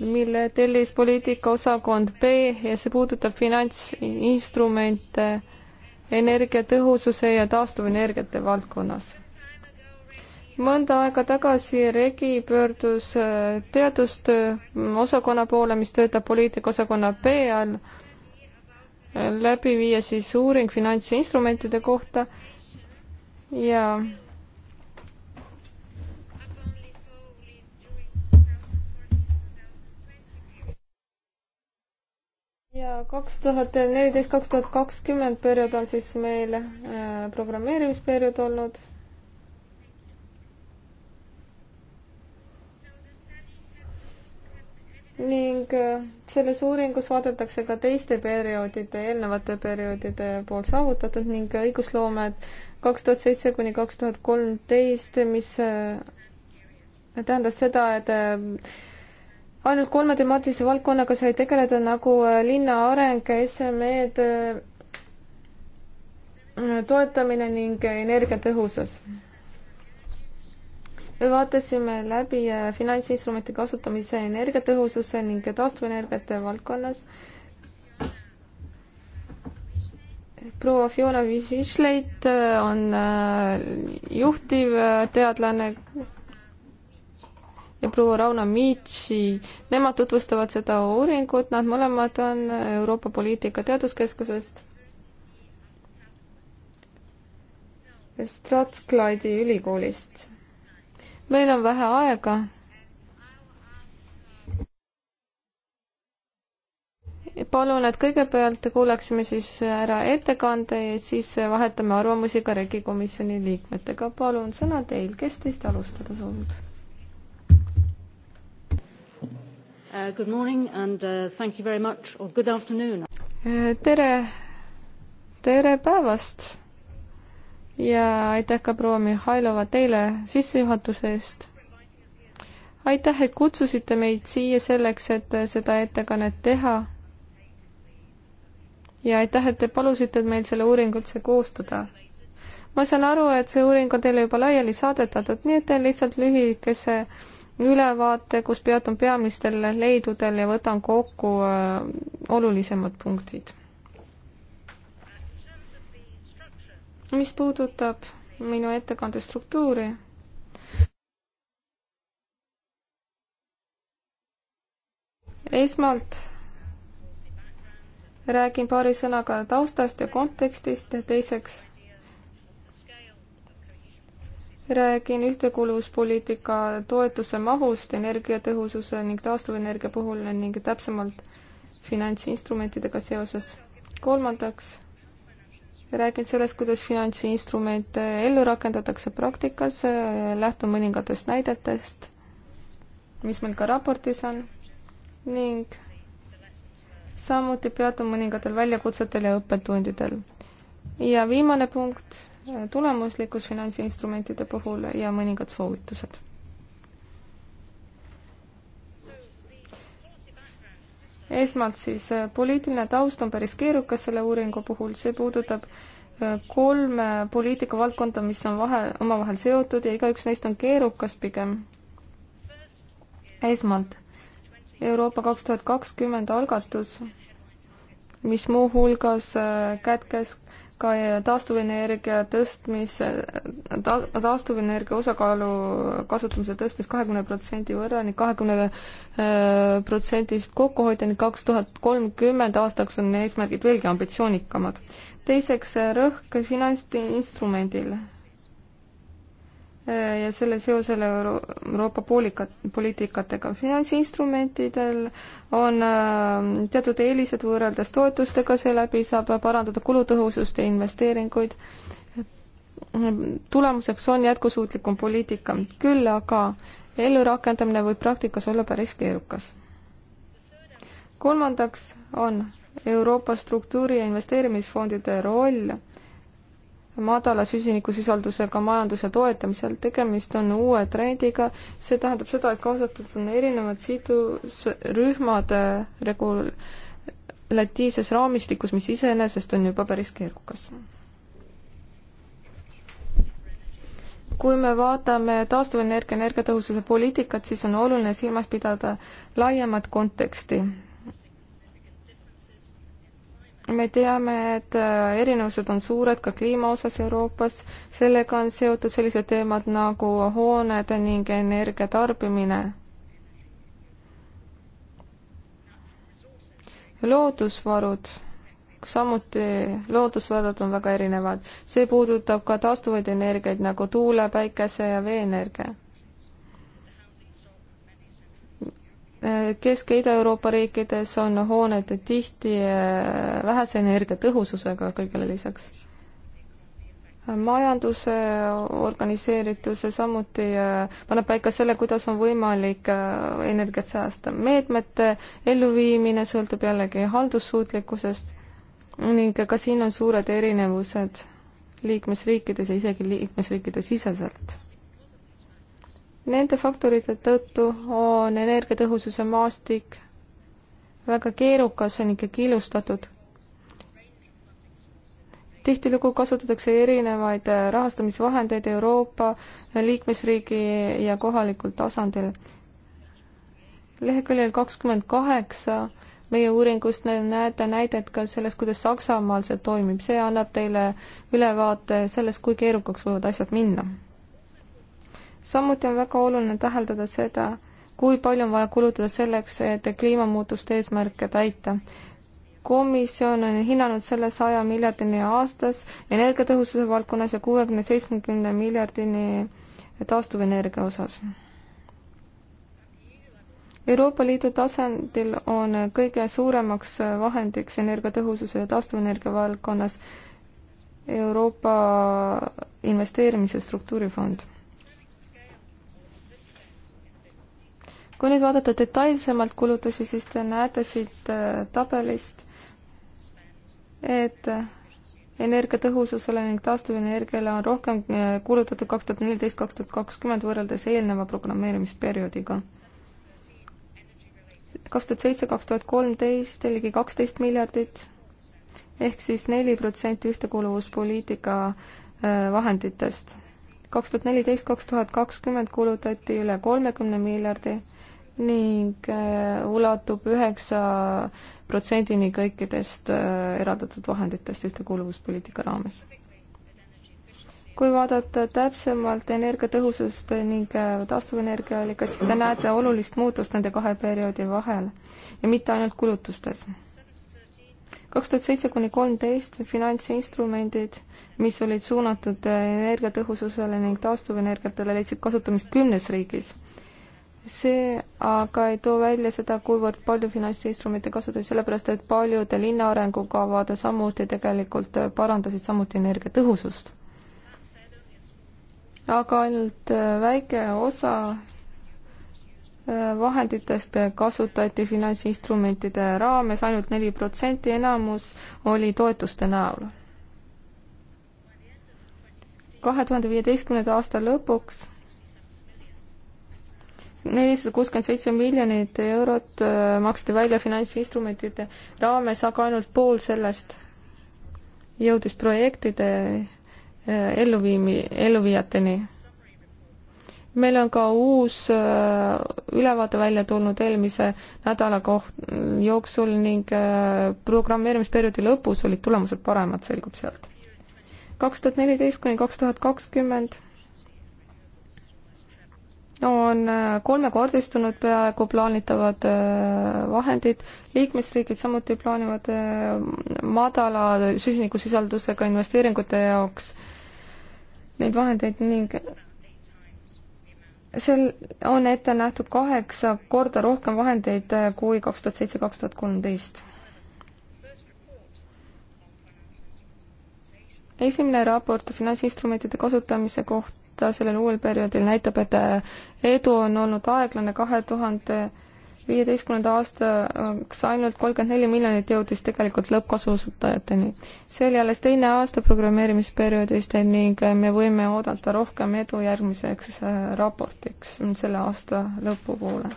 mille tellis poliitikaosakond B ja see puudutab finantsinstrumente energiatõhususe ja taastuvenergiate valdkonnas mõnda aega tagasi Regi pöördus äh, teadustöö osakonna poole, mis töötab poliitikaosakonna B all, äh, läbi viia siis uuring finantsinstrumentide kohta ja ja kaks tuhat neliteist, kaks tuhat kakskümmend periood on siis meil äh, programmeerimisperiood olnud ning äh, selles uuringus vaadatakse ka teiste perioodide, eelnevate perioodide poolt saavutatud ning õigusloomed kaks tuhat seitse kuni kaks tuhat kolmteist, mis äh, tähendas seda, et äh, ainult kolme temaatilise valdkonnaga sai tegeleda nagu linna areng, SME-d toetamine ning energiatõhusus vaatasime läbi äh, finantsinstrumente kasutamise energiatõhususe ning taastuvenergiate valdkonnas. proua Fiona Fischleit äh, on äh, juhtiv teadlane ja proua Rauno Miitši, nemad tutvustavad seda uuringut, nad mõlemad on Euroopa Poliitika Teaduskeskusest. Strathclyde'i ülikoolist meil on vähe aega. palun, et kõigepealt kuulaksime siis ära ettekande ja siis vahetame arvamusi ka regikomisjoni liikmetega. palun, sõna teil, kes teist alustada soovib? Uh, good morning and uh, thank you very much or good afternoon. tere, tere päevast ja aitäh ka proua Mihhailova teile sissejuhatuse eest. aitäh, et kutsusite meid siia selleks, et seda ettekannet teha. ja aitäh, et te palusite meil selle uuringu üldse koostada. ma saan aru, et see uuring on teile juba laiali saadetatud, nii et teen lihtsalt lühikese ülevaate, kus peatun peamistel leidudel ja võtan kokku äh, olulisemad punktid mis puudutab minu ettekande struktuuri, esmalt räägin paari sõnaga taustast ja kontekstist, teiseks räägin ühtekuuluvuspoliitika toetuse mahust energiatõhususe ning taastuvenergia puhul ning täpsemalt finantsinstrumentidega seoses. kolmandaks räägin sellest, kuidas finantsinstrumente ellu rakendatakse praktikas, lähtun mõningatest näidetest, mis meil ka raportis on ning samuti peatun mõningatel väljakutsetel ja õppetundidel. ja viimane punkt, tulemuslikkus finantsinstrumentide puhul ja mõningad soovitused esmalt siis äh, poliitiline taust on päris keerukas selle uuringu puhul, see puudutab äh, kolme poliitikavaldkonda, mis on vahe, omavahel seotud ja igaüks neist on keerukas pigem. esmalt Euroopa kaks tuhat kakskümmend algatus, mis muuhulgas äh, kätkes äh, ka taastuvenergia tõstmise ta,, taastuvenergia osakaalu kasutamise tõstmist kahekümne protsendi võrra ning kahekümne äh, protsendist kokkuhoidja ning kaks tuhat kolmkümmend aastaks on eesmärgid veelgi ambitsioonikamad. teiseks, rõhk finantsinstrumendile. Äh, ja selle seosele Euro Euroopa poolika-, poliitikatega. finantsinstrumentidel on äh, teatud eelised võrreldes toetustega, seeläbi saab parandada kulutõhusust ja investeeringuid. tulemuseks on jätkusuutlikum poliitika, küll aga ellurakendamine võib praktikas olla päris keerukas. kolmandaks on Euroopa struktuuri- ja investeerimisfondide roll madala süsinikusisaldusega majanduse toetamisel. tegemist on uue trendiga, see tähendab seda, et kaasatud on erinevad sidusrühmad äh, regulatiivses raamistikus, mis iseenesest on juba päris keerukas. kui me vaatame taastuvenergia energiatõhususe poliitikat, siis on oluline silmas pidada laiemat konteksti me teame, et äh, erinevused on suured ka kliima osas Euroopas, sellega on seotud sellised teemad nagu hooned ning energia tarbimine. loodusvarud, samuti loodusvarud on väga erinevad, see puudutab ka taastuvaid energiaid nagu tuule, päikese ja veeenergia. Kesk- ja Ida-Euroopa riikides on hooned tihti äh, vähese energiatõhususega kõigele lisaks. majanduse organiseerituse samuti äh, paneb paika selle, kuidas on võimalik äh, energiat säästa. meetmete elluviimine sõltub jällegi haldussuutlikkusest ning ka siin on suured erinevused liikmesriikides ja isegi liikmesriikide siseselt Nende faktorite tõttu on energiatõhususe maastik väga keerukas ning killustatud. tihtilugu kasutatakse erinevaid rahastamisvahendeid Euroopa liikmesriigi ja kohalikul tasandil. leheküljel kakskümmend kaheksa meie uuringust näete näidet ka sellest, kuidas Saksamaal see toimib, see annab teile ülevaate sellest, kui keerukaks võivad asjad minna samuti on väga oluline täheldada seda, kui palju on vaja kulutada selleks, et kliimamuutuste eesmärke täita. komisjon on hinnanud selle saja miljardini aastas energiatõhususe valdkonnas ja kuuekümne, seitsmekümne miljardini taastuvenergia osas. Euroopa Liidu tasandil on kõige suuremaks vahendiks energiatõhususe ja taastuvenergia valdkonnas Euroopa investeerimise struktuurifond kui nüüd vaadata detailsemalt kulutusi, siis te näete siit äh, tabelist, et äh, energiatõhususele ning taastuvenergiale on rohkem äh, kulutatud kaks tuhat neliteist, kaks tuhat kakskümmend võrreldes eelneva programmeerimisperioodiga. kaks tuhat seitse, kaks tuhat kolmteist ligi kaksteist miljardit ehk siis neli protsenti ühtekuuluvuspoliitika vahenditest. kaks tuhat neliteist, kaks tuhat kakskümmend kulutati üle kolmekümne miljardi ning äh, ulatub üheksa protsendini kõikidest äh, eraldatud vahenditest ühtekuuluvuspoliitika raames. kui vaadata täpsemalt energiatõhusust ning äh, taastuvenergia allikat, siis te näete olulist muutust nende kahe perioodi vahel ja mitte ainult kulutustes kaks tuhat seitse kuni kolmteist finantsinstrumendid, mis olid suunatud energiatõhususele ning taastuvenergiatele, leidsid kasutamist kümnes riigis see aga ei too välja seda, kuivõrd palju finantsinstrumente kasutada, sellepärast et paljude linna arengukavad samuti tegelikult parandasid samuti energiatõhusust. aga ainult äh, väike osa äh, vahenditest kasutati finantsinstrumentide raames ainult neli protsenti, enamus oli toetuste näol. kahe tuhande viieteistkümnenda aasta lõpuks nelisada kuuskümmend seitse miljonit eurot äh, maksti välja finantsinstrumentide raames, aga ainult pool sellest jõudis projektide äh, elluviimi, elluviijateni. meil on ka uus äh, ülevaade välja tulnud eelmise nädala koht-, jooksul ning programmeerimisperioodi lõpus olid tulemused paremad, selgub sealt. kaks tuhat neliteist kuni kaks tuhat kakskümmend on äh, kolmekordistunud peaaegu plaanitavad äh, vahendid, liikmesriigid samuti plaanivad äh, madala süsinikusisaldusega investeeringute jaoks neid vahendeid ning seal on ette nähtud kaheksa korda rohkem vahendeid kui kaks tuhat seitse, kaks tuhat kolmteist. esimene raport finantsinstrumentide kasutamise kohta võtta sellel uuel perioodil näitab, et äh, edu on olnud aeglane, kahe tuhande viieteistkümnenda aastaks ainult kolmkümmend neli miljonit jõudis tegelikult lõppkasutajateni. see oli alles teine aasta programmeerimisperioodist ning äh, me võime oodata rohkem edu järgmiseks äh, raportiks selle aasta lõpupoole.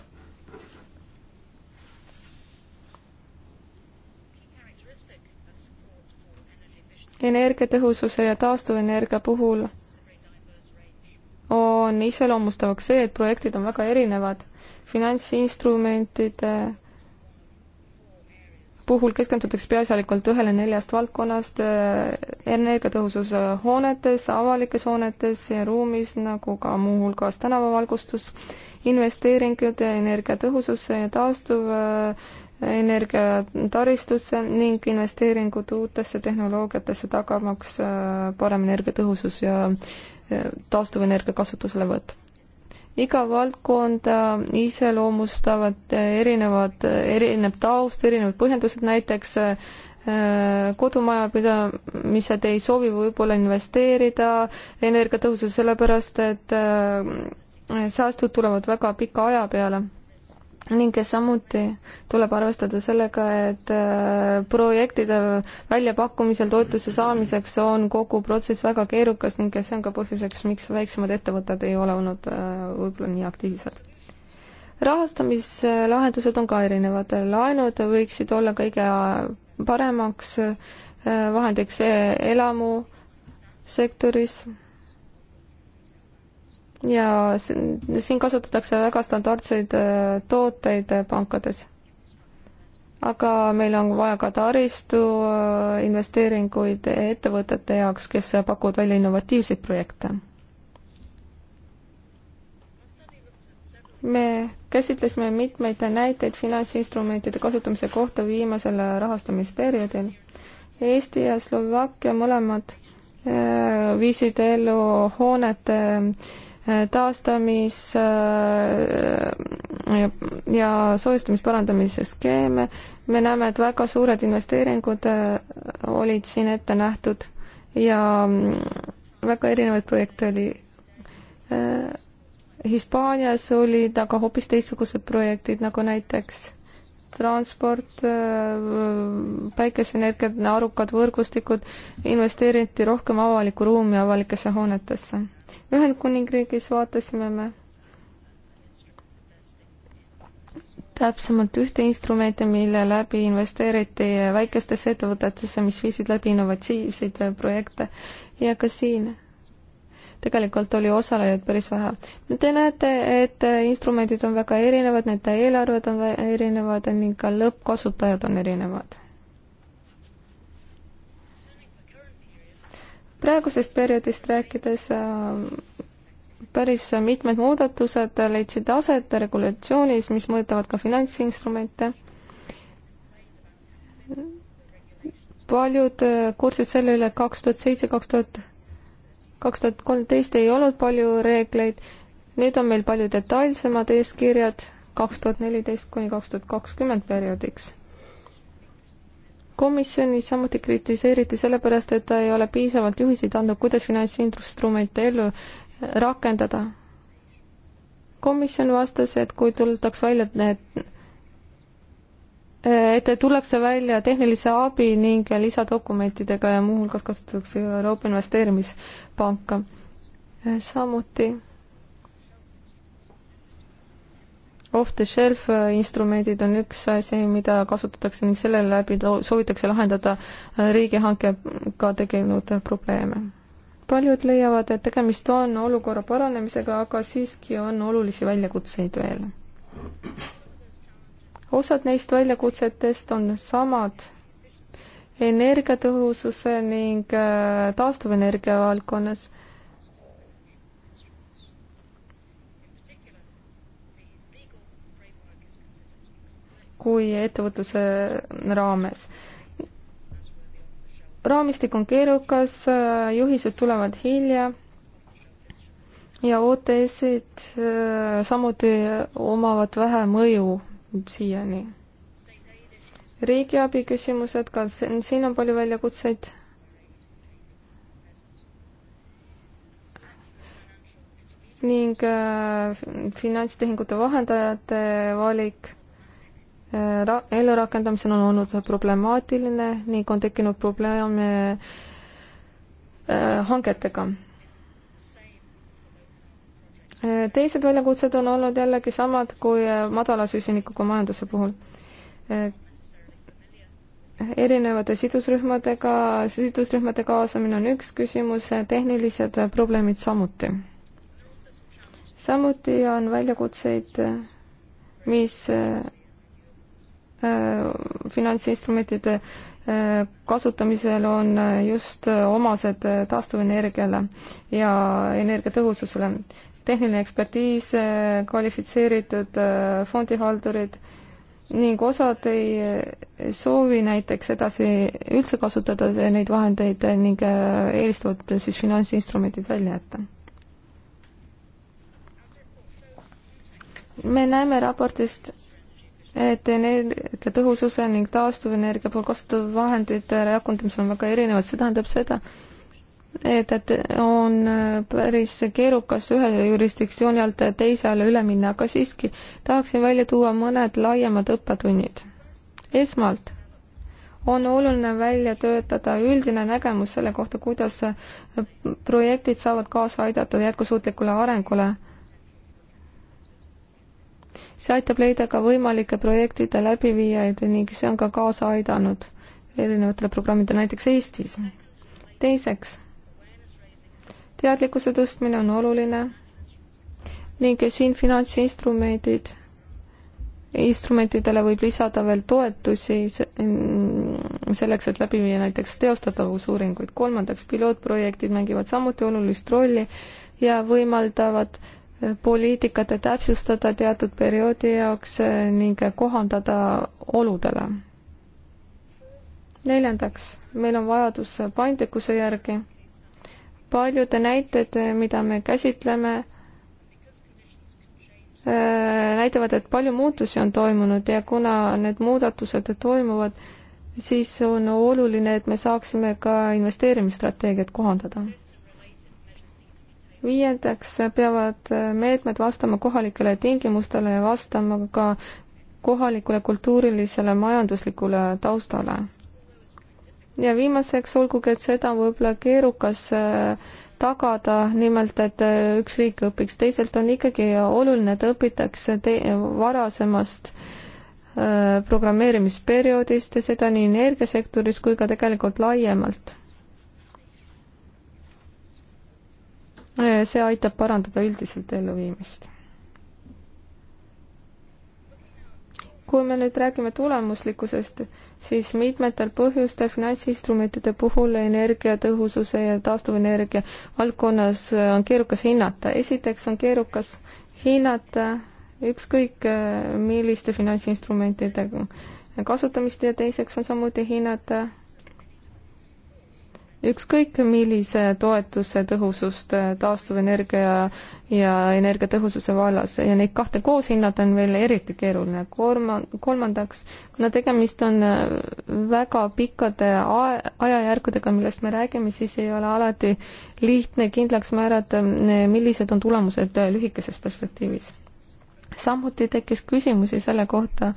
energiatõhususe ja taastuvenergia puhul on iseloomustavaks see, et projektid on väga erinevad. finantsinstrumentide puhul keskendutakse peaasjalikult ühele neljast valdkonnast, äh, energiatõhusus äh, hoonetes, avalikes hoonetes ja ruumis, nagu ka muuhulgas tänavavalgustus, investeeringud energiatõhususse ja taastuv äh, energiataristusse ning investeeringud uutesse tehnoloogiatesse, tagamaks parem energiatõhusus ja taastuvenergia kasutuselevõtt. iga valdkonda äh, iseloomustavad äh, erinevad, äh, erinev taust, erinevad põhjendused, näiteks kodumajapidamised ei soovi võib-olla investeerida energiatõhususse, sellepärast et säästud tulevad väga pika aja peale ning samuti tuleb arvestada sellega, et äh, projektide väljapakkumisel toetuse saamiseks on kogu protsess väga keerukas ning see on ka põhjuseks, miks väiksemad ettevõtted ei ole olnud äh, võib-olla nii aktiivsed. rahastamislahendused on ka erinevad, laenud võiksid olla kõige äh, paremaks vahendiks e-, elamusektoris ja siin kasutatakse väga standardseid äh, tooteid äh, pankades. aga meil on vaja ka taristu äh, investeeringuid ettevõtete jaoks, kes pakuvad välja innovatiivseid projekte. me käsitlesime mitmeid näiteid finantsinstrumentide kasutamise kohta viimasel rahastamisperioodil. Eesti ja Slovakkia mõlemad viisid ellu hoonete äh, taastamis- äh, ja, ja soojustamisparandamise skeeme. me näeme, et väga suured investeeringud äh, olid siin ette nähtud ja mm, väga erinevaid projekte oli. Äh, Hispaanias olid aga hoopis teistsugused projektid, nagu näiteks transport, päikeseenergia, arukad võrgustikud, investeeriti rohkem avalikku ruumi avalikesse hoonetesse Ühendkuningriigis vaatasime me täpsemalt ühte instrumenti, mille läbi investeeriti väikestesse ettevõtetesse, mis viisid läbi innovatiivseid projekte ja ka siin tegelikult oli osalejaid päris vähe. Te näete, et instrumendid on väga erinevad, nende eelarved on erinevad ning ka lõppkasutajad on erinevad. praegusest perioodist rääkides äh, päris mitmed muudatused leidsid aset regulatsioonis, mis mõjutavad ka finantsinstrumente. paljud äh, kursid selle üle, et kaks tuhat seitse, kaks tuhat, kaks tuhat kolmteist ei olnud palju reegleid, nüüd on meil palju detailsemad eeskirjad kaks tuhat neliteist kuni kaks tuhat kakskümmend perioodiks komisjoni samuti kritiseeriti sellepärast, et ta ei ole piisavalt juhiseid andnud, kuidas finantsinstrumente ellu rakendada. komisjon vastas, et kui tuldaks välja need et tullakse välja tehnilise abi ning lisadokumentidega ja muuhulgas kasutatakse Euroopa Investeerimispanka. samuti Off-the-shelf äh, instrumendid on üks asi, mida kasutatakse ning selle läbi soovitakse lahendada äh, riigihankega tegelenud probleeme. paljud leiavad, et tegemist on olukorra paranemisega, aga siiski on olulisi väljakutseid veel. osad neist väljakutsetest on samad energiatõhususe ning äh, taastuvenergia valdkonnas kui ettevõtluse raames. raamistik on keerukas, juhised tulevad hilja ja OTS-id äh, samuti omavad vähe mõju siiani. riigiabi küsimused, kas siin on palju väljakutseid? ning äh, finantstehingute vahendajate valik Äh, ra-, ellurakendamisel on olnud problemaatiline ning on tekkinud probleeme äh, hangetega. Äh, teised väljakutsed on olnud jällegi samad kui madala süsinikuga majanduse puhul. erinevate sidusrühmadega, sidusrühmade kaasamine on üks küsimus, tehnilised probleemid samuti. samuti on väljakutseid, mis Äh, finantsinstrumentide äh, kasutamisel on äh, just omased taastuvenergiale ja energiatõhususele. tehniline ekspertiis, kvalifitseeritud fondihaldurid ning osad ei soovi näiteks edasi üldse kasutada neid vahendeid ning eelistavad siis finantsinstrumendid välja jätta. me näeme raportist et energia tõhususe ning taastuvenergia puhul kasutatud vahendite rakendamisel on väga erinevad, see tähendab seda, et, et on päris keerukas ühe jurisdiktsiooni alt teisele üle minna, aga siiski tahaksin välja tuua mõned laiemad õppetunnid. esmalt on oluline välja töötada üldine nägemus selle kohta, kuidas projektid saavad kaasa aidata jätkusuutlikule arengule see aitab leida ka võimalike projektide läbiviijaid ning see on ka kaasa aidanud erinevatele programmidele, näiteks Eestis. teiseks, teadlikkuse tõstmine on oluline ning siin finantsinstrumendid, instrumentidele võib lisada veel toetusi selleks, et läbi viia näiteks teostatavusuuringuid. kolmandaks, pilootprojektid mängivad samuti olulist rolli ja võimaldavad äh, poliitikat täpsustada teatud perioodi jaoks eh, ning kohandada oludele. neljandaks, meil on vajadus paindlikkuse järgi. paljud näited, mida me käsitleme, eh, näitavad, et palju muutusi on toimunud ja kuna need muudatused toimuvad, siis on oluline, et me saaksime ka investeerimisstrateegiat kohandada viiendaks peavad meetmed vastama kohalikele tingimustele ja vastama ka kohalikule kultuurilisele majanduslikule taustale. ja viimaseks olgugi, et seda on võib-olla keerukas äh, tagada, nimelt et äh, üks riik õpiks teiselt, on ikkagi oluline, et õpitakse te-, varasemast äh, programmeerimisperioodist ja seda nii energiasektoris kui ka tegelikult laiemalt Eh, see aitab parandada üldiselt elluviimist. kui me nüüd räägime tulemuslikkusest, siis mitmetel põhjustel finantsinstrumentide puhul energiatõhususe ja taastuvenergia valdkonnas on keerukas hinnata. esiteks on keerukas hinnata ükskõik eh, milliste finantsinstrumentide kasutamist ja teiseks on samuti hinnata ükskõik millise toetuse tõhusust äh, taastuvenergia ja energiatõhususe vallas ja neid kahte koos hinnata on veel eriti keeruline. kolma, kolmandaks, kuna tegemist on äh, väga pikkade ajajärkudega, millest me räägime, siis ei ole alati lihtne kindlaks määrata, äh, millised on tulemused lühikeses perspektiivis samuti tekkis küsimusi selle kohta,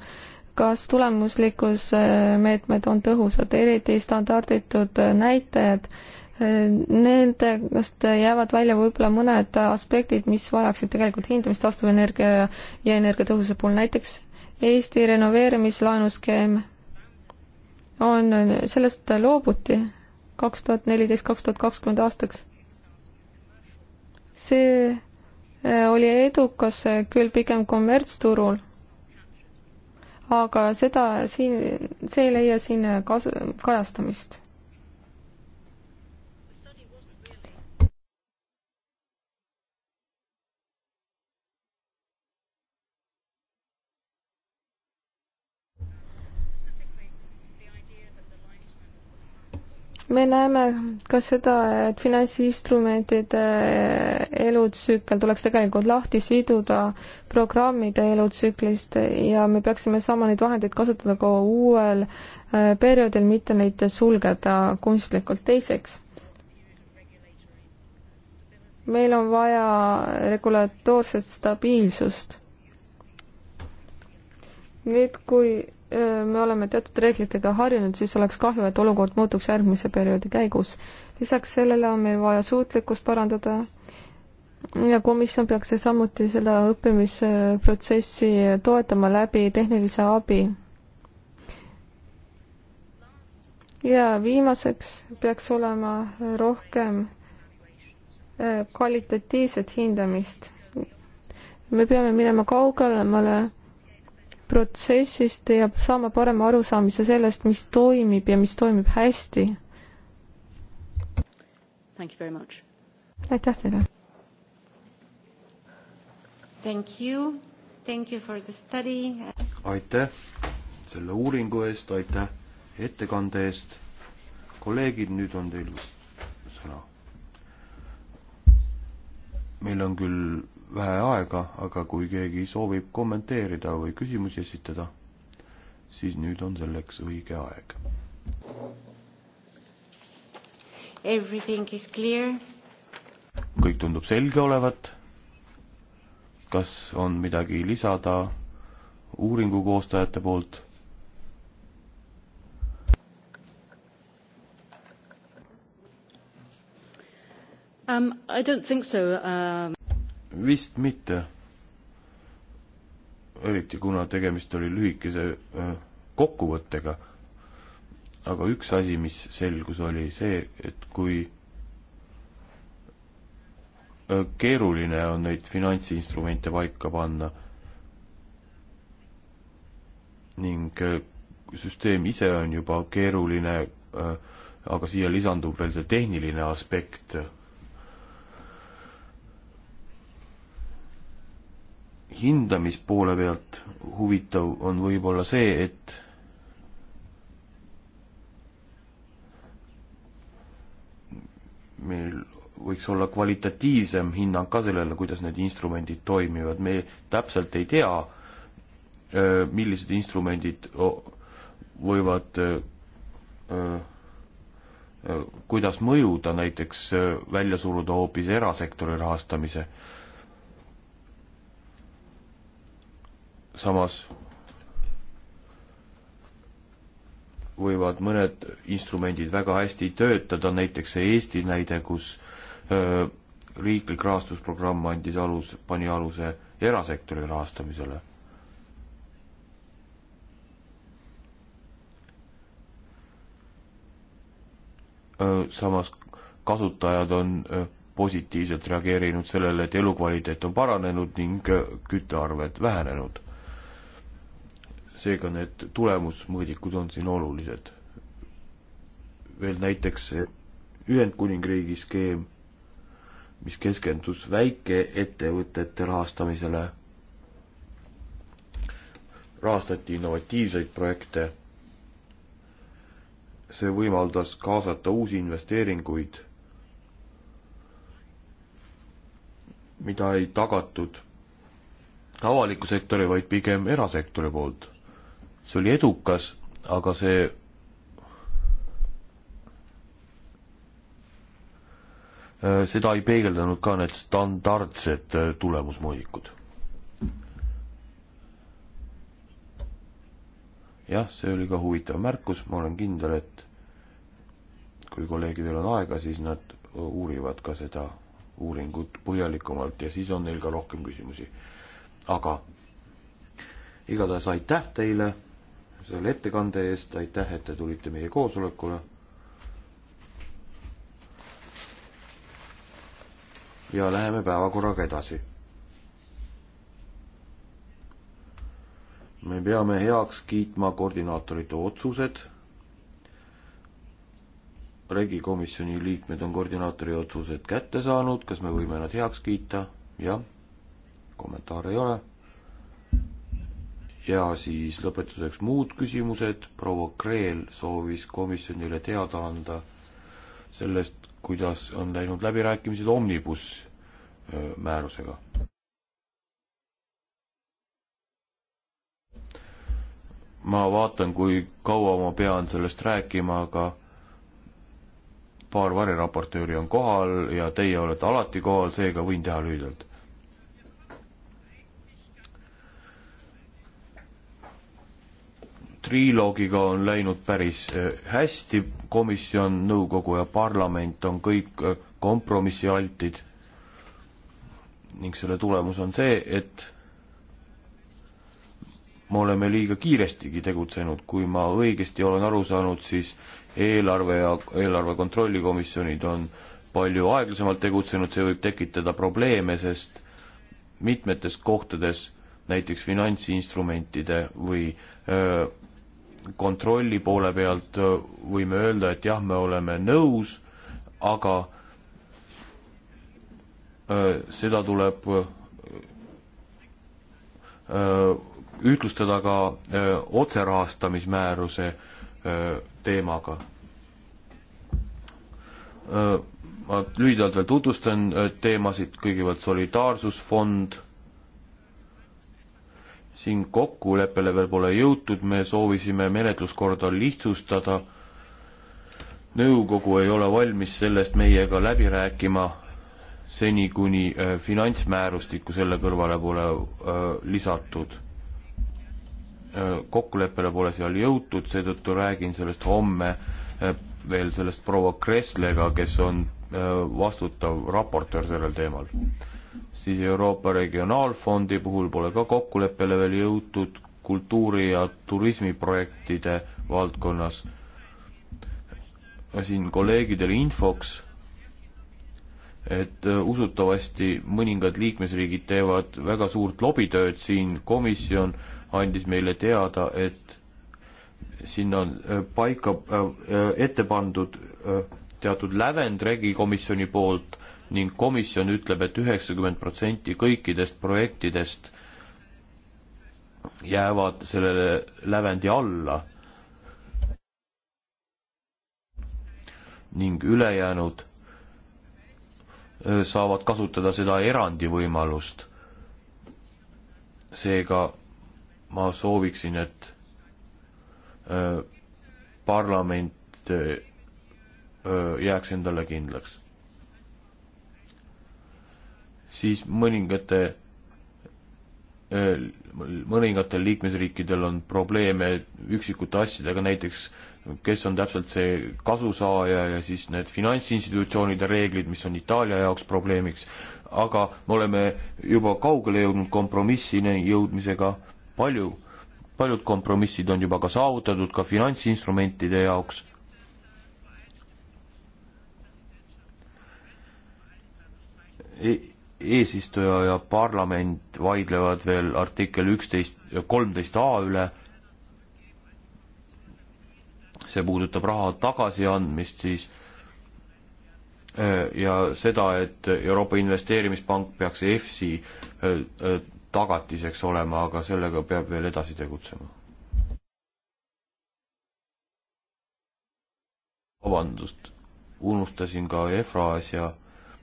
kas tulemuslikkusmeetmed äh, on tõhusad, eriti standarditud äh, näitajad, äh, nendest jäävad välja võib-olla mõned aspektid, mis vajaksid tegelikult hindamist taastuvenergia ja, ja energiatõhususe puhul, näiteks Eesti renoveerimislaenuskeem on, sellest loobuti kaks tuhat neliteist, kaks tuhat kakskümmend aastaks. see oli edukas küll pigem kommertsturul aga seda siin, see ei leia siin kasu, kajastamist me näeme ka seda, et finantsinstrumentide elutsükkel tuleks tegelikult lahti siduda programmide elutsüklist ja me peaksime saama neid vahendeid kasutada ka uuel äh, perioodil, mitte neid sulgeda kunstlikult. teiseks, meil on vaja regulatoorset stabiilsust. nüüd, kui me oleme teatud reeglitega harjunud, siis oleks kahju, et olukord muutuks järgmise perioodi käigus. lisaks sellele on meil vaja suutlikkust parandada ja komisjon peaks samuti seda õppimisprotsessi toetama läbi tehnilise abi. ja viimaseks peaks olema rohkem kvalitatiivset hindamist. me peame minema kaugemale protsessist ja saama parema arusaamise sellest, mis toimib ja mis toimib hästi. aitäh teile! aitäh selle uuringu eest, aitäh ettekande eest. kolleegid, nüüd on teil sõna. meil on küll vähe aega, aga kui keegi soovib kommenteerida või küsimusi esitada, siis nüüd on selleks õige aeg. Everything is clear. kõik tundub selge olevat. kas on midagi lisada uuringu koostajate poolt? Um, I don't think so. Um vist mitte. eriti kuna tegemist oli lühikese kokkuvõttega. aga üks asi, mis selgus, oli see, et kui keeruline on neid finantsinstrumente paika panna ning süsteem ise on juba keeruline, aga siia lisandub veel see tehniline aspekt hindamispoole pealt huvitav on võib-olla see, et meil võiks olla kvalitatiivsem hinnang ka sellele, kuidas need instrumendid toimivad, me täpselt ei tea, millised instrumendid võivad, kuidas mõjuda näiteks välja suruda hoopis erasektori rahastamise samas võivad mõned instrumendid väga hästi töötada, näiteks see Eesti näide, kus öö, riiklik rahastusprogramm andis alus, pani aluse erasektori rahastamisele. samas kasutajad on positiivselt reageerinud sellele, et elukvaliteet on paranenud ning küttearved vähenenud seega need tulemusmõõdikud on siin olulised. veel näiteks Ühendkuningriigi skeem, mis keskendus väikeettevõtete rahastamisele, rahastati innovatiivseid projekte, see võimaldas kaasata uusi investeeringuid, mida ei tagatud avaliku sektori, vaid pigem erasektori poolt see oli edukas, aga see äh, seda ei peegeldanud ka need standardsed äh, tulemusmõõdikud. jah, see oli ka huvitav märkus, ma olen kindel, et kui kolleegidel on aega, siis nad äh, uurivad ka seda uuringut põhjalikumalt ja siis on neil ka rohkem küsimusi. aga igatahes aitäh teile selle ettekande eest, aitäh, et te tulite meie koosolekule. ja läheme päevakorraga edasi. me peame heaks kiitma koordinaatorite otsused. regikomisjoni liikmed on koordinaatori otsused kätte saanud, kas me võime nad heaks kiita? jah, kommentaare ei ole ja siis lõpetuseks muud küsimused. proua Kreel soovis komisjonile teada anda sellest, kuidas on läinud läbirääkimised Omnibus määrusega. ma vaatan, kui kaua ma pean sellest rääkima, aga paar variraportööri on kohal ja teie olete alati kohal, seega võin teha lühidalt triloogiga on läinud päris äh, hästi, komisjon, nõukogu ja parlament on kõik äh, kompromissialtid ning selle tulemus on see, et me oleme liiga kiirestigi tegutsenud, kui ma õigesti olen aru saanud, siis eelarve ja eelarve kontrollikomisjonid on palju aeglasemalt tegutsenud, see võib tekitada probleeme, sest mitmetes kohtades, näiteks finantsinstrumentide või öö, äh, kontrolli poole pealt äh, võime öelda, et jah, me oleme nõus, aga äh, seda tuleb äh, ühtlustada ka otserahastamismääruse teemaga. ma lühidalt veel tutvustan teemasid, kõigepealt solidaarsusfond siin kokkuleppele veel pole jõutud, me soovisime menetluskorda lihtsustada. nõukogu ei ole valmis sellest meiega läbi rääkima seni, kuni äh, finantsmäärustikku selle kõrvale pole äh, lisatud. Äh, kokkuleppele pole seal jõutud, seetõttu räägin sellest homme veel sellest proua Kresslega, kes on vastutav raportöör sellel teemal siis Euroopa Regionaalfondi puhul pole ka kokkuleppele veel jõutud kultuuri- ja turismiprojektide valdkonnas. siin kolleegidele infoks, et äh, usutavasti mõningad liikmesriigid teevad väga suurt lobitööd siin, komisjon andis meile teada, et sinna on äh, paika äh, äh, ette pandud äh, teatud lävend regikomisjoni poolt ning komisjon ütleb et, et üheksakümmend protsenti kõikidest projektidest jäävad sellele lävendi alla ning ülejäänud saavad kasutada seda erandi võimalust. seega ma sooviksin, et parlament jääks endale kindlaks siis mõningate, äh, mõningatel liikmesriikidel on probleeme üksikute asjadega, näiteks kes on täpselt see kasusaaja ja siis need finantsinstitutsioonide reeglid, mis on Itaalia jaoks probleemiks, aga me oleme juba kaugele jõudnud kompromissini jõudmisega, palju, paljud kompromissid on juba ka saavutatud ka finantsinstrumentide jaoks. ei eesistuja ja parlament vaidlevad veel artikkel üksteist, kolmteist A üle. see puudutab raha tagasiandmist siis äh, ja seda, et Euroopa Investeerimispank peaks EFSI äh, äh, tagatiseks olema, aga sellega peab veel edasi tegutsema. vabandust, unustasin ka EFRA asja,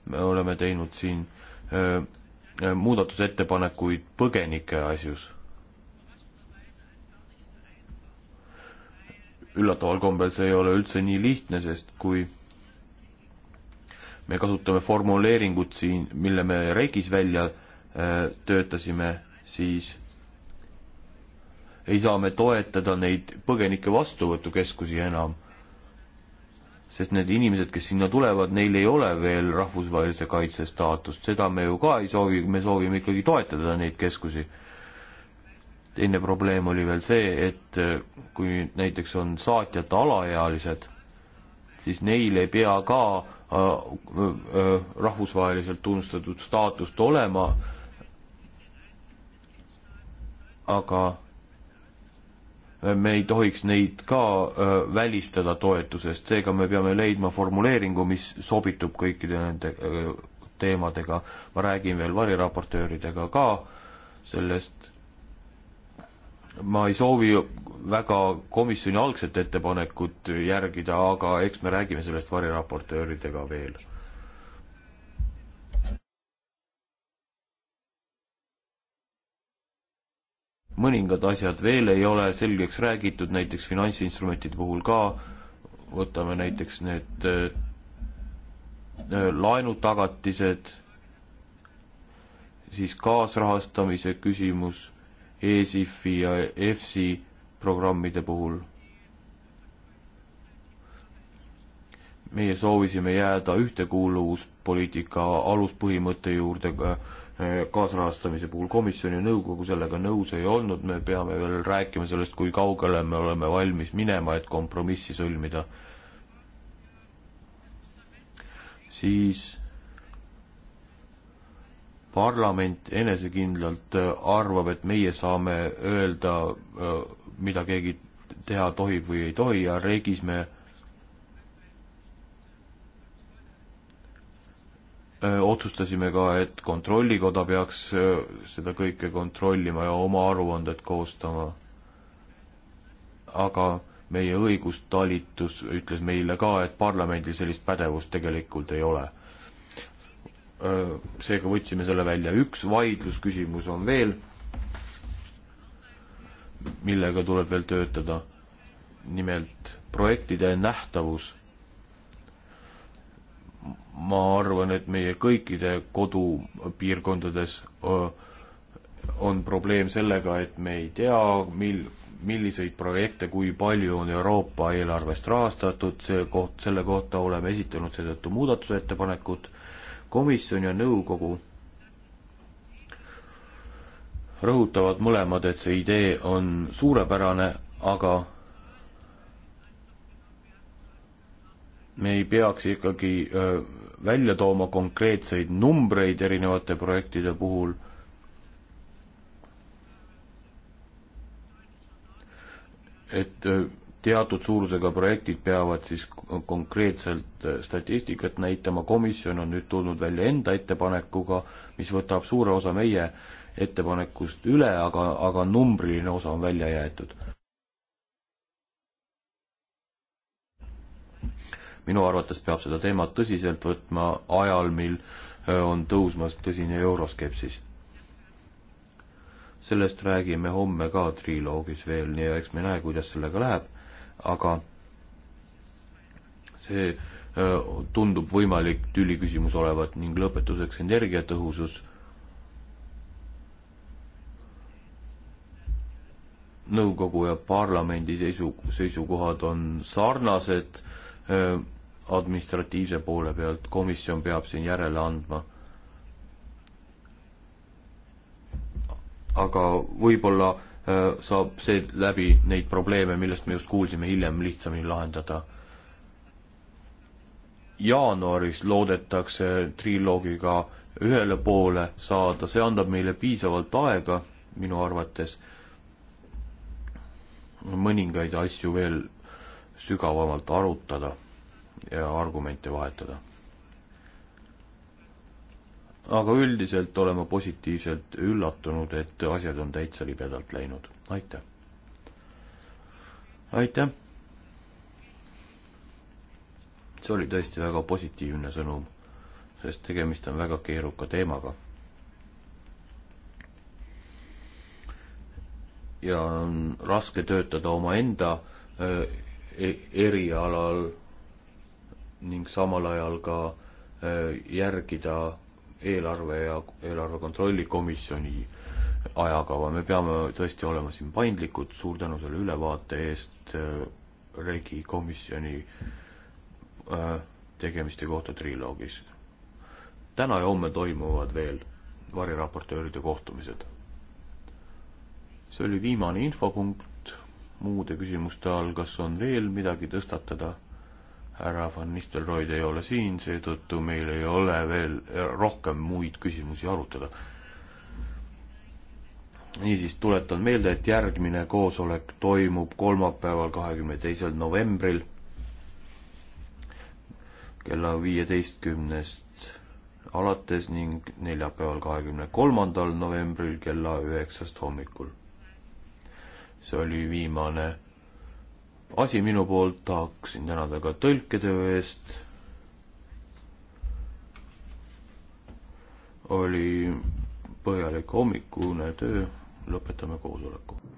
me oleme teinud siin muudatusettepanekuid põgenike asjus. üllataval kombel see ei ole üldse nii lihtne, sest kui me kasutame formuleeringut siin, mille me Regis välja töötasime, siis ei saa me toetada neid põgenike vastuvõtukeskusi enam sest need inimesed, kes sinna tulevad, neil ei ole veel rahvusvahelise kaitse staatust, seda me ju ka ei soovi, me soovime ikkagi toetada neid keskusi. teine probleem oli veel see, et äh, kui näiteks on saatjate alaealised, siis neil ei pea ka äh, äh, rahvusvaheliselt tunnustatud staatust olema, aga me ei tohiks neid ka välistada toetusest, seega me peame leidma formuleeringu, mis sobitub kõikide nende teemadega. ma räägin veel variraportööridega ka sellest. ma ei soovi väga komisjoni algset ettepanekut järgida, aga eks me räägime sellest variraportööridega veel mõningad asjad veel ei ole selgeks räägitud, näiteks finantsinstrumentide puhul ka, võtame näiteks need äh, laenutagatised, siis kaasrahastamise küsimus ESIF-i ja EFSI programmide puhul. meie soovisime jääda ühtekuuluvuspoliitika aluspõhimõtte juurde ka Äh, kaasrahastamise puhul komisjoni nõukogu sellega nõus ei olnud, me peame veel rääkima sellest, kui kaugele me oleme valmis minema, et kompromissi sõlmida. siis parlament enesekindlalt äh, arvab, et meie saame öelda, äh, mida keegi teha tohib või ei tohi ja Regis me otsustasime ka, et Kontrollikoda peaks seda kõike kontrollima ja oma aruanded koostama. aga meie õigustalitus ütles meile ka, et parlamendil sellist pädevust tegelikult ei ole. seega võtsime selle välja, üks vaidlusküsimus on veel, millega tuleb veel töötada, nimelt projektide nähtavus ma arvan, et meie kõikide kodupiirkondades on probleem sellega, et me ei tea, mil, milliseid projekte, kui palju on Euroopa eelarvest rahastatud, see koht, selle kohta oleme esitanud seetõttu muudatusettepanekud, komisjon ja nõukogu rõhutavad mõlemad, et see idee on suurepärane, aga me ei peaks ikkagi välja tooma konkreetseid numbreid erinevate projektide puhul. et teatud suurusega projektid peavad siis konkreetselt statistikat näitama, komisjon on nüüd tulnud välja enda ettepanekuga, mis võtab suure osa meie ettepanekust üle, aga, aga numbriline osa on välja jäetud minu arvates peab seda teemat tõsiselt võtma ajal, mil äh, on tõusmas tõsine euroskepsis. sellest räägime homme ka triloogis veel, nii eks me näe, kuidas sellega läheb, aga see äh, tundub võimalik tüliküsimus olevat ning lõpetuseks energiatõhusus nõukogu ja parlamendi seisu, seisukohad on sarnased, äh, administratiivse poole pealt komisjon peab siin järele andma. aga võib-olla äh, saab seeläbi neid probleeme, millest me just kuulsime, hiljem lihtsamini lahendada. jaanuaris loodetakse triloogiga ühele poole saada, see annab meile piisavalt aega minu arvates mõningaid asju veel sügavamalt arutada ja argumente vahetada. aga üldiselt olen ma positiivselt üllatunud, et asjad on täitsa libedalt läinud. aitäh! aitäh! see oli tõesti väga positiivne sõnum, sest tegemist on väga keeruka teemaga. ja on raske töötada omaenda äh, e-, erialal ning samal ajal ka äh, järgida eelarve ja eelarve kontrolli komisjoni ajakava, me peame tõesti olema siin paindlikud, suur tänu selle ülevaate eest äh, regi komisjoni äh, tegemiste kohta triloogis. täna ja homme toimuvad veel variraportööride kohtumised. see oli viimane infopunkt, muude küsimuste all, kas on veel midagi tõstatada? härra Van Nistelrooid ei ole siin, seetõttu meil ei ole veel eh, rohkem muid küsimusi arutada. niisiis, tuletan meelde, et järgmine koosolek toimub kolmapäeval, kahekümne teisel novembril kella viieteistkümnest alates ning neljapäeval, kahekümne kolmandal novembril kella üheksast hommikul. see oli viimane asi minu poolt, tahaksin tänada ka tõlketöö eest. oli põhjalik hommikune töö, lõpetame koosoleku.